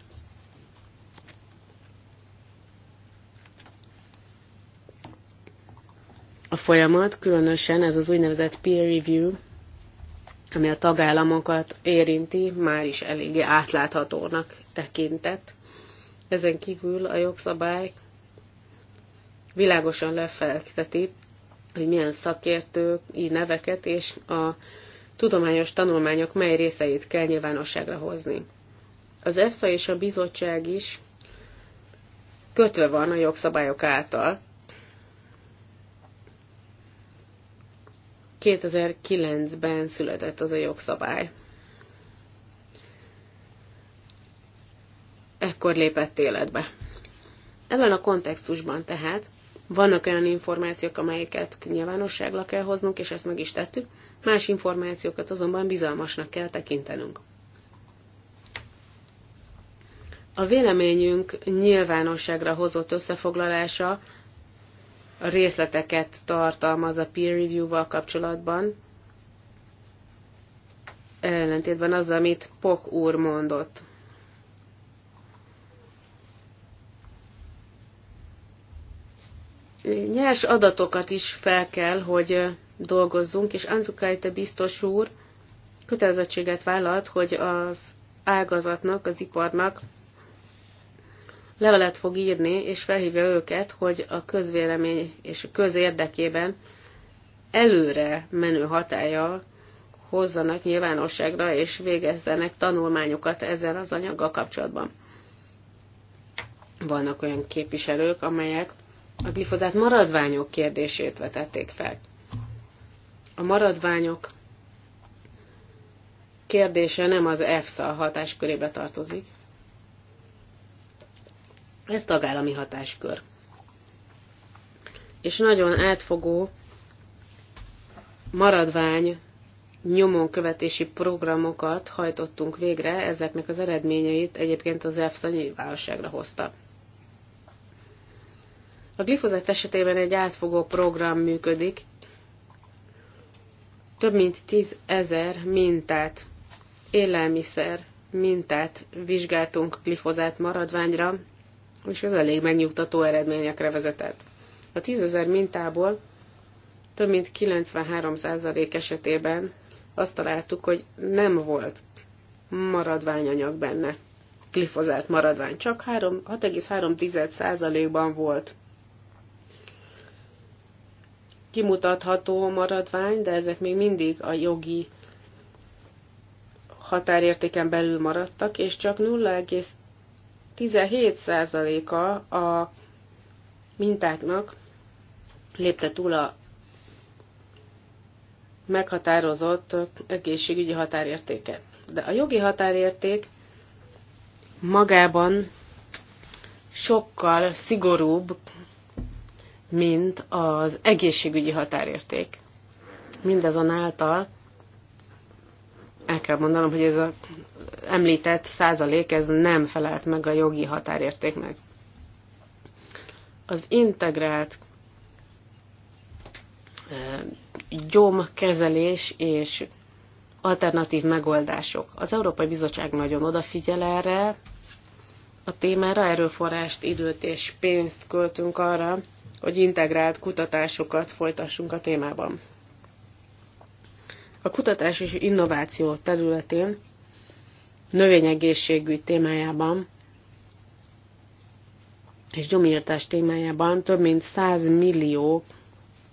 A folyamat, különösen ez az úgynevezett peer review, ami a tagállamokat érinti, már is eléggé átláthatónak tekintett. Ezen kívül a jogszabály világosan lefelteti, hogy milyen szakértői neveket és a tudományos tanulmányok mely részeit kell nyilvánosságra hozni. Az EFSA és a bizottság is kötve van a jogszabályok által. 2009-ben született az a jogszabály. Ekkor lépett életbe. Ebben a kontextusban tehát vannak olyan információk, amelyeket nyilvánosságra kell hoznunk, és ezt meg is tettük, más információkat azonban bizalmasnak kell tekintenünk. A véleményünk nyilvánosságra hozott összefoglalása a részleteket tartalmaz a peer review-val kapcsolatban, ellentétben az, amit Pok úr mondott. nyers adatokat is fel kell, hogy dolgozzunk, és Andrew Kajte biztos úr kötelezettséget vállalt, hogy az ágazatnak, az iparnak levelet fog írni, és felhívja őket, hogy a közvélemény és a közérdekében előre menő hatája hozzanak nyilvánosságra, és végezzenek tanulmányokat ezzel az anyaggal kapcsolatban. Vannak olyan képviselők, amelyek a glifozát maradványok kérdését vetették fel. A maradványok kérdése nem az EFSA hatáskörébe tartozik. Ez tagállami hatáskör. És nagyon átfogó maradvány nyomon követési programokat hajtottunk végre, ezeknek az eredményeit egyébként az EFSA nyilvánosságra hozta. A glifozát esetében egy átfogó program működik. Több mint 10 ezer mintát, élelmiszer mintát vizsgáltunk glifozát maradványra, és ez elég megnyugtató eredményekre vezetett. A 10 ezer mintából több mint 93% esetében azt találtuk, hogy nem volt maradványanyag benne. Glifozát maradvány csak 6,3%-ban volt kimutatható maradvány, de ezek még mindig a jogi határértéken belül maradtak, és csak 0,17%-a a mintáknak lépte túl a meghatározott egészségügyi határértéket. De a jogi határérték magában sokkal szigorúbb mint az egészségügyi határérték. Mindazonáltal el kell mondanom, hogy ez az említett százalék, ez nem felelt meg a jogi határértéknek. Az integrált e, gyomkezelés és alternatív megoldások. Az Európai Bizottság nagyon odafigyel erre a témára, erőforrást, időt és pénzt költünk arra, hogy integrált kutatásokat folytassunk a témában. A kutatás és innováció területén, növényegészségügy témájában és gyomírtás témájában több mint 100 millió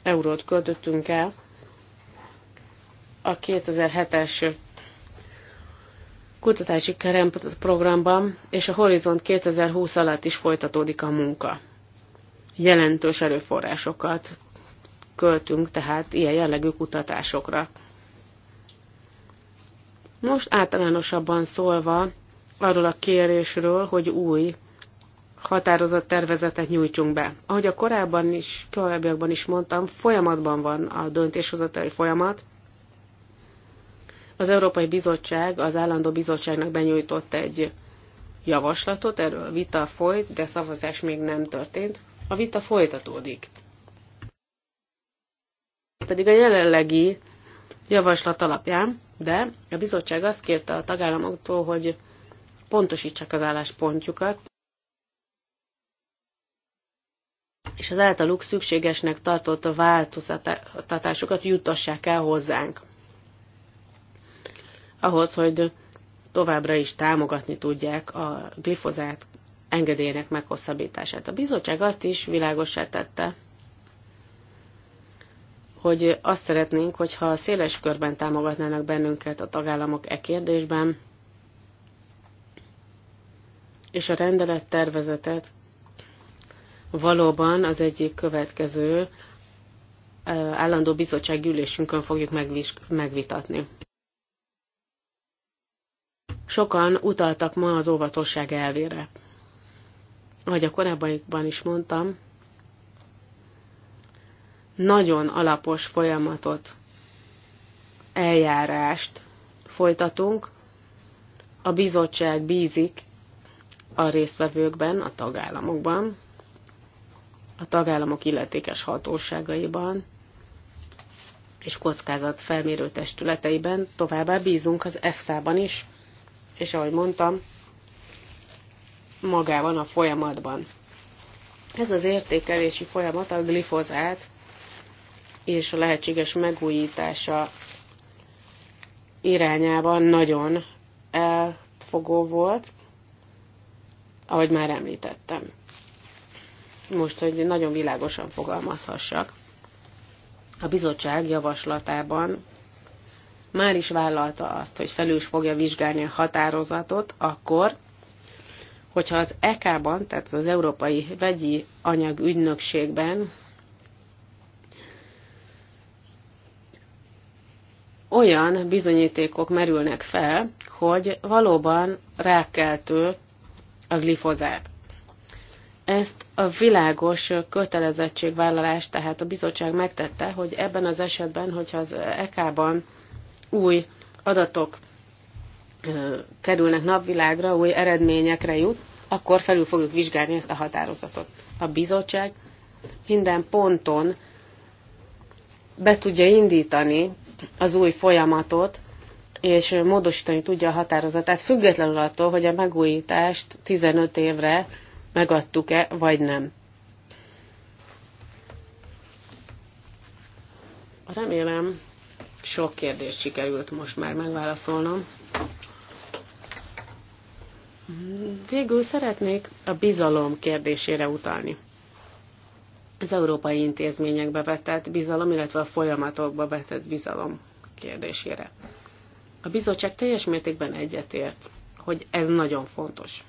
eurót költöttünk el a 2007-es kutatási keremprogramban, és a Horizont 2020 alatt is folytatódik a munka. Jelentős erőforrásokat költünk tehát ilyen jellegű kutatásokra. Most általánosabban szólva arról a kérésről, hogy új határozott tervezetet nyújtsunk be. Ahogy a korábban is, korábbiakban is mondtam, folyamatban van a döntéshozatali folyamat. Az Európai Bizottság az állandó bizottságnak benyújtott egy javaslatot, erről vita folyt, de szavazás még nem történt. A vita folytatódik. Pedig a jelenlegi javaslat alapján, de a bizottság azt kérte a tagállamoktól, hogy pontosítsák az álláspontjukat, és az általuk szükségesnek tartott a változtatásokat juttassák el hozzánk. Ahhoz, hogy továbbra is támogatni tudják a glifozát engedélyének meghosszabbítását. A bizottság azt is világosá tette, hogy azt szeretnénk, hogyha széles körben támogatnának bennünket a tagállamok e kérdésben, és a rendelet tervezetet valóban az egyik következő állandó bizottsági fogjuk megvitatni. Sokan utaltak ma az óvatosság elvére ahogy a korábbiakban is mondtam, nagyon alapos folyamatot, eljárást folytatunk. A bizottság bízik a résztvevőkben, a tagállamokban, a tagállamok illetékes hatóságaiban és kockázat felmérő testületeiben, továbbá bízunk az EFSA-ban is, és ahogy mondtam, magában a folyamatban. Ez az értékelési folyamat a glifozát és a lehetséges megújítása irányában nagyon elfogó volt, ahogy már említettem. Most, hogy nagyon világosan fogalmazhassak, a bizottság javaslatában már is vállalta azt, hogy felül is fogja vizsgálni a határozatot akkor, hogyha az EK-ban, tehát az Európai Vegyi Anyag Ügynökségben olyan bizonyítékok merülnek fel, hogy valóban rákeltő a glifozát. Ezt a világos kötelezettségvállalás, tehát a bizottság megtette, hogy ebben az esetben, hogyha az EK-ban új adatok kerülnek napvilágra, új eredményekre jut, akkor felül fogjuk vizsgálni ezt a határozatot. A bizottság minden ponton be tudja indítani az új folyamatot, és módosítani tudja a határozatát, függetlenül attól, hogy a megújítást 15 évre megadtuk-e, vagy nem. Remélem, sok kérdést sikerült most már megválaszolnom. Végül szeretnék a bizalom kérdésére utalni. Az európai intézményekbe vetett bizalom, illetve a folyamatokba vetett bizalom kérdésére. A bizottság teljes mértékben egyetért, hogy ez nagyon fontos.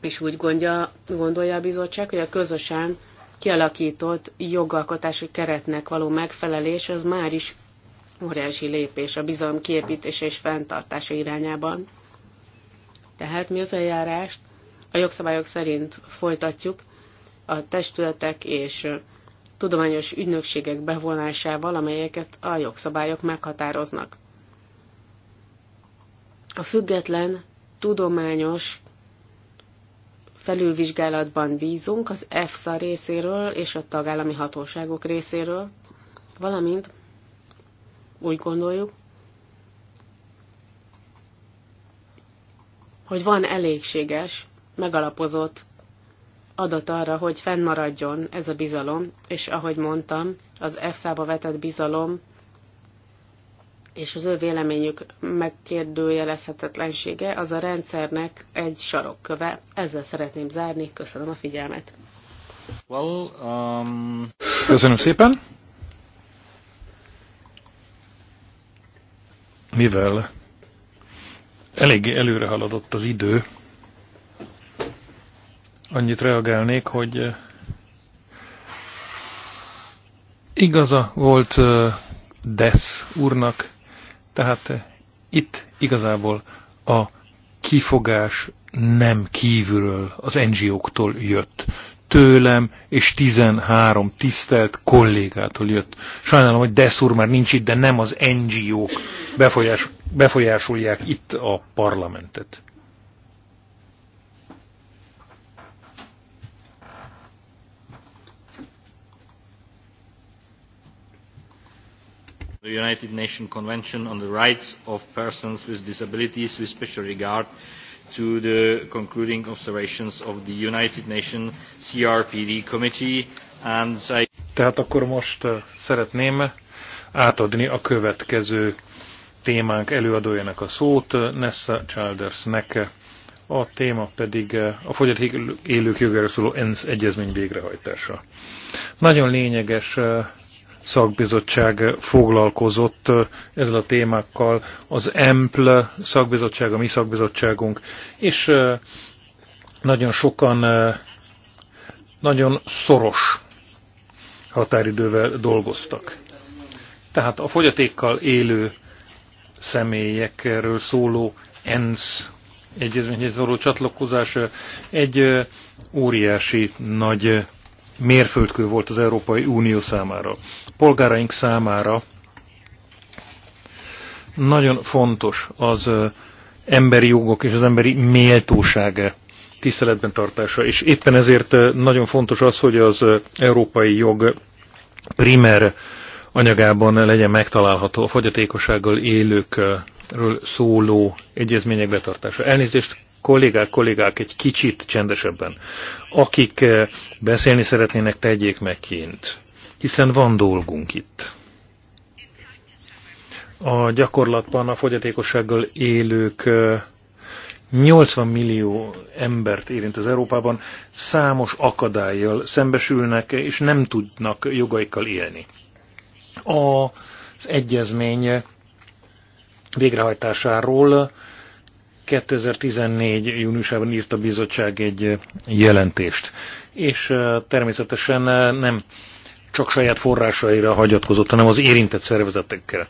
És úgy gondja, gondolja a bizottság, hogy a közösen kialakított jogalkotási keretnek való megfelelés az már is óriási lépés a bizalom kiépítése és fenntartása irányában. Tehát mi az eljárást a jogszabályok szerint folytatjuk a testületek és tudományos ügynökségek bevonásával, amelyeket a jogszabályok meghatároznak. A független tudományos felülvizsgálatban bízunk az EFSA részéről és a tagállami hatóságok részéről, valamint úgy gondoljuk, hogy van elégséges, megalapozott adat arra, hogy fennmaradjon ez a bizalom, és ahogy mondtam, az EFSA-ba vetett bizalom és az ő véleményük megkérdőjelezhetetlensége az a rendszernek egy sarokköve. Ezzel szeretném zárni. Köszönöm a figyelmet. Well, um... Köszönöm szépen. mivel elég előre haladott az idő, annyit reagálnék, hogy eh, igaza volt eh, Desz úrnak, tehát eh, itt igazából a kifogás nem kívülről, az NGO-któl jött tőlem és 13 tisztelt kollégától jött. Sajnálom, hogy Deszúr már nincs itt, de nem az NGO-k befolyás, befolyásolják itt a parlamentet. the United Nations Convention on the Rights of Persons with Disabilities with special regard to the concluding observations of the United Nations CRPD Committee. And I... Tehát akkor most uh, szeretném átadni a következő témánk előadójának a szót, uh, Nessa Childersnek. A téma pedig uh, a fogyaték élők jogára szóló ENSZ egyezmény végrehajtása. Nagyon lényeges szakbizottság foglalkozott ezzel a témákkal, az EMPL szakbizottság, a mi szakbizottságunk, és nagyon sokan nagyon szoros határidővel dolgoztak. Tehát a fogyatékkal élő személyekről szóló ENSZ egyezményhez való csatlakozás egy óriási nagy mérföldkő volt az Európai Unió számára. Polgáraink számára nagyon fontos az emberi jogok és az emberi méltóság tiszteletben tartása, és éppen ezért nagyon fontos az, hogy az európai jog primer anyagában legyen megtalálható a fogyatékossággal élőkről szóló egyezmények betartása. Elnézést kollégák, kollégák, egy kicsit csendesebben. Akik eh, beszélni szeretnének, tegyék meg kint, hiszen van dolgunk itt. A gyakorlatban a fogyatékossággal élők 80 eh, millió embert érint az Európában, számos akadályjal szembesülnek, és nem tudnak jogaikkal élni. Az egyezmény eh, végrehajtásáról 2014. júniusában írt a bizottság egy jelentést, és természetesen nem csak saját forrásaira hagyatkozott, hanem az érintett szervezetekkel.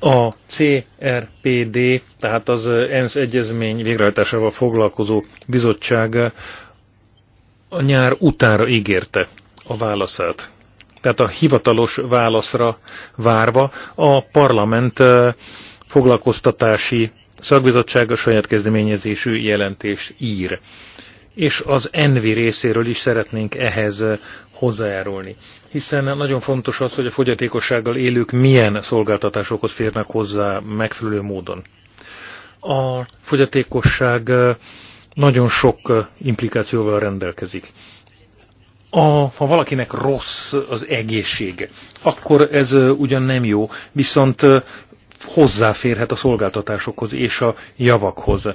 A CRPD, tehát az ENSZ egyezmény végrehajtásával foglalkozó bizottság a nyár utára ígérte a válaszát. Tehát a hivatalos válaszra várva a parlament foglalkoztatási szakbizottsága saját kezdeményezésű jelentés ír. És az Envi részéről is szeretnénk ehhez hozzájárulni. Hiszen nagyon fontos az, hogy a fogyatékossággal élők milyen szolgáltatásokhoz férnek hozzá megfelelő módon. A fogyatékosság nagyon sok implikációval rendelkezik. A, ha valakinek rossz az egészsége, akkor ez ugyan nem jó, viszont hozzáférhet a szolgáltatásokhoz és a javakhoz,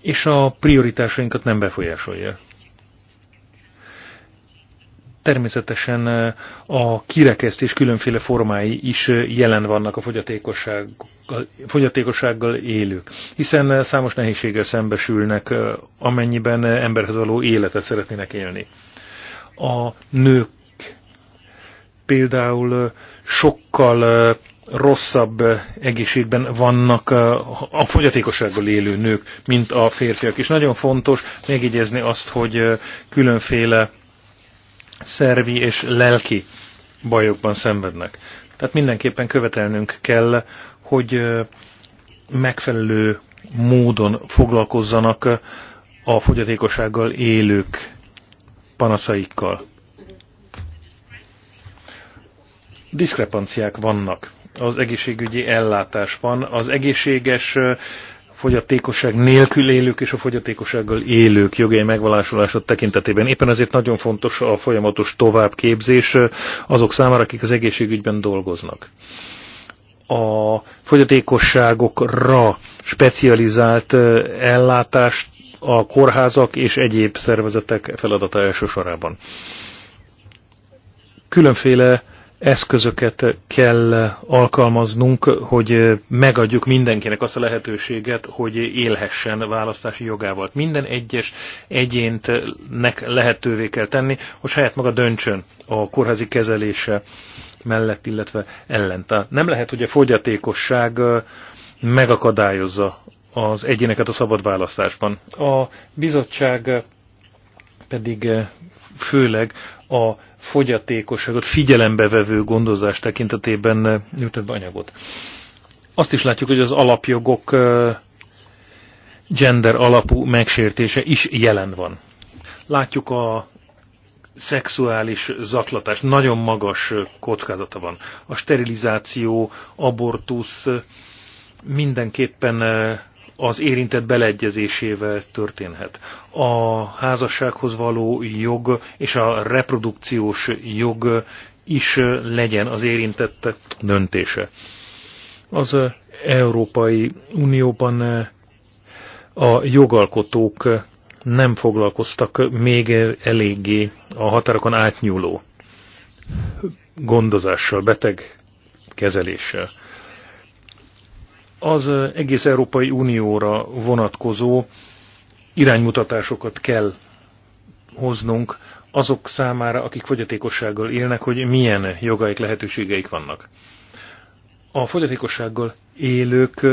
és a prioritásainkat nem befolyásolja. Természetesen eh, a kirekesztés különféle formái is eh, jelen vannak a fogyatékossággal, fogyatékossággal élők, hiszen eh, számos nehézséggel szembesülnek, amennyiben emberhez való életet szeretnének élni. A nők például sokkal rosszabb eh, egészségben vannak eh, a fogyatékossággal élő nők, mint a férfiak. És nagyon fontos megjegyezni azt, hogy eh, különféle szervi és lelki bajokban szenvednek. Tehát mindenképpen követelnünk kell, hogy megfelelő módon foglalkozzanak a fogyatékossággal élők panaszaikkal. Diszkrepanciák vannak az egészségügyi ellátásban az egészséges fogyatékosság nélkül élők és a fogyatékossággal élők jogai megvalásolása tekintetében. Éppen ezért nagyon fontos a folyamatos továbbképzés azok számára, akik az egészségügyben dolgoznak. A fogyatékosságokra specializált ellátást a kórházak és egyéb szervezetek feladata elsősorában. Különféle eszközöket kell alkalmaznunk, hogy megadjuk mindenkinek azt a lehetőséget, hogy élhessen választási jogával. Minden egyes egyéntnek lehetővé kell tenni, hogy saját maga döntsön a kórházi kezelése mellett, illetve ellen. Tehát nem lehet, hogy a fogyatékosság megakadályozza az egyéneket a szabad választásban. A bizottság pedig főleg a fogyatékosságot figyelembe vevő gondozás tekintetében nyújtott anyagot. Azt is látjuk, hogy az alapjogok gender alapú megsértése is jelen van. Látjuk a szexuális zaklatás, nagyon magas kockázata van. A sterilizáció, abortusz mindenképpen az érintett beleegyezésével történhet. A házassághoz való jog és a reprodukciós jog is legyen az érintett döntése. Az Európai Unióban a jogalkotók nem foglalkoztak még eléggé a határokon átnyúló gondozással, beteg kezeléssel az egész Európai Unióra vonatkozó iránymutatásokat kell hoznunk azok számára, akik fogyatékossággal élnek, hogy milyen jogaik, lehetőségeik vannak. A fogyatékossággal élők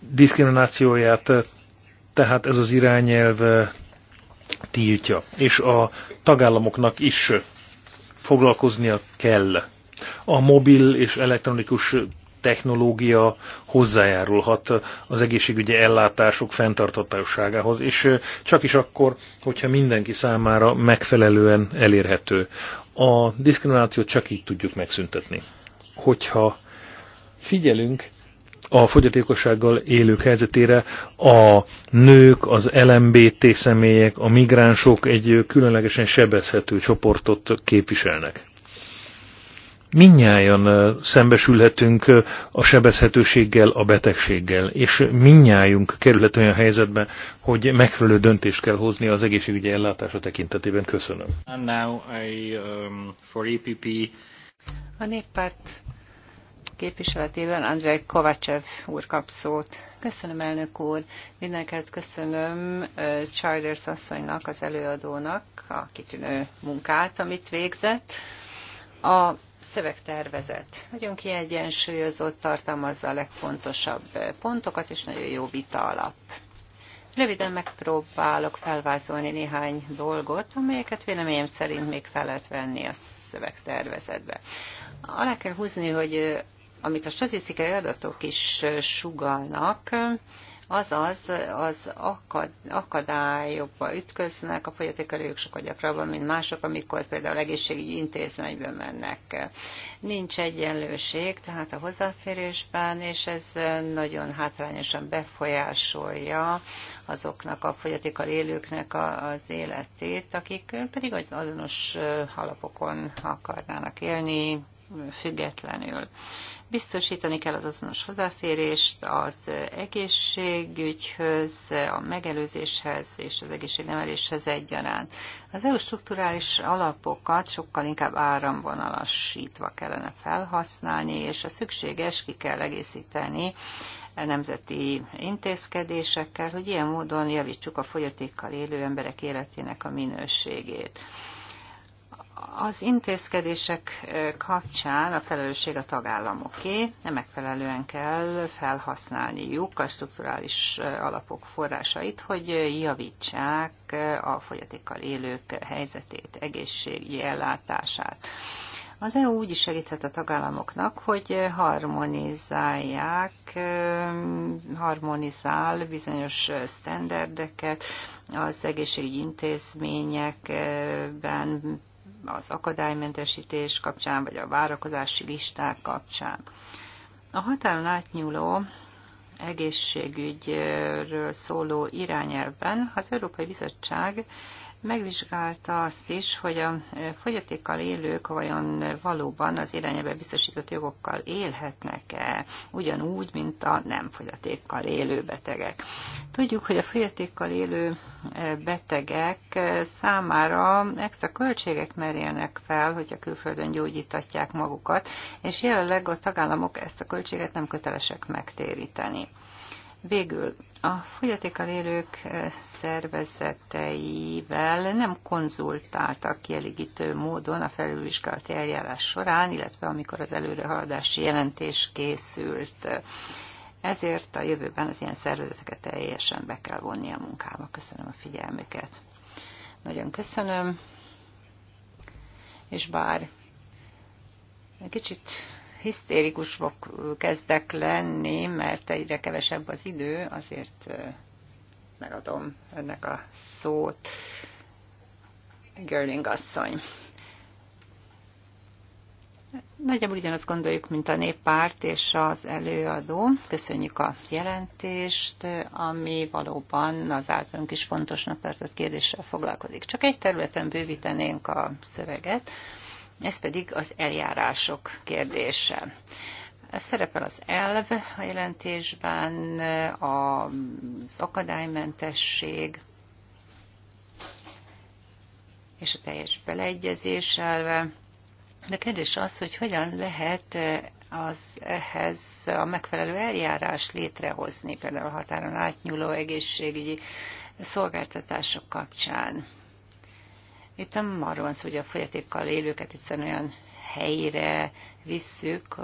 diszkriminációját tehát ez az irányelv tiltja, és a tagállamoknak is foglalkoznia kell a mobil és elektronikus technológia hozzájárulhat az egészségügyi ellátások fenntartatosságához, és csak is akkor, hogyha mindenki számára megfelelően elérhető. A diszkriminációt csak így tudjuk megszüntetni. Hogyha figyelünk a fogyatékossággal élők helyzetére, a nők, az LMBT személyek, a migránsok egy különlegesen sebezhető csoportot képviselnek minnyáján szembesülhetünk a sebezhetőséggel, a betegséggel, és minnyájunk kerülhet olyan helyzetbe, hogy megfelelő döntést kell hozni az egészségügyi ellátása tekintetében. Köszönöm. And now I, um, for EPP... A néppárt képviseletében Andrei Kovacsev úr kap szót. Köszönöm, elnök úr. Mindenkelt köszönöm Csajders asszonynak, az előadónak a kitűnő munkát, amit végzett. A szövegtervezet nagyon kiegyensúlyozott, tartalmazza a legfontosabb pontokat, és nagyon jó vita alap. Röviden megpróbálok felvázolni néhány dolgot, amelyeket véleményem szerint még fel lehet venni a szövegtervezetbe. Alá kell húzni, hogy amit a statisztikai adatok is sugalnak, azaz az akad, akadályokba ütköznek, a fogyatékelők sokkal gyakrabban, mint mások, amikor például egészségügyi intézménybe mennek. Nincs egyenlőség, tehát a hozzáférésben, és ez nagyon hátrányosan befolyásolja azoknak a fogyatékkal élőknek az életét, akik pedig az azonos alapokon akarnának élni, függetlenül. Biztosítani kell az azonos hozzáférést az egészségügyhöz, a megelőzéshez és az egészségneveléshez egyaránt. Az EU strukturális alapokat sokkal inkább áramvonalasítva kellene felhasználni, és a szükséges ki kell egészíteni nemzeti intézkedésekkel, hogy ilyen módon javítsuk a fogyatékkal élő emberek életének a minőségét. Az intézkedések kapcsán a felelősség a tagállamoké, nem megfelelően kell felhasználniuk a strukturális alapok forrásait, hogy javítsák a fogyatékkal élők helyzetét, egészségi ellátását. Az EU úgy is segíthet a tagállamoknak, hogy harmonizálják, harmonizál bizonyos sztenderdeket az egészségügyi intézményekben, az akadálymentesítés kapcsán, vagy a várakozási listák kapcsán. A határon átnyúló egészségügyről szóló irányelvben az Európai Bizottság megvizsgálta azt is, hogy a fogyatékkal élők vajon valóban az irányába biztosított jogokkal élhetnek-e, ugyanúgy, mint a nem fogyatékkal élő betegek. Tudjuk, hogy a fogyatékkal élő betegek számára extra költségek merélnek fel, hogyha külföldön gyógyítatják magukat, és jelenleg a tagállamok ezt a költséget nem kötelesek megtéríteni. Végül a fogyatékkal élők szervezeteivel nem konzultáltak kielégítő módon a felülvizsgálati eljárás során, illetve amikor az előrehaladási jelentés készült. Ezért a jövőben az ilyen szervezeteket teljesen be kell vonni a munkába. Köszönöm a figyelmüket. Nagyon köszönöm, és bár kicsit hisztérikusok kezdek lenni, mert egyre kevesebb az idő, azért megadom ennek a szót. Görling asszony. Nagyjából ugyanazt gondoljuk, mint a néppárt és az előadó. Köszönjük a jelentést, ami valóban az általunk is fontosnak tartott kérdéssel foglalkozik. Csak egy területen bővítenénk a szöveget ez pedig az eljárások kérdése. Ez szerepel az elv a jelentésben, az akadálymentesség, és a teljes beleegyezés elve. De kérdés az, hogy hogyan lehet az ehhez a megfelelő eljárás létrehozni, például a határon átnyúló egészségügyi szolgáltatások kapcsán. Itt nem arról van szó, hogy a folyatékkal élőket egyszerűen olyan helyre visszük,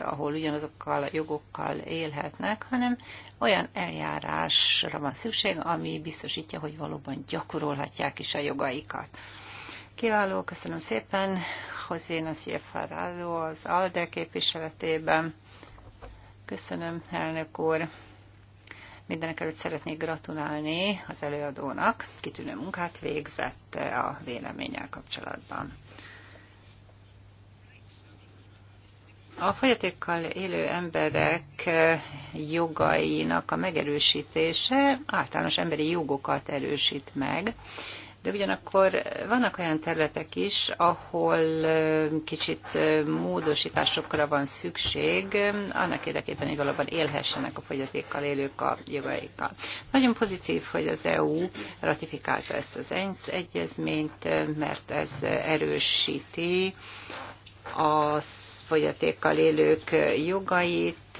ahol ugyanazokkal a jogokkal élhetnek, hanem olyan eljárásra van szükség, ami biztosítja, hogy valóban gyakorolhatják is a jogaikat. Kiváló, köszönöm szépen. José Nassir Farrado az ALDE képviseletében. Köszönöm, elnök úr. Mindenek előtt szeretnék gratulálni az előadónak, kitűnő munkát végzett a véleménnyel kapcsolatban. A fogyatékkal élő emberek jogainak a megerősítése általános emberi jogokat erősít meg, de ugyanakkor vannak olyan területek is, ahol kicsit módosításokra van szükség, annak érdekében, hogy valóban élhessenek a fogyatékkal élők a jogaikkal. Nagyon pozitív, hogy az EU ratifikálta ezt az egyezményt, mert ez erősíti a fogyatékkal élők jogait,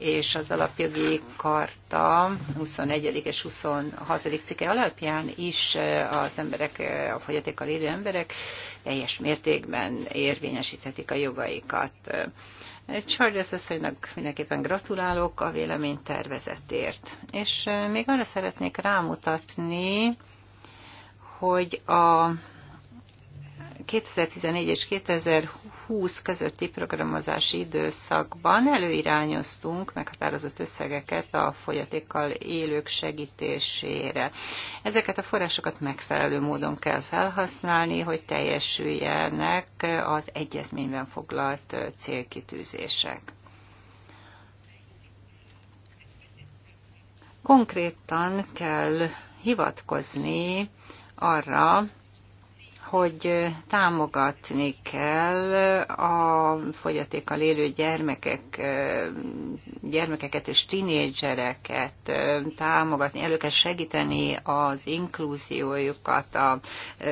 és az alapjogi karta 21. és 26. cikke alapján is az emberek, a fogyatékkal élő emberek teljes mértékben érvényesíthetik a jogaikat. Charles asszonynak mindenképpen gratulálok a véleménytervezetért. És még arra szeretnék rámutatni, hogy a 2014 és 2020 2020 közötti programozási időszakban előirányoztunk meghatározott összegeket a folyatékkal élők segítésére. Ezeket a forrásokat megfelelő módon kell felhasználni, hogy teljesüljenek az egyezményben foglalt célkitűzések. Konkrétan kell hivatkozni arra, hogy támogatni kell a fogyatékkal élő gyermekek, gyermekeket és tinédzsereket, támogatni, elő kell segíteni az inkluziójukat, a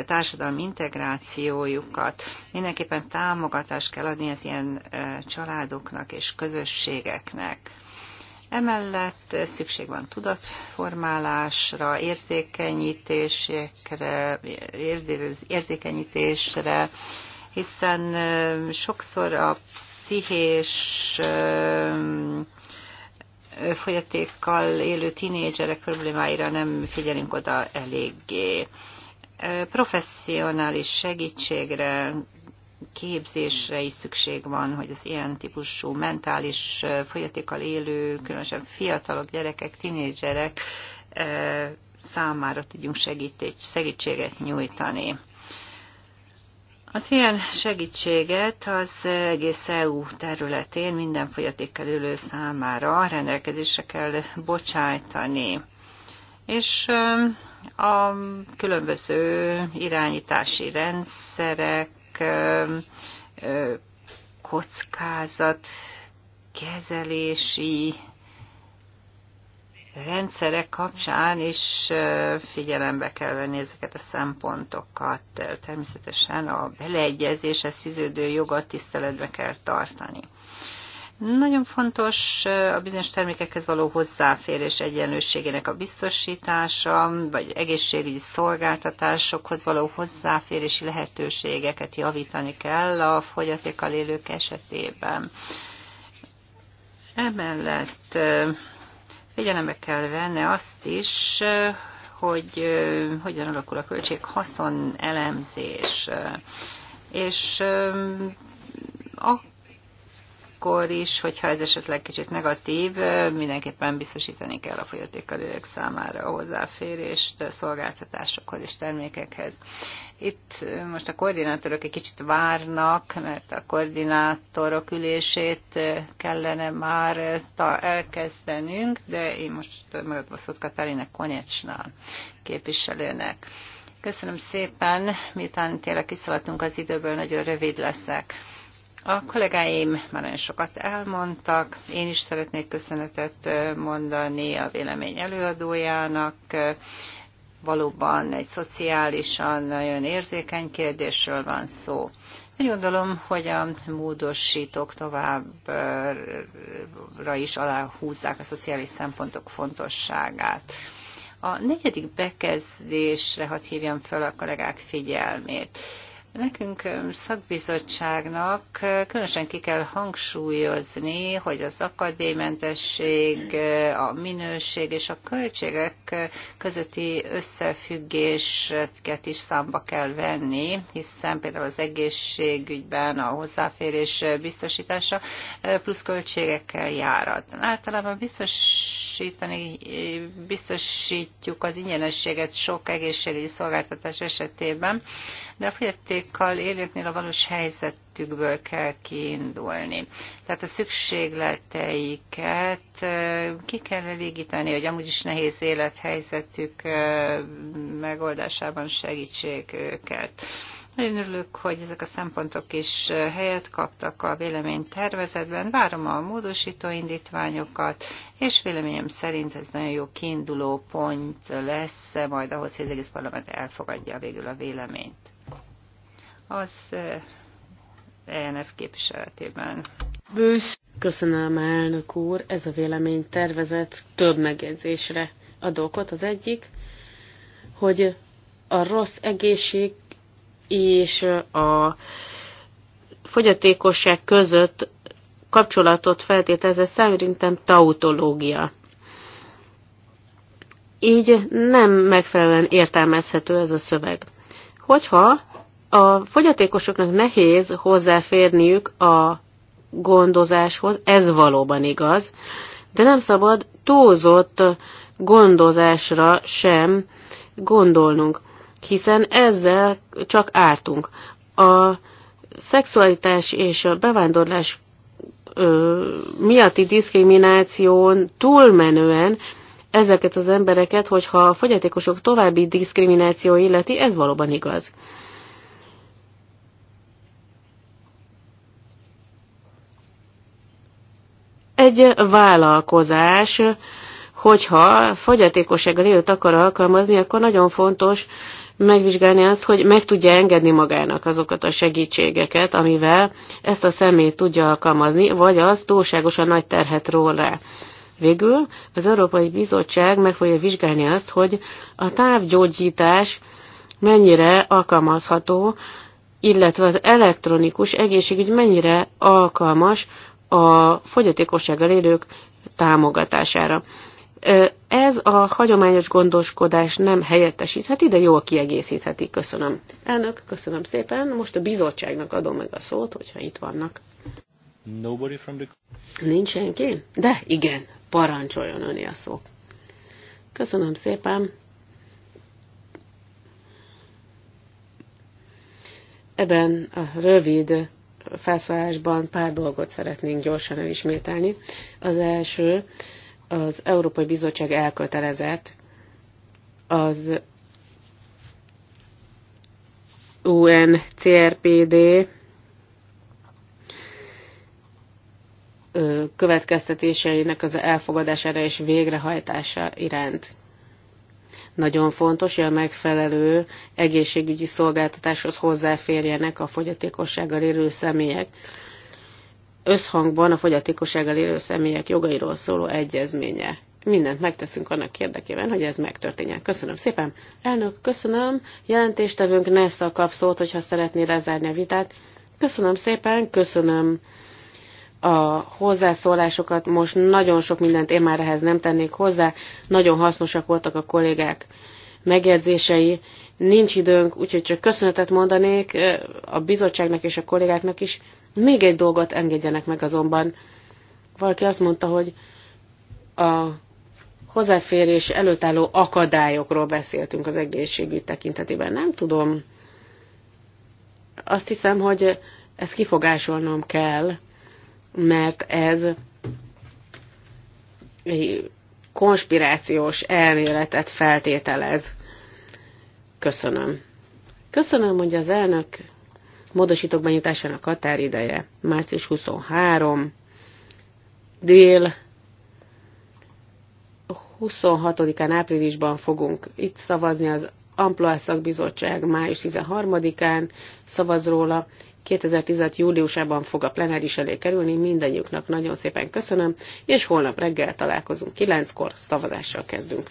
társadalmi integrációjukat. Mindenképpen támogatást kell adni az ilyen családoknak és közösségeknek. Emellett szükség van tudatformálásra, érzékenyítésekre, érzékenyítésre, hiszen sokszor a pszichés folyatékkal élő tinédzserek problémáira nem figyelünk oda eléggé. Professzionális segítségre, képzésre is szükség van, hogy az ilyen típusú mentális folyatékkal élő, különösen fiatalok, gyerekek, tinédzserek számára tudjunk segítséget nyújtani. Az ilyen segítséget az egész EU területén minden folyatékkal ülő számára rendelkezésre kell bocsájtani. És a különböző irányítási rendszerek kockázat kezelési rendszerek kapcsán is figyelembe kell venni ezeket a szempontokat. Természetesen a beleegyezéshez fűződő jogot tiszteletbe kell tartani. Nagyon fontos a bizonyos termékekhez való hozzáférés egyenlőségének a biztosítása, vagy egészségügyi szolgáltatásokhoz való hozzáférési lehetőségeket javítani kell a fogyatékkal élők esetében. Emellett figyelembe kell venni azt is, hogy hogyan alakul a költség haszon elemzés. És a akkor is, hogyha ez esetleg kicsit negatív, mindenképpen biztosítani kell a fogyatékkal élők számára a hozzáférést szolgáltatásokhoz és termékekhez. Itt most a koordinátorok egy kicsit várnak, mert a koordinátorok ülését kellene már elkezdenünk, de én most megadva szót Katálinek Konyecsnál képviselőnek. Köszönöm szépen, miután tényleg kiszaladtunk az időből, nagyon rövid leszek. A kollégáim már nagyon sokat elmondtak, én is szeretnék köszönetet mondani a vélemény előadójának. Valóban egy szociálisan nagyon érzékeny kérdésről van szó. Én gondolom, hogy a módosítók továbbra is aláhúzzák a szociális szempontok fontosságát. A negyedik bekezdésre hadd hívjam fel a kollégák figyelmét. Nekünk szakbizottságnak különösen ki kell hangsúlyozni, hogy az akadémentesség, a minőség és a költségek közötti összefüggésket is számba kell venni, hiszen például az egészségügyben a hozzáférés biztosítása plusz költségekkel járat. Általában biztosítani, biztosítjuk az ingyenességet sok egészségügyi szolgáltatás esetében, de a fogyaték fogyatékkal élőknél a valós helyzetükből kell kiindulni. Tehát a szükségleteiket ki kell elégíteni, hogy amúgy is nehéz élethelyzetük megoldásában segítség őket. Nagyon örülök, hogy ezek a szempontok is helyet kaptak a véleménytervezetben. Várom a módosító indítványokat, és véleményem szerint ez nagyon jó kiinduló pont lesz majd ahhoz, hogy az egész parlament elfogadja végül a véleményt az ENF képviseletében. Bősz. Köszönöm, elnök úr. Ez a vélemény tervezett több megjegyzésre ad okot. Az egyik, hogy a rossz egészség és a fogyatékosság között kapcsolatot Ez szerintem tautológia. Így nem megfelelően értelmezhető ez a szöveg. Hogyha a fogyatékosoknak nehéz hozzáférniük a gondozáshoz, ez valóban igaz, de nem szabad túlzott gondozásra sem gondolnunk, hiszen ezzel csak ártunk. A szexualitás és a bevándorlás ö, miatti diszkrimináción túlmenően ezeket az embereket, hogyha a fogyatékosok további diszkrimináció illeti, ez valóban igaz. egy vállalkozás, hogyha fogyatékossággal élőt akar alkalmazni, akkor nagyon fontos megvizsgálni azt, hogy meg tudja engedni magának azokat a segítségeket, amivel ezt a szemét tudja alkalmazni, vagy az túlságosan nagy terhet ról rá. Végül az Európai Bizottság meg fogja vizsgálni azt, hogy a távgyógyítás mennyire alkalmazható, illetve az elektronikus egészségügy mennyire alkalmas a fogyatékossággal élők támogatására. Ez a hagyományos gondoskodás nem helyettesítheti, de jól kiegészítheti. Köszönöm. Elnök, köszönöm szépen. Most a bizottságnak adom meg a szót, hogyha itt vannak. Nobody from the... Nincs senki? De igen, parancsoljon öné a szó. Köszönöm szépen. Ebben a rövid felszólásban pár dolgot szeretnénk gyorsan elismételni. Az első, az Európai Bizottság elkötelezett az UNCRPD következtetéseinek az elfogadására és végrehajtása iránt. Nagyon fontos, hogy a megfelelő egészségügyi szolgáltatáshoz hozzáférjenek a fogyatékossággal élő személyek. Összhangban a fogyatékossággal élő személyek jogairól szóló egyezménye. Mindent megteszünk annak érdekében, hogy ez megtörténjen. Köszönöm szépen. Elnök, köszönöm. Jelentéstevünk Nessa kap szót, hogyha szeretné lezárni a vitát. Köszönöm szépen, köszönöm a hozzászólásokat, most nagyon sok mindent én már ehhez nem tennék hozzá, nagyon hasznosak voltak a kollégák megjegyzései, nincs időnk, úgyhogy csak köszönetet mondanék a bizottságnak és a kollégáknak is. Még egy dolgot engedjenek meg azonban. Valaki azt mondta, hogy a hozzáférés előtt álló akadályokról beszéltünk az egészségügy tekintetében. Nem tudom. Azt hiszem, hogy ezt kifogásolnom kell mert ez egy konspirációs elméletet feltételez. Köszönöm. Köszönöm, hogy az elnök módosítók benyújtásának határideje március 23, dél 26-án áprilisban fogunk itt szavazni az Amploászak Bizottság május 13-án szavaz róla, 2016. júliusában fog a plenáris elé kerülni. Mindennyiuknak nagyon szépen köszönöm, és holnap reggel találkozunk 9-kor, szavazással kezdünk.